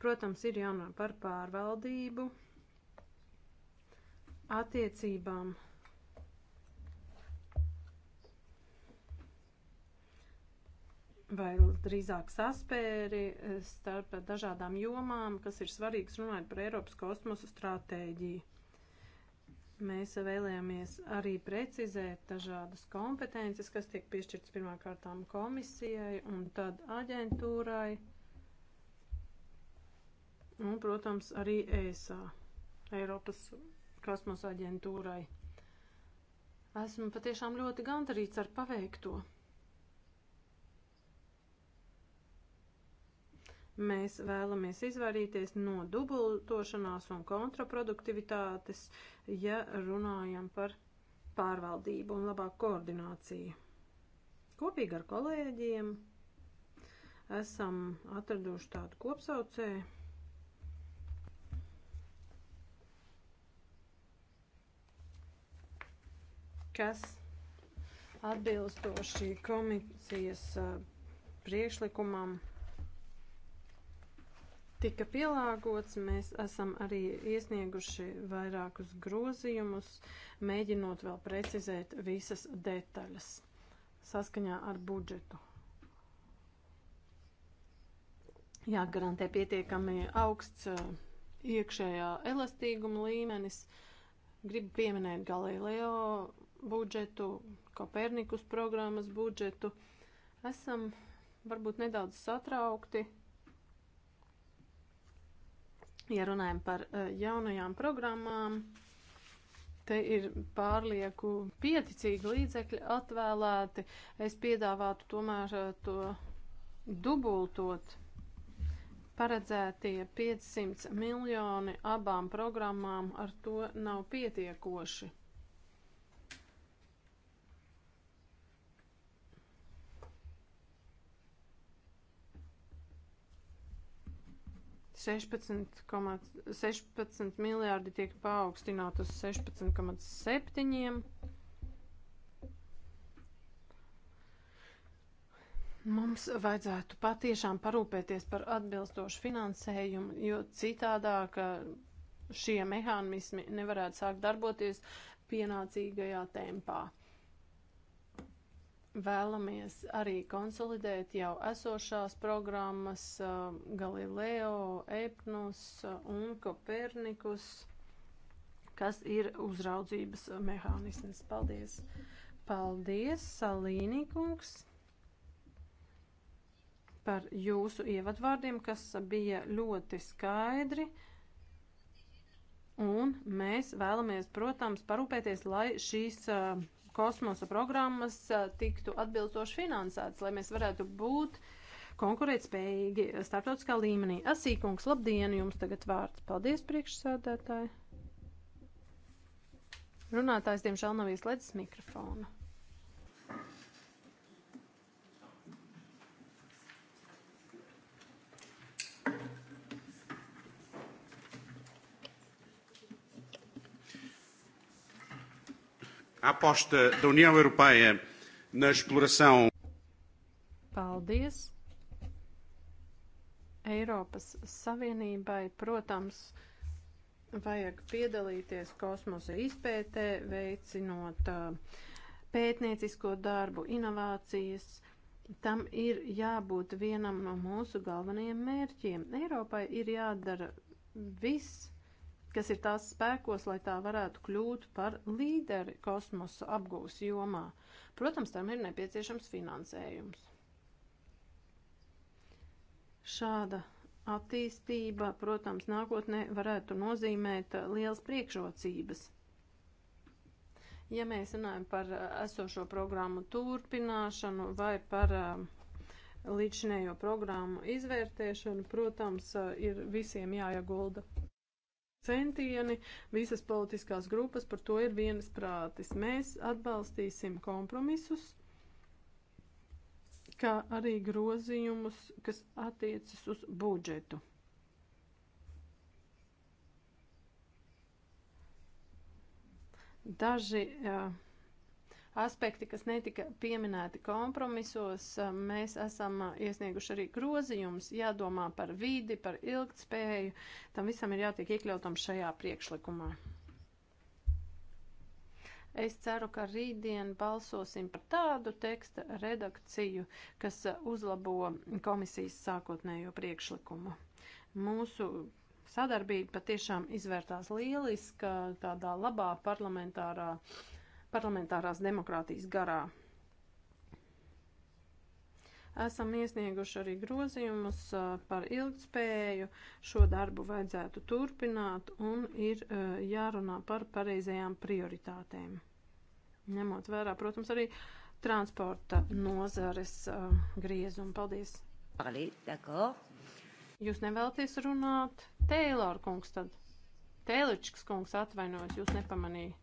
A: Protams, ir jānāk par pārvaldību, attiecībām. Vai drīzāk saspēri starp dažādām jomām, kas ir svarīgs runājot par Eiropas kosmosa stratēģiju. Mēs vēlējāmies arī precizēt dažādas kompetences, kas tiek piešķirtas pirmkārtām komisijai un tad aģentūrai un, protams, arī ESA, Eiropas kosmosa aģentūrai. Esmu patiešām ļoti gandarīts ar paveikto. Mēs vēlamies izvairīties no dubultošanās un kontraproduktivitātes, ja runājam par pārvaldību un labāku koordināciju. Kopīgi ar kolēģiem esam atraduši tādu kopsaucēju. kas atbilstoši komisijas eh, priekšlikumam tika pielāgots. Mēs esam arī iesnieguši vairākus grozījumus, mēģinot vēl precizēt visas detaļas saskaņā ar budžetu. Jāgarantē pietiekami augsts eh, iekšējā elastīguma līmenis. Gribu pieminēt Galileo budžetu, Kopernikus programmas budžetu. Esam varbūt nedaudz satraukti Ja runājam par eh, jaunajām programmām, te ir pārlieku pieticīgi līdzekļi atvēlēti. Es piedāvātu tomēr eh, to dubultot. Paredzētie 500 miljoni abām programmām ar to nav pietiekoši. 16,16 16 miljārdi tiek paaugstināti uz 16,7. Mums vajadzētu patiešām parūpēties par atbilstošu finansējumu, jo citādāk šie mehānismi nevarētu sākt darboties pienācīgajā tempā vēlamies arī konsolidēt jau esošās programmas um, Galileo, Epnus um, un Kopernikus, kas ir uzraudzības mehānisms. Paldies! Paldies, Salīnīkungs, par jūsu ievadvārdiem, kas bija ļoti skaidri. Un mēs vēlamies, protams, parūpēties, lai šīs uh, kosmosa programmas eh, tiktu atbilstoši finansētas, lai mēs varētu būt konkurētspējīgi starptautiskā līmenī. Asīkungs, labdien, jums tagad vārds. Paldies, priekšsēdētāji. Runātājs, diemžēl, nav ieslēdzis mikrofonu.
D: a aposta da União Europeia na exploração.
A: Paldies! Eiropas Savienībai, protams, vajag piedalīties kosmosa izpētē, veicinot uh, pētniecisko darbu, inovācijas. Tam ir jābūt vienam no mūsu galvenajiem mērķiem. Eiropai ir jādara viss, kas ir tās spēkos, lai tā varētu kļūt par līderi kosmosa apgūs jomā. Protams, tam ir nepieciešams finansējums. Šāda attīstība, protams, nākotnē varētu nozīmēt liels priekšrocības. Ja mēs runājam par uh, esošo programmu turpināšanu vai par uh, līdzinējo programmu izvērtēšanu, protams, uh, ir visiem jāiegulda centieni, visas politiskās grupas par to ir vienas prātis. Mēs atbalstīsim kompromisus, kā arī grozījumus, kas attiecas uz budžetu. Daži uh, aspekti, kas netika pieminēti kompromisos. Mēs esam iesnieguši arī grozījumus, jādomā par vidi, par ilgtspēju. Tam visam ir jātiek iekļautam šajā priekšlikumā. Es ceru, ka rītdien balsosim par tādu teksta redakciju, kas uzlabo komisijas sākotnējo priekšlikumu. Mūsu sadarbība patiešām izvērtās lieliska tādā labā parlamentārā uh, parlamentārās demokrātijas garā. Esam iesnieguši arī grozījumus uh, par ilgspēju, šo darbu vajadzētu turpināt un ir uh, jārunā par pareizajām prioritātēm. Ņemot vērā, protams, arī transporta nozares uh, griezumu. Paldies! Jūs nevēlaties runāt? Teilor kungs tad. Tēličs kungs atvainojas, jūs nepamanīja.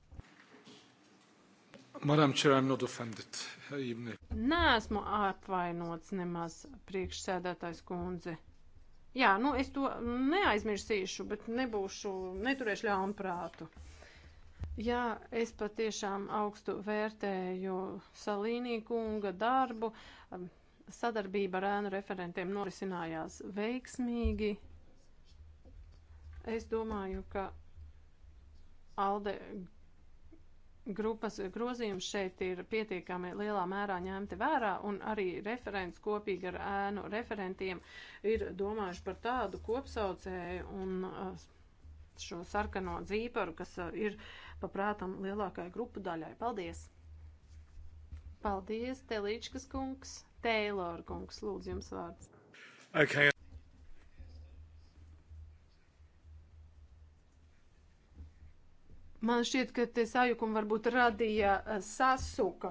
C: Madam Chair, I'm not offended. Nē,
A: esmu apvainots nemaz priekšsēdētājs kundze. Jā, nu es to neaizmirsīšu, bet nebūšu, neturēšu ļaunprātu. Jā, es patiešām augstu vērtēju Salīnī kunga darbu. Sadarbība ar ēnu referentiem norisinājās veiksmīgi. Es domāju, ka Alde grupas grozījums šeit ir pietiekami lielā mērā ņemti vērā, un arī referents kopīgi ar ēnu referentiem ir domājuši par tādu kopsaucēju un uh, šo sarkano dzīparu, kas uh, ir paprātam lielākai grupu daļai. Paldies! Paldies, Telīčkas kungs! Teilor kungs, lūdzu jums vārds. Okay. Man šķiet, ka te sajukumi varbūt radīja eh, sasuka.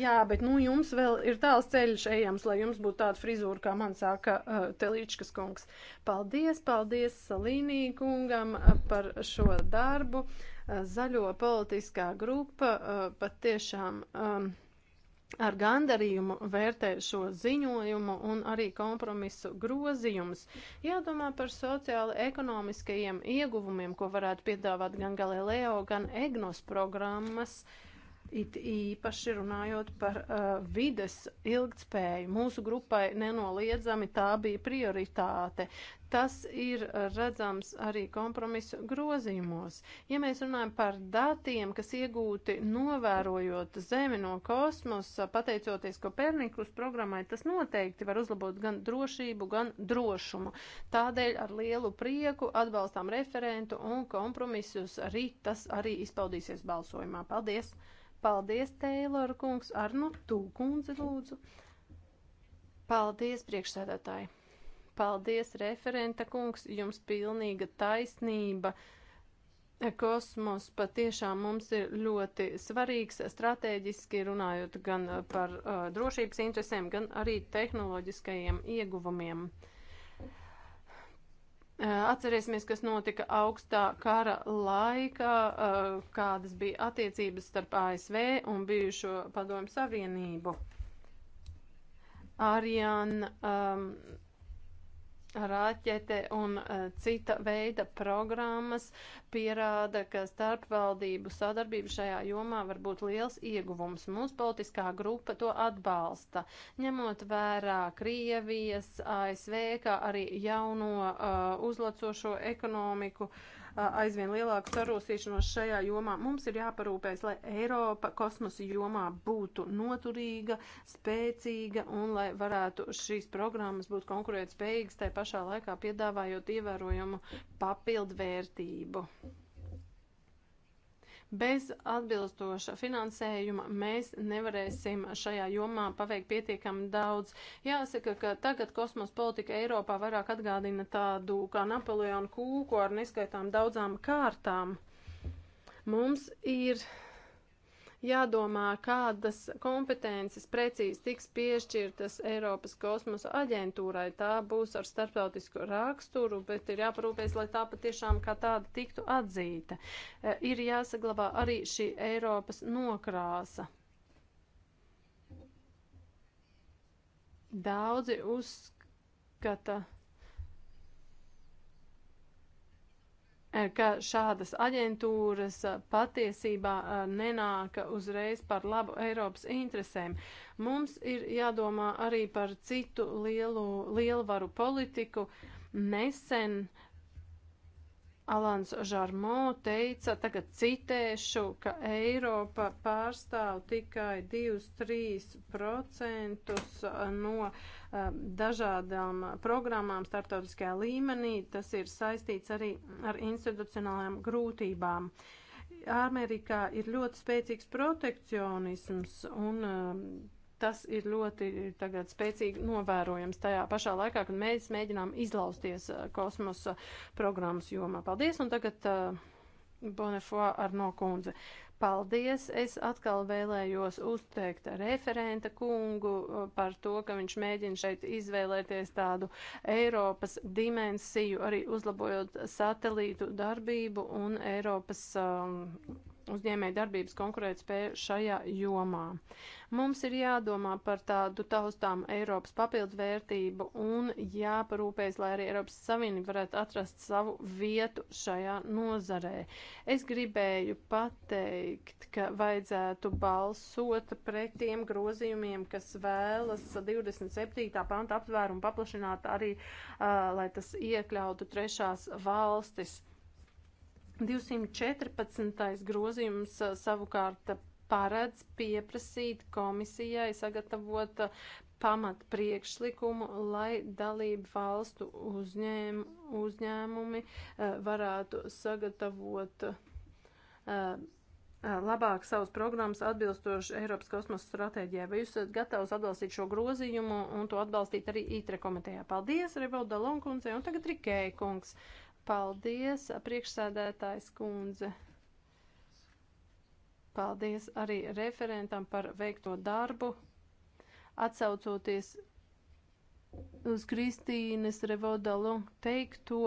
A: Jā, bet nu, jums vēl ir tāls ceļš ejams, lai jums būtu tāda frizūra, kā man saka uh, Telīčkas kungs. Paldies, paldies Salīnī kungam eh, par šo darbu. Uh, zaļo politiskā grupa uh, pat tiešām. Um, ehm, ar gandarījumu vērtē šo ziņojumu un arī kompromisu grozījumus. Jādomā par sociāli ekonomiskajiem ieguvumiem, ko varētu piedāvāt gan Galileo, gan EGNOS programmas. Uh, It īpaši runājot par uh, vides ilgtspēju, mūsu grupai nenoliedzami tā bija prioritāte. Tas ir uh, redzams arī kompromisu grozījumos. Ja mēs runājam par datiem, kas iegūti novērojot Zemi no kosmosa, pateicoties Kopernikus programmai, tas noteikti var uzlabot gan drošību, gan drošumu. Tādēļ ar lielu prieku atbalstām referentu un kompromisus rīt tas arī izpaudīsies balsojumā. Paldies! Paldies, Teilora kungs, ar nu tūkundzi lūdzu. Paldies, priekšsēdētāji. Paldies, referenta kungs, jums pilnīga taisnība. Kosmos patiešām mums ir ļoti svarīgs strateģiski runājot gan par uh, drošības interesēm, gan arī tehnoloģiskajiem ieguvumiem. Uh, Eh, atcerēsimies, kas notika augstā kara laikā, eh, kādas bija attiecības starp ASV un bijušo padomu savienību. Arjan um, raķete un uh, cita veida programmas pierāda, ka starpvaldību sadarbība šajā jomā var būt liels ieguvums. Mūsu politiskā grupa to atbalsta, ņemot vērā Krievijas, ASV, kā arī jauno uh, uzlacošo ekonomiku. Uh, aizvien lielāku sarūsīšanos šajā jomā. Mums ir jāparūpēs, lai Eiropa kosmosa jomā būtu noturīga, spēcīga un lai varētu šīs programmas būt konkurētspējīgas, tai pašā laikā piedāvājot ievērojumu papildvērtību. Bez atbilstoša finansējuma mēs nevarēsim šajā jomā paveikt pietiekami daudz. Jāsaka, ka tagad kosmos politika Eiropā vairāk atgādina tādu kā Napoleona kūku ar neskaitām daudzām kārtām. Mums ir jādomā, kādas kompetences precīzi tiks piešķirtas Eiropas kosmosa aģentūrai. Tā būs ar starptautisku raksturu, bet ir jāparūpēs, lai tā patiešām kā tāda tiktu atzīta. E, ir jāsaglabā arī šī Eiropas nokrāsa. Daudzi uzskata. Eh, ka šādas aģentūras eh, patiesībā eh, nenāka uzreiz par labu Eiropas interesēm. Mums ir jādomā arī par citu lielu, lielvaru politiku. Nesen uh, Alans Žarmo teica, tagad citēšu, ka Eiropa pārstāv tikai 2-3% uh, no um, dažādām programmām startautiskajā līmenī. Tas ir saistīts arī ar institucionālajām grūtībām. Amerikā ir ļoti spēcīgs protekcionisms un um, tas ir ļoti tagad spēcīgi novērojams tajā pašā laikā, kad mēs mēģinām izlausties uh, kosmosa uh, programmas jomā. Paldies, un tagad uh, Bonefo Arno kundze. Paldies! Es atkal vēlējos uzteikt referenta kungu uh, par to, ka viņš mēģina šeit izvēlēties tādu Eiropas dimensiju, arī uzlabojot satelītu darbību un Eiropas um, uzņēmēja darbības konkurētspēju šajā jomā. Mums ir jādomā par tādu taustām Eiropas papildvērtību un jāparūpējas, lai arī Eiropas Savienība varētu atrast savu vietu šajā nozarē. Es gribēju pateikt, ka vajadzētu balsot pret tiem grozījumiem, kas vēlas 27. panta aptvērumu paplašināt arī, uh, lai tas iekļautu trešās valstis 214. grozījums uh, savukārt uh, paredz pieprasīt komisijai sagatavot uh, pamat priekšlikumu, lai dalību valstu uzņēm, uzņēmumi varētu sagatavot labāk savas programmas atbilstoši Eiropas kosmosa stratēģijai. Vai jūs esat gatavs atbalstīt šo grozījumu un to atbalstīt arī ITRE komitejā? Paldies, Revolda Lonkundzei, un tagad Rikēja kungs. Paldies, priekšsēdētājs kundze. Paldies arī referentam par veikto darbu. Atsaucoties uz Kristīnas Revodalu teikto,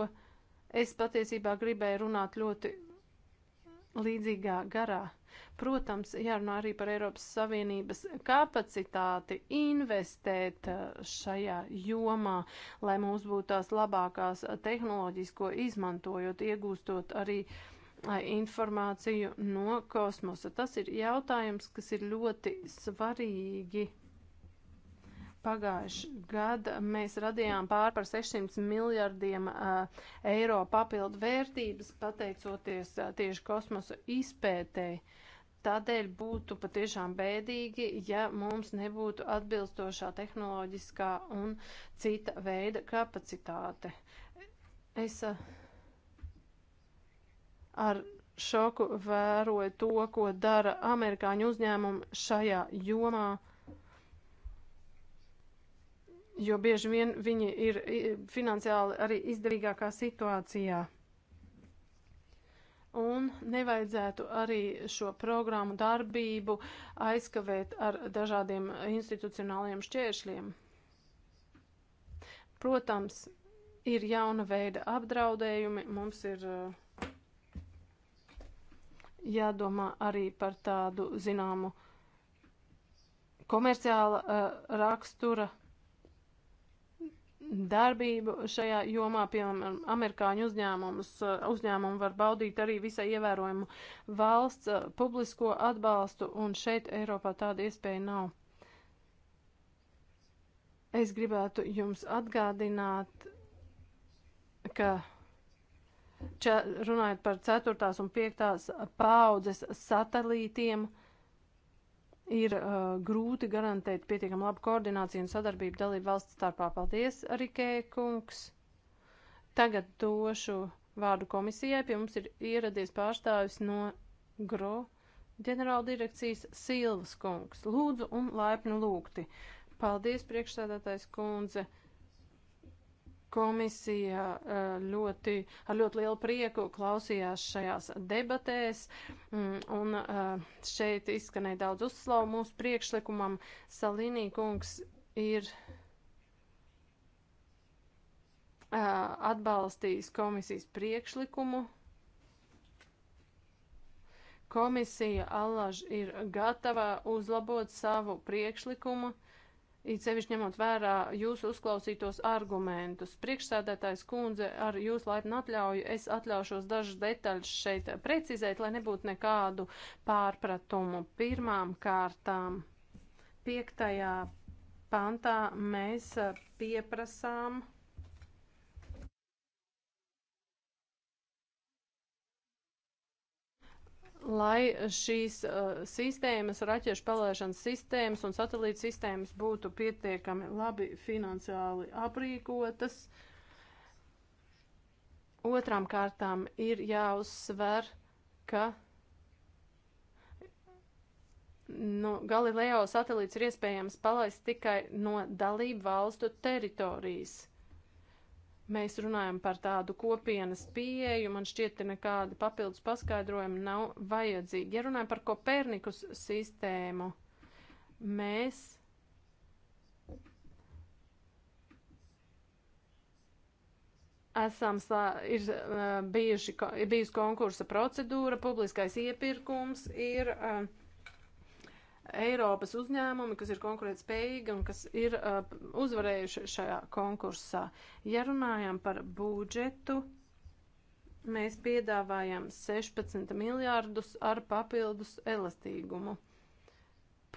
A: es patiesībā gribēju runāt ļoti līdzīgā garā. Protams, jārunā arī par Eiropas Savienības kapacitāti investēt uh, šajā jomā, lai mums būtu tās labākās tehnoloģijas, ko izmantojot, iegūstot arī uh, informāciju no kosmosa. Tas ir jautājums, kas ir ļoti svarīgi Pagājuši gadu mēs radījām pār par 600 miljardiem uh, eiro papildu vērtības, pateicoties uh, tieši kosmosa izpētēji. Tādēļ būtu patiešām bēdīgi, ja mums nebūtu atbilstošā tehnoloģiskā un cita veida kapacitāte. Es eh, ar šoku vēroju to, ko dara amerikāņu uzņēmumi šajā jomā, jo bieži vien viņi ir finansiāli arī izdevīgākā situācijā. Un nevajadzētu arī šo programmu darbību aizkavēt ar dažādiem institucionāliem šķēršļiem. Protams, ir jauna veida apdraudējumi, mums ir eh, jādomā arī par tādu zināmu komerciāla eh, rakstura darbību šajā jomā, piemēram, amerikāņu uzņēmumus, uh, uzņēmumu var baudīt arī visai ievērojumu valsts uh, publisko atbalstu, un šeit Eiropā tāda iespēja nav. Es gribētu jums atgādināt, ka čia, runājot par ceturtās un piektās paudzes satelītiem, uh, ir uh, grūti garantēt pietiekam labu koordināciju un sadarbību dalību valsts starpā. Paldies, Rikē kungs. Tagad došu vārdu komisijai. Pie mums ir ieradies pārstāvis no GRO ģenerāldirekcijas Silvas kungs. Lūdzu un laipni lūgti. Paldies, priekšsēdētājs kundze. Uh, Komisija eh, ļoti, ar ļoti lielu prieku klausījās šajās debatēs, mm, un eh, šeit izskanēja daudz uzslavu mūsu priekšlikumam. Salīnī kungs ir eh, atbalstījis komisijas priekšlikumu. Komisija allaž ir gatava uzlabot savu priekšlikumu It sevišķi ņemot vērā jūsu uzklausītos argumentus. Priekšsēdētājs kundze, ar jūsu laipnu atļauju es atļaušos dažas detaļas šeit precizēt, lai nebūtu nekādu pārpratumu. Pirmām kārtām, piektajā pantā mēs pieprasām lai šīs uh, sistēmas, raķešu palaišanas sistēmas un satelīta sistēmas būtu pietiekami labi finansiāli aprīkotas. Otrām kārtām ir jāuzsver, ka nu, Galileo satelīts ir iespējams palaist tikai no dalību valstu teritorijas. Mēs runājam par tādu kopienas pieeju, man šķiet, nekādi papildus paskaidrojumi nav vajadzīgi. Ja runājam par Kopernikus sistēmu, mēs esam ir, bijuši, ir bijusi konkursa procedūra, publiskais iepirkums ir. Uh, Eiropas uzņēmumi, kas ir konkurētspējīgi un kas ir uh, uzvarējuši šajā konkursā. Ja runājam par budžetu, mēs piedāvājam 16 miljārdus ar papildus elastīgumu.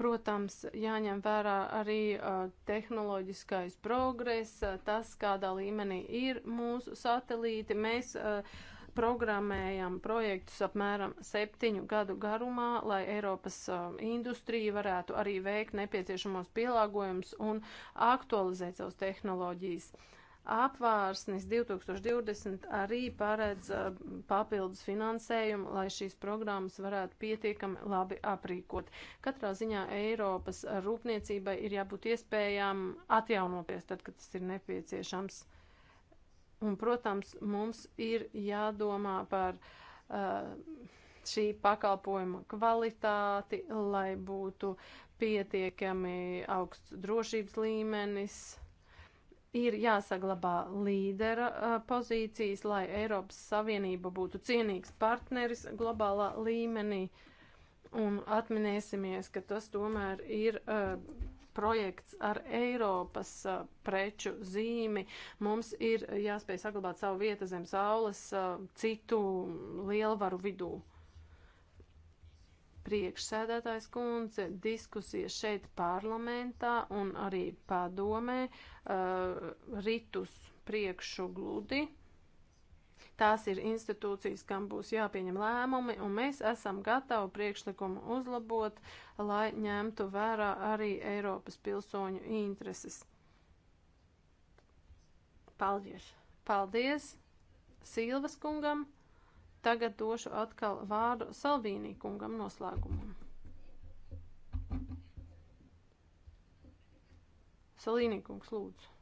A: Protams, jāņem vērā arī uh, tehnoloģiskais progress, uh, tas, kādā līmenī ir mūsu satelīti. Mēs uh, programmējam projektus apmēram septiņu gadu garumā, lai Eiropas um, industrija varētu arī veikt nepieciešamos pielāgojumus un aktualizēt savus tehnoloģijas. Apvārsnis 2020 arī paredz uh, papildus finansējumu, lai šīs programmas varētu pietiekami labi aprīkot. Katrā ziņā Eiropas rūpniecībai ir jābūt iespējām atjaunoties tad, kad tas ir nepieciešams. Un, protams, mums ir jādomā par uh, šī pakalpojuma kvalitāti, lai būtu pietiekami augsts drošības līmenis. Ir jāsaglabā līdera uh, pozīcijas, lai Eiropas Savienība būtu cienīgs partneris globālā līmenī. Un atminēsimies, ka tas tomēr ir. Uh, projekts ar Eiropas uh, preču zīmi. Mums ir jāspēj saglabāt savu vietu zem saules uh, citu lielvaru vidū. Priekšsēdētājs kundze diskusija šeit parlamentā un arī padomē uh, ritus priekšu gludi. Tās ir institūcijas, kam būs jāpieņem lēmumi, un mēs esam gatavi priekšlikumu uzlabot, lai ņemtu vērā arī Eiropas pilsoņu intereses. Paldies! Paldies Silvas kungam! Tagad došu atkal vārdu Salvīnī kungam noslēgumam. Salīnī kungs, lūdzu.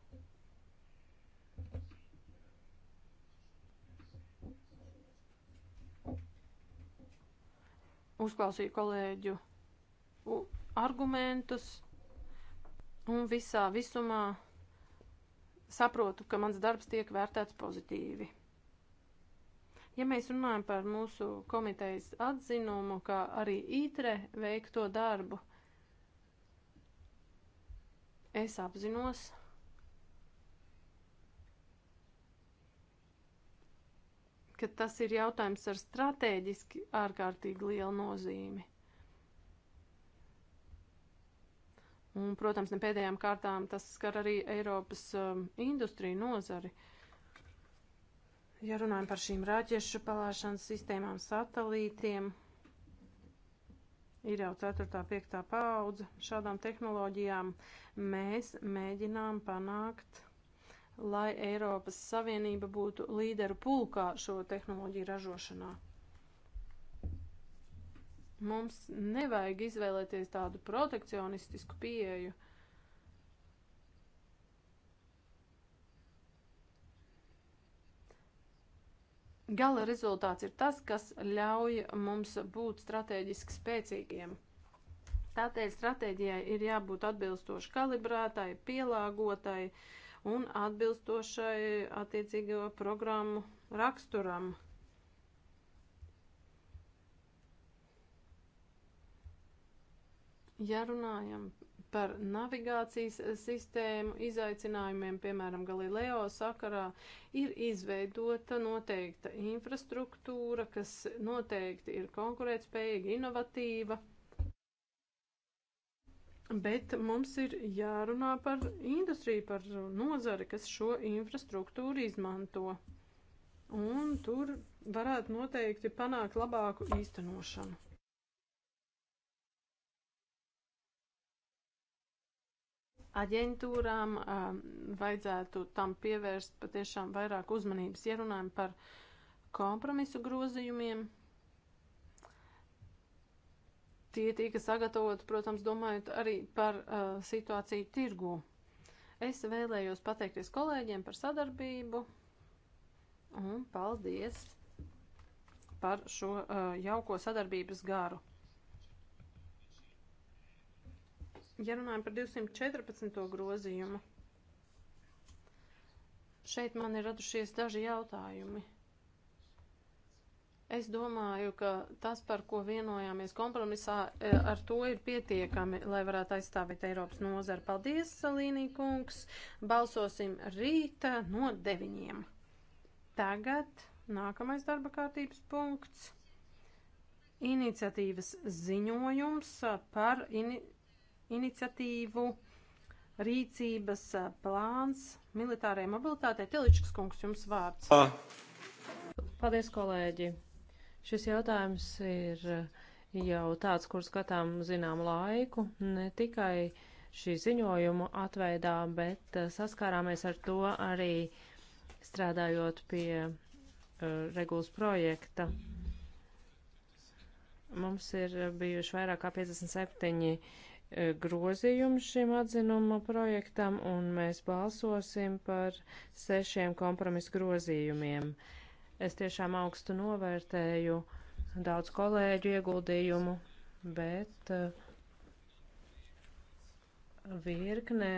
A: uzklausīju kolēģu argumentus un visā visumā saprotu, ka mans darbs tiek vērtēts pozitīvi. Ja mēs runājam par mūsu komitejas atzinumu, kā arī ITRE veikto darbu, es apzinos, ka ka tas ir jautājums ar strateģiski ārkārtīgi lielu nozīmi. Un, protams, ne pēdējām kārtām tas skar arī Eiropas um, industriju nozari. Ja runājam par šīm raķešu palāšanas sistēmām, satelītiem, ir jau 4. un 5. paudze šādām tehnoloģijām, mēs mēģinām panākt lai Eiropas Savienība būtu līderu pulkā šo tehnoloģiju ražošanā. Mums nevajag izvēlēties tādu protekcionistisku pieeju. Gala rezultāts ir tas, kas ļauj mums būt strateģiski spēcīgiem. Tādēļ stratēģijai ir jābūt atbilstoši kalibrētai, pielāgotai, uh, un atbilstošai attiecīgo programmu raksturam. Ja runājam par navigācijas sistēmu izaicinājumiem, piemēram, Galileo sakarā, ir izveidota noteikta infrastruktūra, kas noteikti ir konkurētspējīga, inovatīva. Bet mums ir jārunā par industriju, par nozari, kas šo infrastruktūru izmanto. Un tur varētu noteikti panākt labāku īstenošanu. Aģentūrām um, vajadzētu tam pievērst patiešām vairāk uzmanības, ja runājam par kompromisu grozījumiem. Tie tika sagatavoti, protams, domājot arī par uh, situāciju tirgu. Es vēlējos pateikties kolēģiem par sadarbību un paldies par šo uh, jauko sadarbības garu. Ja runājam par 214. grozījumu, šeit man ir radušies daži jautājumi. Es domāju, ka tas, par ko vienojāmies kompromisā, e, ar to ir pietiekami, lai varētu aizstāvēt Eiropas nozaru. Paldies, Salīnī kungs! Balsosim rīta no deviņiem. Tagad nākamais darba kārtības punkts - iniciatīvas ziņojums par ini iniciatīvu rīcības plāns militārajai mobilitātei. Teličkas kungs, jums vārds. Paldies, kolēģi! Šis jautājums ir
B: eh, jau tāds, kur skatām zinām laiku, ne tikai šī ziņojuma atveidā, bet eh, saskārāmies ar to arī strādājot pie uh, regulas projekta. Mums ir bijuši vairāk kā 57 grozījumi šim atzinuma projektam, un mēs balsosim par sešiem kompromisu grozījumiem. Uh, Es tiešām augstu novērtēju daudz kolēģu ieguldījumu, bet eh, virknē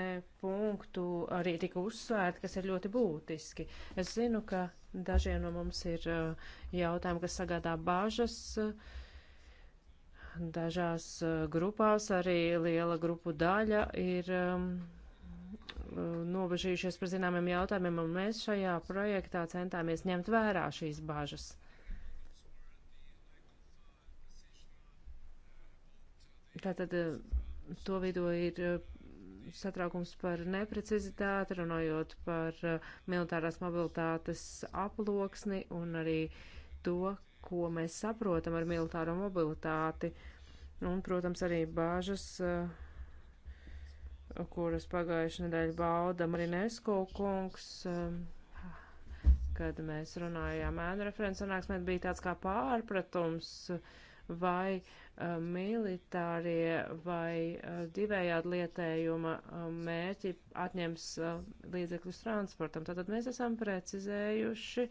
B: punktu arī tika uzsvērti, kas ir ļoti būtiski. Es zinu, ka dažiem no mums ir eh, jautājumi, kas sagādā bāžas dažās eh, grupās arī liela grupu daļa ir um, nobežījušies par zināmiem jautājumiem, un mēs šajā projektā centāmies ņemt vērā šīs bažas. Tātad eh, to vidū ir eh, satraukums par neprecizitāti, runājot par eh, militārās mobilitātes aploksni un arī to, ko mēs saprotam ar militāro mobilitāti. Un, protams, arī bāžas uh, kuras pagājušajā nedēļā bauda Marinesko kungs, um, kad mēs runājām ēnu referents sanāksmē, bija tāds kā pārpratums, vai um, militārie vai uh, divējādi lietējuma um, mērķi atņems uh, līdzekļus transportam. Tātad mēs esam precizējuši,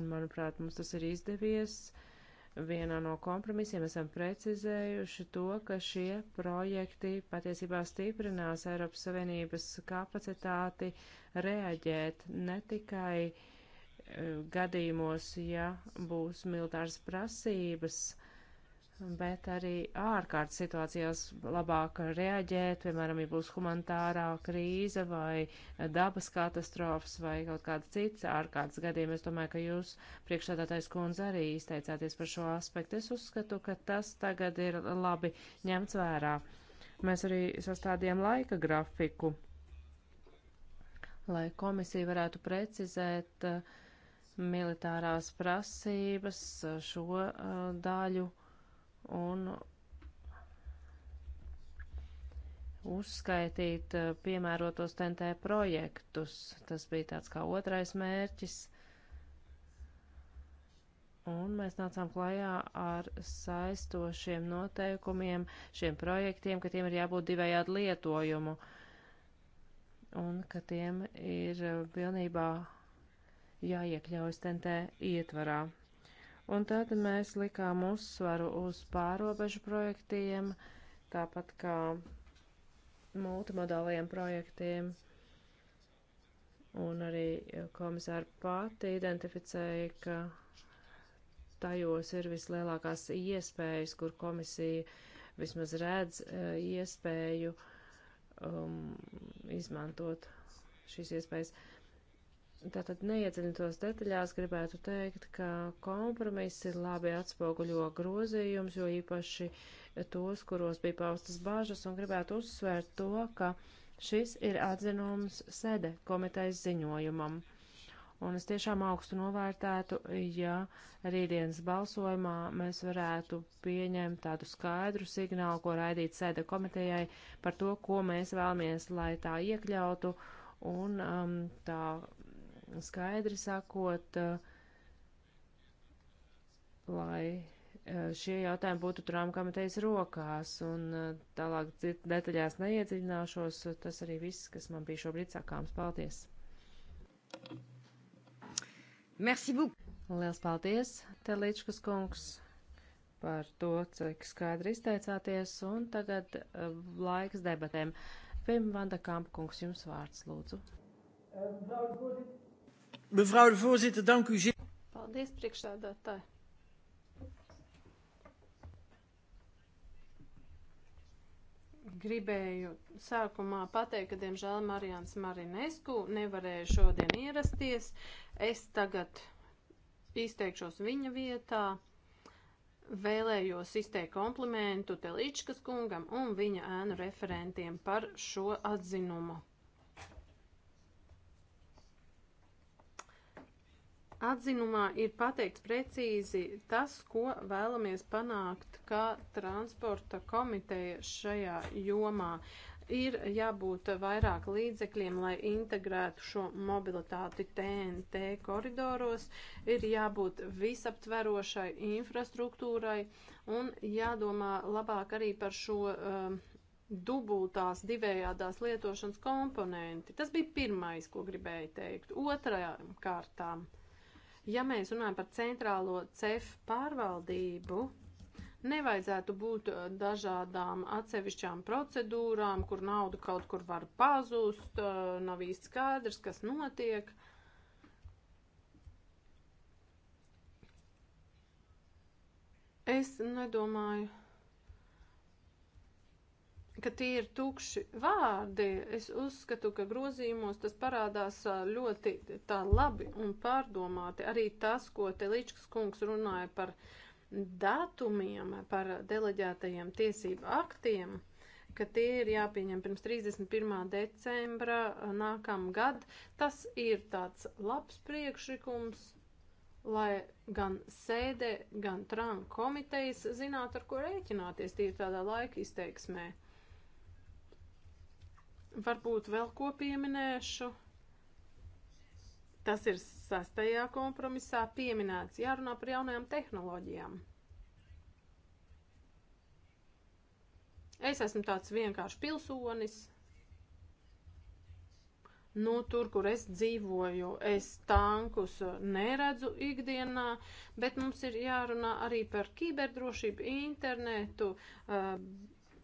B: un manuprāt, mums tas ir izdevies. Uh, vienā no kompromisiem esam precizējuši to, ka šie projekti patiesībā stiprinās Eiropas Savienības kapacitāti reaģēt ne tikai uh, gadījumos, ja būs militāras prasības, bet arī ārkārtas situācijās labāk reaģēt, piemēram, ja būs humanitārā krīze vai dabas katastrofas vai kaut kāds cits ārkārtas gadījums. Es domāju, ka jūs priekšstādātais kundze arī izteicāties par šo aspektu. Es uzskatu, ka tas tagad ir labi ņemts vērā. Mēs arī sastādījām laika grafiku, lai komisija varētu precizēt uh, militārās prasības uh, šo uh, daļu. Uh, un uzskaitīt eh, piemērotos TNT projektus. Tas bija tāds kā otrais mērķis. Un mēs nācām klajā ar saistošiem noteikumiem šiem projektiem, ka tiem ir jābūt divējādi lietojumu un ka tiem ir eh, pilnībā jāiekļaujas TNT ietvarā. Un tad mēs likām uzsvaru uz pārobežu projektiem, tāpat kā multimodāliem projektiem. Un arī komisāra pati identificēja, ka tajos ir vislielākās iespējas, kur komisija vismaz redz e, iespēju um, izmantot šīs iespējas. Uh, Tātad neiedziļinoties detaļās, gribētu teikt, ka kompromisi labi atspoguļo grozījumus, jo īpaši tos, kuros bija paustas bāžas, un gribētu uzsvērt to, ka šis ir atzinums sede komitejas ziņojumam. Un es tiešām augstu novērtētu, ja rītdienas balsojumā mēs varētu pieņemt tādu skaidru signālu, ko raidīt sēde komitejai par to, ko mēs vēlamies, lai tā iekļautu un um, tā skaidri sakot, eh, lai eh, šie jautājumi būtu turām komitejas rokās, un eh, tālāk detaļās neiedziļināšos, tas arī viss, kas man bija šobrīd sakāms. Paldies! Merci beaucoup! Liels paldies, Telīčkas kungs, par to, cik skaidri izteicāties, un tagad uh, laiks debatēm. Pirmā vanda Kampa kungs, jums vārds, lūdzu.
A: Um, Mevrouw de voorzitter, dank u zeer. Paldies, priekšsēdētāji. Gribēju sākumā pateikt, ka, diemžēl, Marijāns Marinesku nevarēja šodien ierasties. Es tagad izteikšos viņa vietā vēlējos izteikt komplimentu Teličkas kungam un viņa ēnu referentiem par šo atzinumu. atzinumā ir pateikts precīzi tas, ko vēlamies panākt kā transporta komiteja šajā jomā. Ir jābūt vairāk līdzekļiem, lai integrētu šo mobilitāti TNT koridoros, ir jābūt visaptverošai infrastruktūrai un jādomā labāk arī par šo. Uh, dubultās, divējādās lietošanas komponenti. Tas bija pirmais, ko gribēju teikt. Otrajām kārtām Ja mēs runājam par centrālo CEF pārvaldību, nevajadzētu būt eh, dažādām atsevišķām procedūrām, kur nauda kaut kur var pazust, eh, nav īsti skaidrs, kas notiek. Es nedomāju, ka tie ir tukši vārdi. Es uzskatu, ka grozījumos tas parādās ļoti tā labi un pārdomāti. Arī tas, ko te Līčkas kungs runāja par datumiem, par deleģētajiem tiesību aktiem, ka tie ir jāpieņem pirms 31. decembra nākamgad. Tas ir tāds labs priekšlikums, lai gan sēde, gan tran komitejas zinātu, ar ko rēķināties. Tie ir tādā laika izteiksmē. Varbūt vēl ko pieminēšu. Tas ir sastajā kompromisā pieminēts. Jārunā par jaunajām tehnoloģijām. Es esmu tāds vienkārši pilsonis. Nu, tur, kur es dzīvoju, es tankus neredzu ikdienā, bet mums ir jārunā arī par kiberdrošību, internetu. Uh,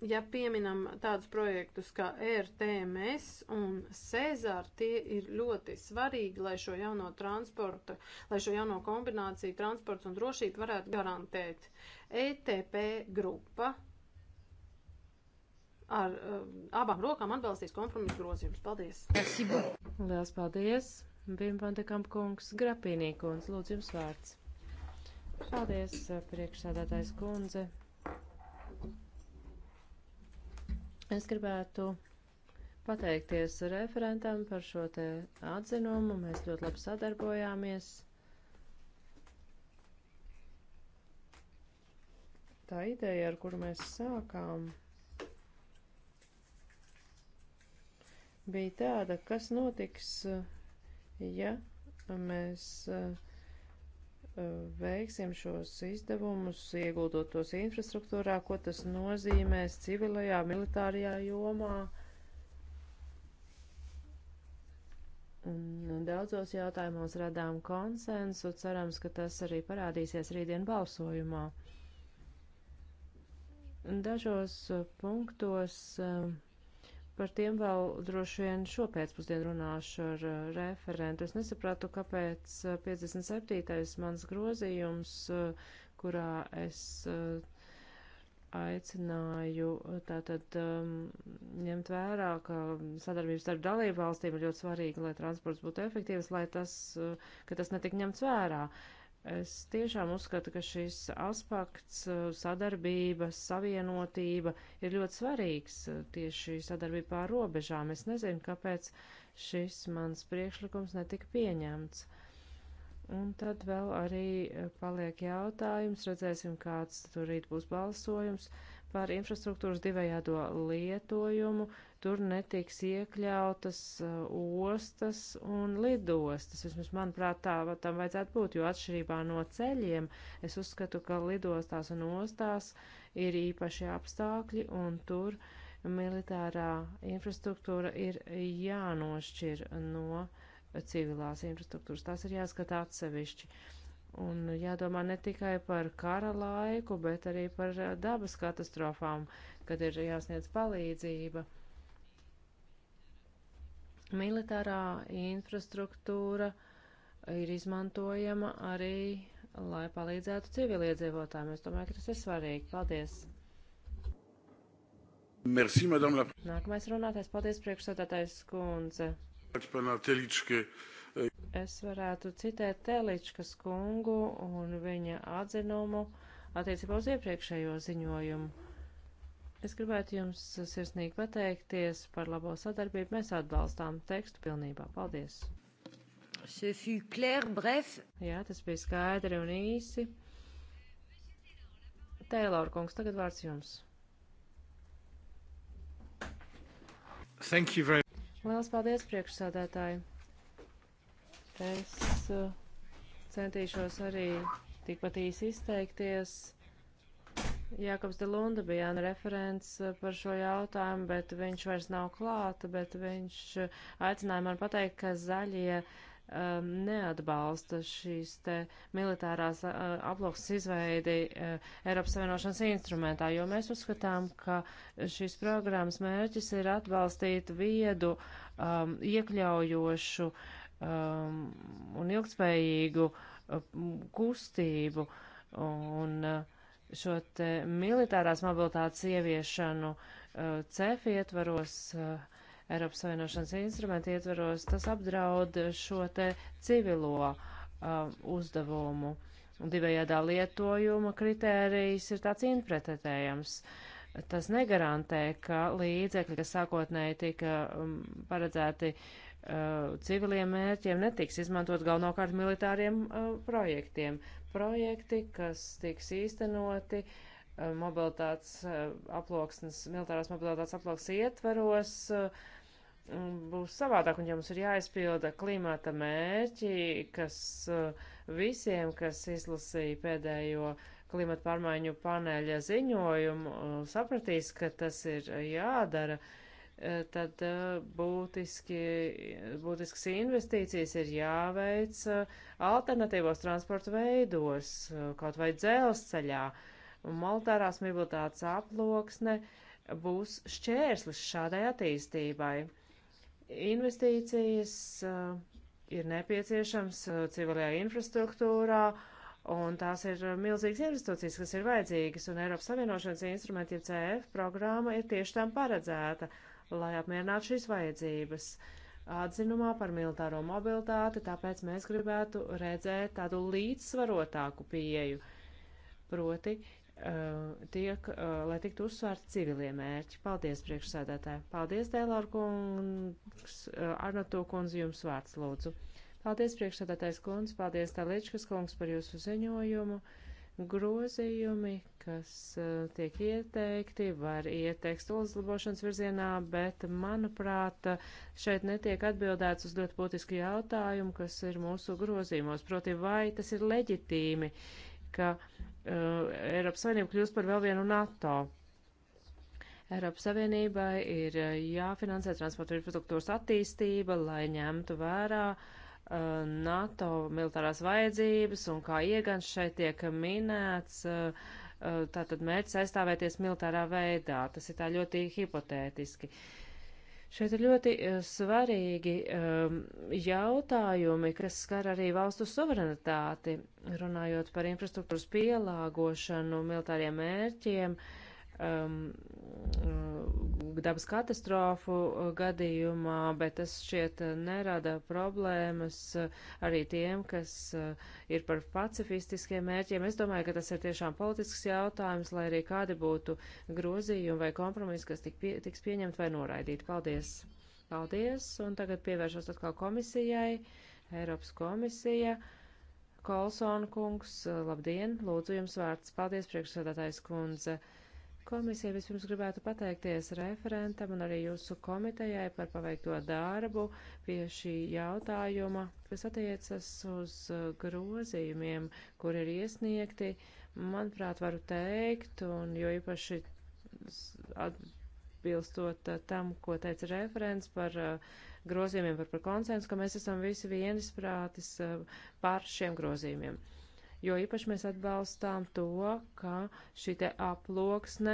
A: Ja pieminam tādus projektus kā RTMS un Cezar, tie ir ļoti svarīgi, lai šo jauno transportu, lai šo jauno kombināciju transports un drošība varētu garantēt. ETP grupa ar uh, abām rokām atbalstīs kompromisu grozījumus. Paldies!
B: Lielas paldies! Bimbantekam kungs, Grapīnī kungs, lūdzu jums vārds. Paldies, priekšsādātājs kundze. Es gribētu pateikties referentam par šo te atzinumu. Mēs ļoti labi sadarbojāmies. Tā ideja, ar kuru mēs sākām, bija tāda, kas notiks, ja mēs uh, veiksim šos izdevumus, ieguldot tos infrastruktūrā, ko tas nozīmēs civilajā, militārajā jomā. Un daudzos jautājumos radām konsensu, cerams, ka tas arī parādīsies rītdien balsojumā. Dažos punktos uh, Par tiem vēl droši vien šopēcpusdien runāšu ar uh, referentu. Es nesapratu, kāpēc 57. Uh, mans grozījums, uh, kurā es aicināju tātad um, ņemt vērā, ka sadarbības starp dalību valstīm ir ļoti svarīga, lai transports būtu efektīvs, lai tas, ka tas netik ņemts vērā. Es tiešām uzskatu, ka šis aspekts uh, sadarbība, savienotība ir ļoti svarīgs uh, tieši sadarbība pār robežām. Es nezinu, kāpēc šis mans priekšlikums netika pieņemts. Un tad vēl arī uh, paliek jautājums, redzēsim, kāds tur rīt būs balsojums par infrastruktūras divējādo lietojumu, tur netiks iekļautas uh, ostas un lidostas. Vismaz, manuprāt, tā tam vajadzētu būt, jo atšķirībā no ceļiem es uzskatu, ka lidostās un ostās ir īpaši apstākļi un tur militārā infrastruktūra ir jānošķir no civilās infrastruktūras. Tās ir jāskatā atsevišķi. Un jādomā ne tikai par kara laiku, bet arī par uh, dabas katastrofām, kad ir jāsniedz palīdzība. Militārā infrastruktūra ir izmantojama arī, lai palīdzētu civiliedzīvotājiem. Es domāju, ka tas ir svarīgi. Paldies!
D: Merci, madame la...
B: Nākamais runātais, paldies priekšsēdētājs kundze. Eh, es varētu citēt Teličkas kungu un viņa atzinumu attiecībā uz iepriekšējo ziņojumu. Es gribētu jums sirsnīgi pateikties par labo sadarbību. Mēs atbalstām tekstu pilnībā. Paldies! Clair, bref. Jā, tas bija skaidri un īsi. Tēlor kungs, tagad vārds jums.
C: Thank you very much.
B: Lielas paldies, priekšsādātāji. Es uh, centīšos arī tikpat īsi izteikties Jākabs de Lunda bija referents eh, par šo jautājumu, bet viņš vairs nav klāta, bet viņš eh, aicināja man pateikt, ka zaļie um, neatbalsta šīs te militārās uh, aploksnes izveidi uh, Eiropas Savienošanas instrumentā, jo mēs uzskatām, ka šīs programmas mērķis ir atbalstīt viedu, um, iekļaujošu um, un ilgspējīgu uh, kustību. Un, uh, šo te militārās mobilitātes ieviešanu uh, CEF ietvaros, uh, Eiropas Savienošanas instrumenta ietvaros, tas apdraud šo te civilo uh, uzdevumu. Divējādā lietojuma kritērijs ir tāds interpretējams. Tas negarantē, ka līdzekļi, kas sākotnēji tika um, paredzēti uh, Uh, civiliem mērķiem netiks izmantot galvenokārt militāriem uh, projektiem. Projekti, kas tiks īstenoti uh, mobilitātes aploksnes, militārās mobilitātes aploksnes ietvaros, būs savādāk, un ja mums ir jāizpilda klimata mērķi, kas visiem, kas izlasīja pēdējo klimata pārmaiņu paneļa ziņojumu, sapratīs, ka tas ir jādara. Uh, Eh, tad eh, būtiski, būtiskas investīcijas ir jāveic eh, alternatīvos transporta veidos, kaut vai dzelzceļā. Maltārās mobilitātes aploksne būs šķērslis šādai attīstībai. Investīcijas ir nepieciešams civilajā infrastruktūrā, un tās ir milzīgas investīcijas, kas ir vajadzīgas, un Eiropas Savienošanas instrumenti, ja CF programma ir tieši tam paredzēta. Uh, lai apmierinātu šīs vajadzības. Atzinumā par militāro mobilitāti, tāpēc mēs gribētu redzēt tādu līdzsvarotāku pieeju, proti, uh, tiek, uh, lai tiktu uzsvērti civilie mērķi. Paldies, priekšsēdētāji. Paldies, Tēlār kungs, uh, eh, Arnoto kungs, jums vārds lūdzu. Paldies, priekšsēdētājs kungs, paldies, Tēlīčkas kungs, par jūsu ziņojumu. Grozījumi, kas eh, tiek ieteikti, var iet tekstu uzlabošanas virzienā, bet, manuprāt, šeit netiek atbildēts uz ļoti būtisku jautājumu, kas ir mūsu grozīmos. Proti, vai tas ir leģitīmi, ka uh, Eiropas Savienība kļūst par vēl vienu NATO? Eiropas Savienībai ir eh, jāfinansē transporta infrastruktūras attīstība, lai ņemtu vērā uh, NATO militārās vajadzības, un kā iegans šeit tiek minēts, uh, Eh, tātad mērķis aizstāvēties militārā veidā. Tas ir tā ļoti hipotētiski. Šeit ir ļoti eh, svarīgi um, jautājumi, kas skar arī valstu suverenitāti, runājot par infrastruktūras pielāgošanu militāriem mērķiem. Um, dabas katastrofu uh, gadījumā, bet tas šķiet uh, nerada problēmas uh, arī tiem, kas ir par pacifistiskiem mērķiem. Es domāju, ka tas ir tiešām politisks jautājums, lai arī kādi būtu grozījumi vai kompromisi, kas tik pie, tiks pieņemti vai noraidīti. Paldies! Paldies! Un tagad pievēršos atkal komisijai, Eiropas komisija. Kolsona kungs, labdien, lūdzu jums vārds. Paldies, priekšsēdētājs kundze. Uh, Komisija vispirms gribētu pateikties referentam un arī jūsu komitejai par paveikto darbu pie šī jautājuma, kas attiecas uz uh, grozījumiem, kur ir iesniegti. Manuprāt, varu teikt, un jo īpaši atbilstot uh, tam, ko teica referents par uh, grozījumiem, par, par konsensu, ka mēs esam visi vienisprātis par šiem grozījumiem jo īpaši mēs atbalstām to, ka šī te aploksne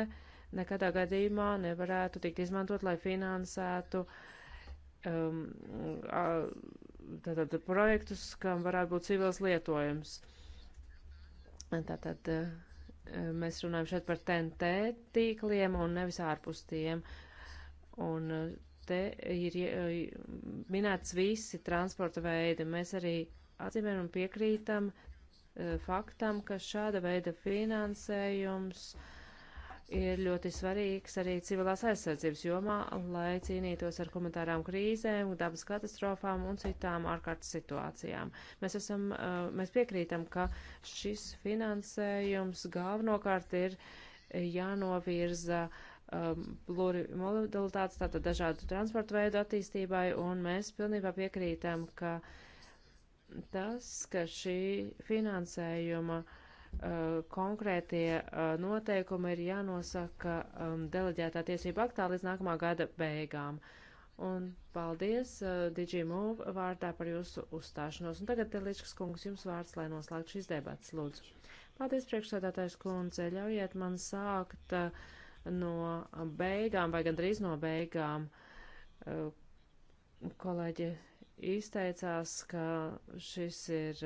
B: nekādā gadījumā nevarētu tikt izmantot, lai finansētu um, tātad projektus, kam varētu būt civils lietojums. Tātad e, mēs runājam šeit par TNT tīkliem un nevis ārpus tiem. Un e, te ir e, minēts visi transporta veidi. Mēs arī atzīmējam un piekrītam Eh, faktam, ka šāda veida finansējums ir ļoti svarīgs arī civilās aizsardzības jomā, lai cīnītos ar humanitārām krīzēm, dabas katastrofām un citām ārkārtas situācijām. Mēs, esam, eh, mēs piekrītam, ka šis finansējums galvenokārt ir jānovirza eh, plurimodalitātes, um, tātad dažādu transportu veidu attīstībai, un mēs pilnībā piekrītam, ka uh, tas, ka šī finansējuma uh, konkrētie uh, noteikumi ir jānosaka um, deleģētā tiesība aktā līdz nākamā gada beigām. Un paldies uh, DigiMove vārdā par jūsu uzstāšanos. Un tagad, Teličkas kungs, jums vārds, lai noslēgtu šīs debats, lūdzu. Paldies, priekšsēdētājs kundze. Ļaujiet man sākt uh, no beigām vai gandrīz no beigām. Uh, kolēģi izteicās, ka šis ir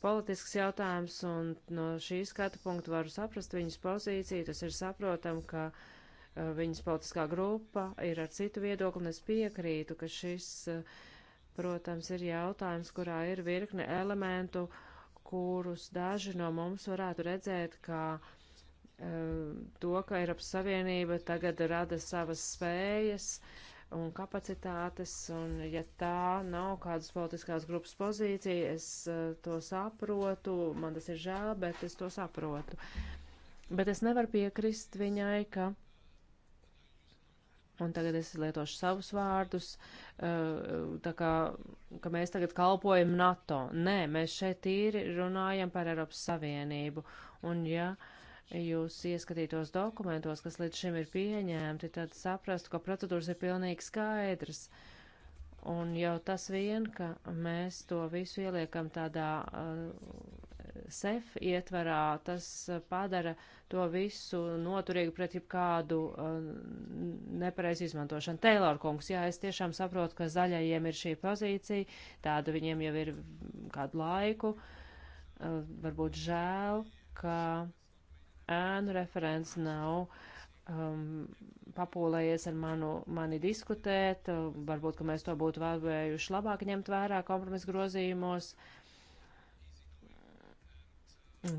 B: politisks jautājums, un no šīs skatu punktu varu saprast viņas pozīciju. Tas ir saprotam, ka uh, viņas politiskā grupa ir ar citu viedokli, un es piekrītu, ka šis, uh, protams, ir jautājums, kurā ir virkne elementu, kurus daži no mums varētu redzēt, kā uh, to, ka Eiropas Savienība tagad rada savas spējas, uh, un kapacitātes, un ja tā nav kādas politiskās grupas pozīcija, es uh, to saprotu, man tas ir žēl, bet es to saprotu. Bet es nevaru piekrist viņai, ka, un tagad es lietošu savus vārdus, uh, tā kā, ka mēs tagad kalpojam NATO. Nē, mēs šeit tīri runājam par Eiropas Savienību. Un ja uh, jūs ieskatītos dokumentos, kas līdz šim ir pieņemti, tad saprastu, ka procedūras ir pilnīgi skaidrs. Un jau tas vien, ka mēs to visu ieliekam tādā uh, sef ietvarā, tas padara to visu noturīgu pret jebkādu uh, nepareizu izmantošanu. Taylor kungs, jā, es tiešām saprotu, ka zaļajiem ir šī pozīcija, tāda viņiem jau ir kādu laiku, uh, varbūt žēl, ka ēnu referents nav um, papūlējies ar manu, mani diskutēt. Um, varbūt, ka mēs to būtu vēlējuši labāk ņemt vērā kompromisu grozījumos.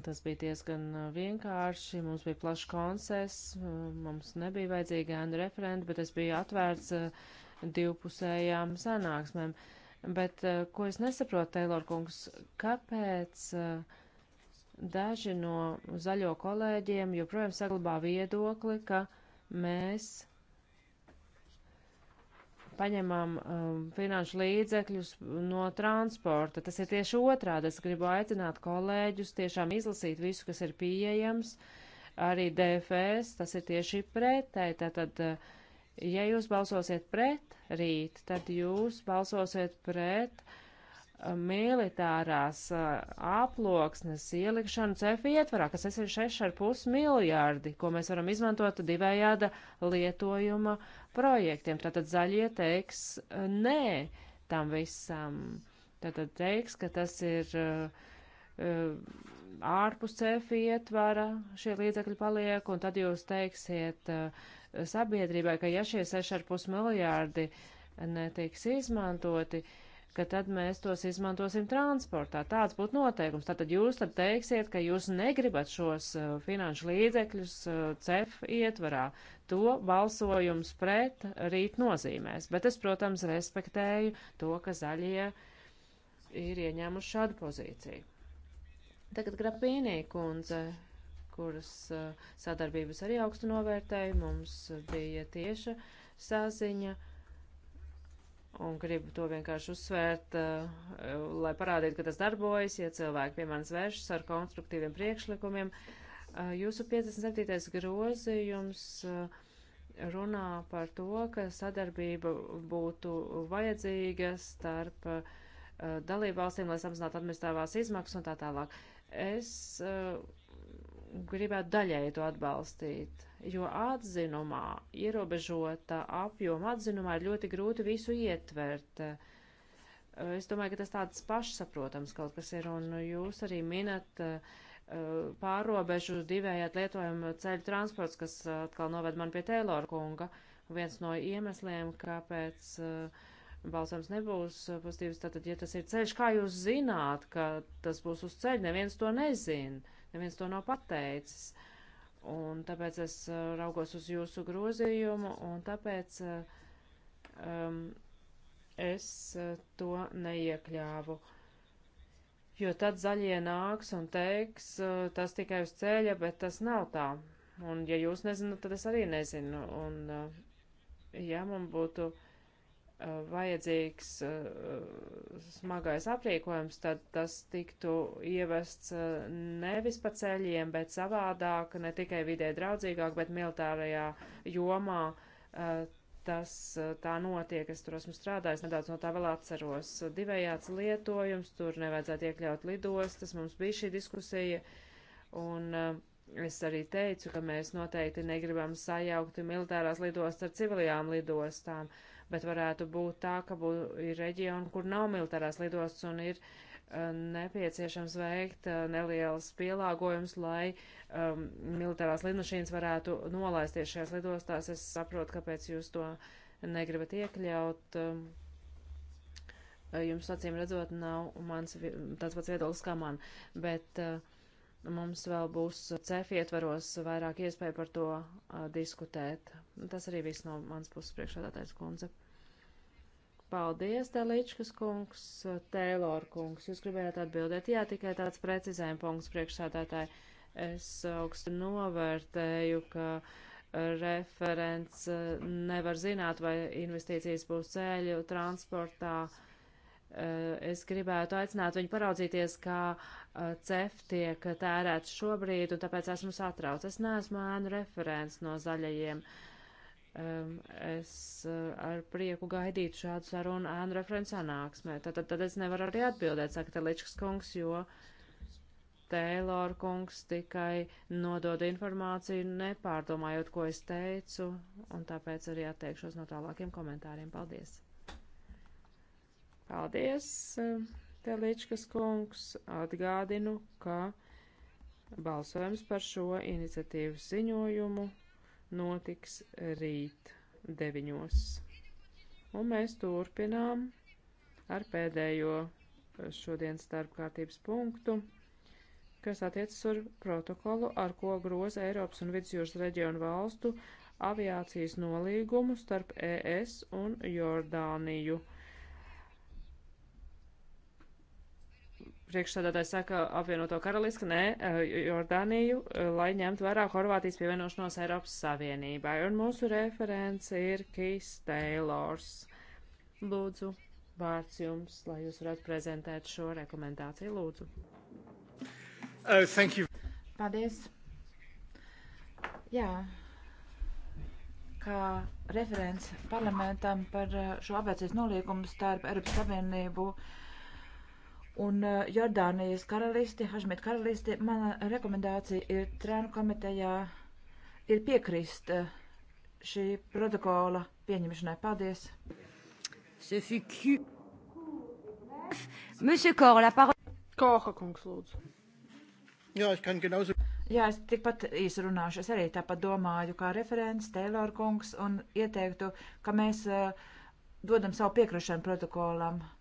B: Tas bija diezgan uh, vienkārši. Mums bija plašs konses, um, mums nebija vajadzīga ēnu referenta, bet es biju atvērts uh, divpusējām sanāksmēm. Bet uh, ko es nesaprotu, Teilor kungs, kāpēc uh, daži no zaļo kolēģiem joprojām saglabā viedokli, ka mēs paņemam um, finanšu līdzekļus no transporta. Tas ir tieši otrādi. Es gribu aicināt kolēģus tiešām izlasīt visu, kas ir pieejams, arī DFS. Tas ir tieši pretēji. Tātad, uh, ja jūs balsosiet pret rīt, tad jūs balsosiet pret uh, militārās aploksnes ielikšanu cefi ietvarā, kas ir 6,5 miljārdi, ko mēs varam izmantot divējāda lietojuma projektiem. Tātad zaļie teiks nē tam visam. Tātad teiks, ka tas ir uh, ārpus cefi ietvara, šie līdzekļi paliek, un tad jūs teiksiet uh, sabiedrībai, ka ja šie 6,5 miljārdi netiks izmantoti, uh, ka tad mēs tos izmantosim transportā. Tāds būtu noteikums. Tātad jūs tad teiksiet, ka jūs negribat šos uh, finanšu līdzekļus uh, CEF ietvarā. To balsojums pret rīt nozīmēs. Bet es, protams, respektēju to, ka zaļie ir ieņēmuši šādu pozīciju. Tagad Grapīnī kundze, kuras uh, sadarbības arī augstu novērtēju, mums bija tieša saziņa. Uh, Un gribu to vienkārši uzsvērt, eh, lai parādītu, ka tas darbojas, ja cilvēki pie manis vēršas ar konstruktīviem priekšlikumiem. Eh, jūsu 57. grozījums eh, runā par to, ka sadarbība būtu vajadzīga starp dalībvalstīm, lai samazinātu administrāvās izmaksas un tā tālāk. Es gribētu daļēji to atbalstīt jo atzinumā, ierobežota apjoma atzinumā ir ļoti grūti visu ietvert. Es domāju, ka tas tāds pašsaprotams kaut kas ir, un jūs arī minat uh, eh, pārobežu divējāt lietojumu ceļu transports, kas atkal noved man pie Teilora kunga. Viens no iemesliem, kāpēc uh, eh, balsams nebūs pozitīvs, tātad, ja tas ir ceļš, kā jūs zināt, ka tas būs uz ceļa, neviens to nezin, neviens to nav pateicis. Uh, Un tāpēc es uh, raugos uz jūsu grozījumu, un tāpēc uh, um, es uh, to neiekļāvu. Jo tad zaļie nāks un teiks, tas tikai uz ceļa, bet tas nav tā. Un ja jūs nezināt, tad es arī nezinu. Un, ja man būtu uh, Eh, vajadzīgs eh, smagais aprīkojums, tad tas tiktu ievests eh, nevis pa ceļiem, bet savādāk, ne tikai vidē draudzīgāk, bet militārajā jomā. Tas tā notiek, es tur esmu strādājis, nedaudz no tā vēl atceros. Divējāds lietojums, tur nevajadzētu iekļaut lidostas, mums bija šī diskusija, un es arī teicu, ka mēs noteikti negribam sajaukt militārās lidostas ar civilajām lidostām. Uh, bet varētu būt tā, ka bū, ir reģioni, kur nav militārās lidostas un ir uh, nepieciešams veikt uh, nelielas pielāgojums, lai um, militārās lidmašīnas varētu nolaisties šajās lidostās. Es saprotu, kāpēc jūs to negribat iekļaut. Um, uh, jums acīm redzot nav mans tāds pats viedoklis kā man, bet uh, mums vēl būs cefi ietvaros vairāk iespēju par to uh, diskutēt. Tas arī viss no mans puses priekšādātais kundze. Paldies, Delīčkas kungs, Teilor kungs. Jūs gribējāt atbildēt? Jā, tikai tāds precizējuma punkts priekšsādātāji. Es augstu novērtēju, ka referents eh, nevar zināt, vai investīcijas būs ceļu transportā. Eh, es gribētu aicināt viņu paraudzīties, kā eh, cef tiek tērēts šobrīd, un tāpēc esmu satrauc. Es neesmu ēnu referents no zaļajiem. Uh, es eh, ar prieku gaidītu šādu sarunu ēnu referents sanāksmē. Tad, tad es nevaru arī atbildēt, saka Teličkas kungs, jo Tēlor kungs tikai nodod informāciju, nepārdomājot, ko es teicu, un tāpēc arī atteikšos no tālākiem komentāriem. Paldies! Paldies, Teličkas kungs! Atgādinu, ka balsojums par šo iniciatīvu ziņojumu notiks rīt deviņos. Un mēs turpinām ar pēdējo eh, šodienas starpkārtības punktu, kas attiecas uz protokolu, ar ko groza Eiropas un Vidusjūras reģionu valstu aviācijas nolīgumu starp ES un Jordāniju. Priekšsēdētāji saka apvienoto karalisku, nē, eh, Jordāniju, eh, lai ņemtu vērā Horvātijas pievienošanos Eiropas Savienībai. Un mūsu referents ir Keis Taylors. Lūdzu, vārds jums, lai jūs varētu prezentēt šo rekomendāciju. Lūdzu.
C: Uh, thank you.
D: Paldies. Jā, kā referents parlamentam par eh, šo apvērsies nolīgumu starp Eiropas Savienību. Uh, un eh, Jordānijas karalisti, Hažmet karalisti, mana rekomendācija ir trēnu komitejā ir piekrist eh, šī protokola pieņemšanai. Paldies! Monsieur Kor, la parole. Koha kungs, lūdzu. Jā, es kan genauso. Jā, es tikpat īsi runāšu. Es arī tāpat domāju, kā referents Taylor kungs, un ieteiktu, ka mēs uh, dodam savu piekrišanu protokolam. Uh,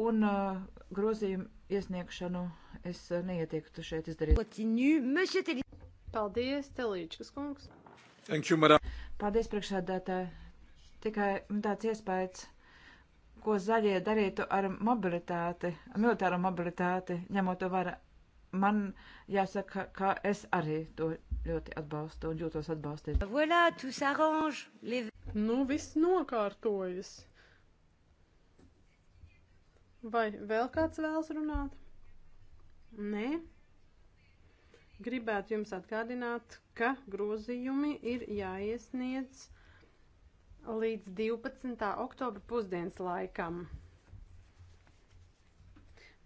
D: un uh, grozījumu iesniegšanu es uh, neietiektu šeit izdarīt. Paldies, Telīčkas kungs. Thank you, madam. Paldies, priekšsēdētāji. Tikai tāds iespējas, ko zaļie darītu ar mobilitāti, militāro mobilitāti, ņemot to vērā. Man jāsaka, ka es arī to ļoti atbalstu un jūtos atbalstīt. Voilà, tout s'arrange. Les... Nu, viss nokārtojas.
A: Vai vēl kāds vēlas runāt? Nē. Gribētu jums atgādināt, ka grozījumi ir jāiesniedz līdz 12. oktobra pusdienas laikam.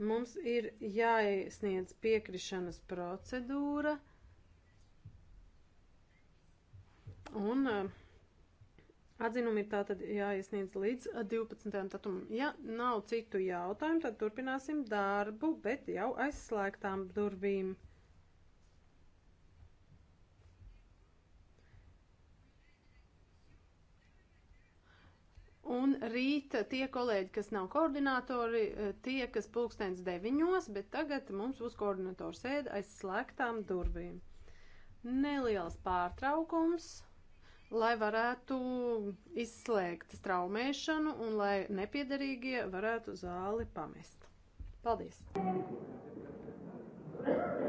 A: Mums ir jāiesniedz piekrišanas procedūra un uh, Atzinumi ir tātad jāiesniedz līdz 12. datumam. Ja nav citu jautājumu, tad turpināsim darbu, bet jau aizslēgtām durvīm. Un rīt tie kolēģi, kas nav koordinatori, eh, tie, kas pulkstens deviņos, bet tagad mums būs koordinators sēde aiz slēgtām durvīm. Neliels pārtraukums lai varētu izslēgt straumēšanu un lai nepiedarīgie varētu zāli pamest. Paldies! Thank you.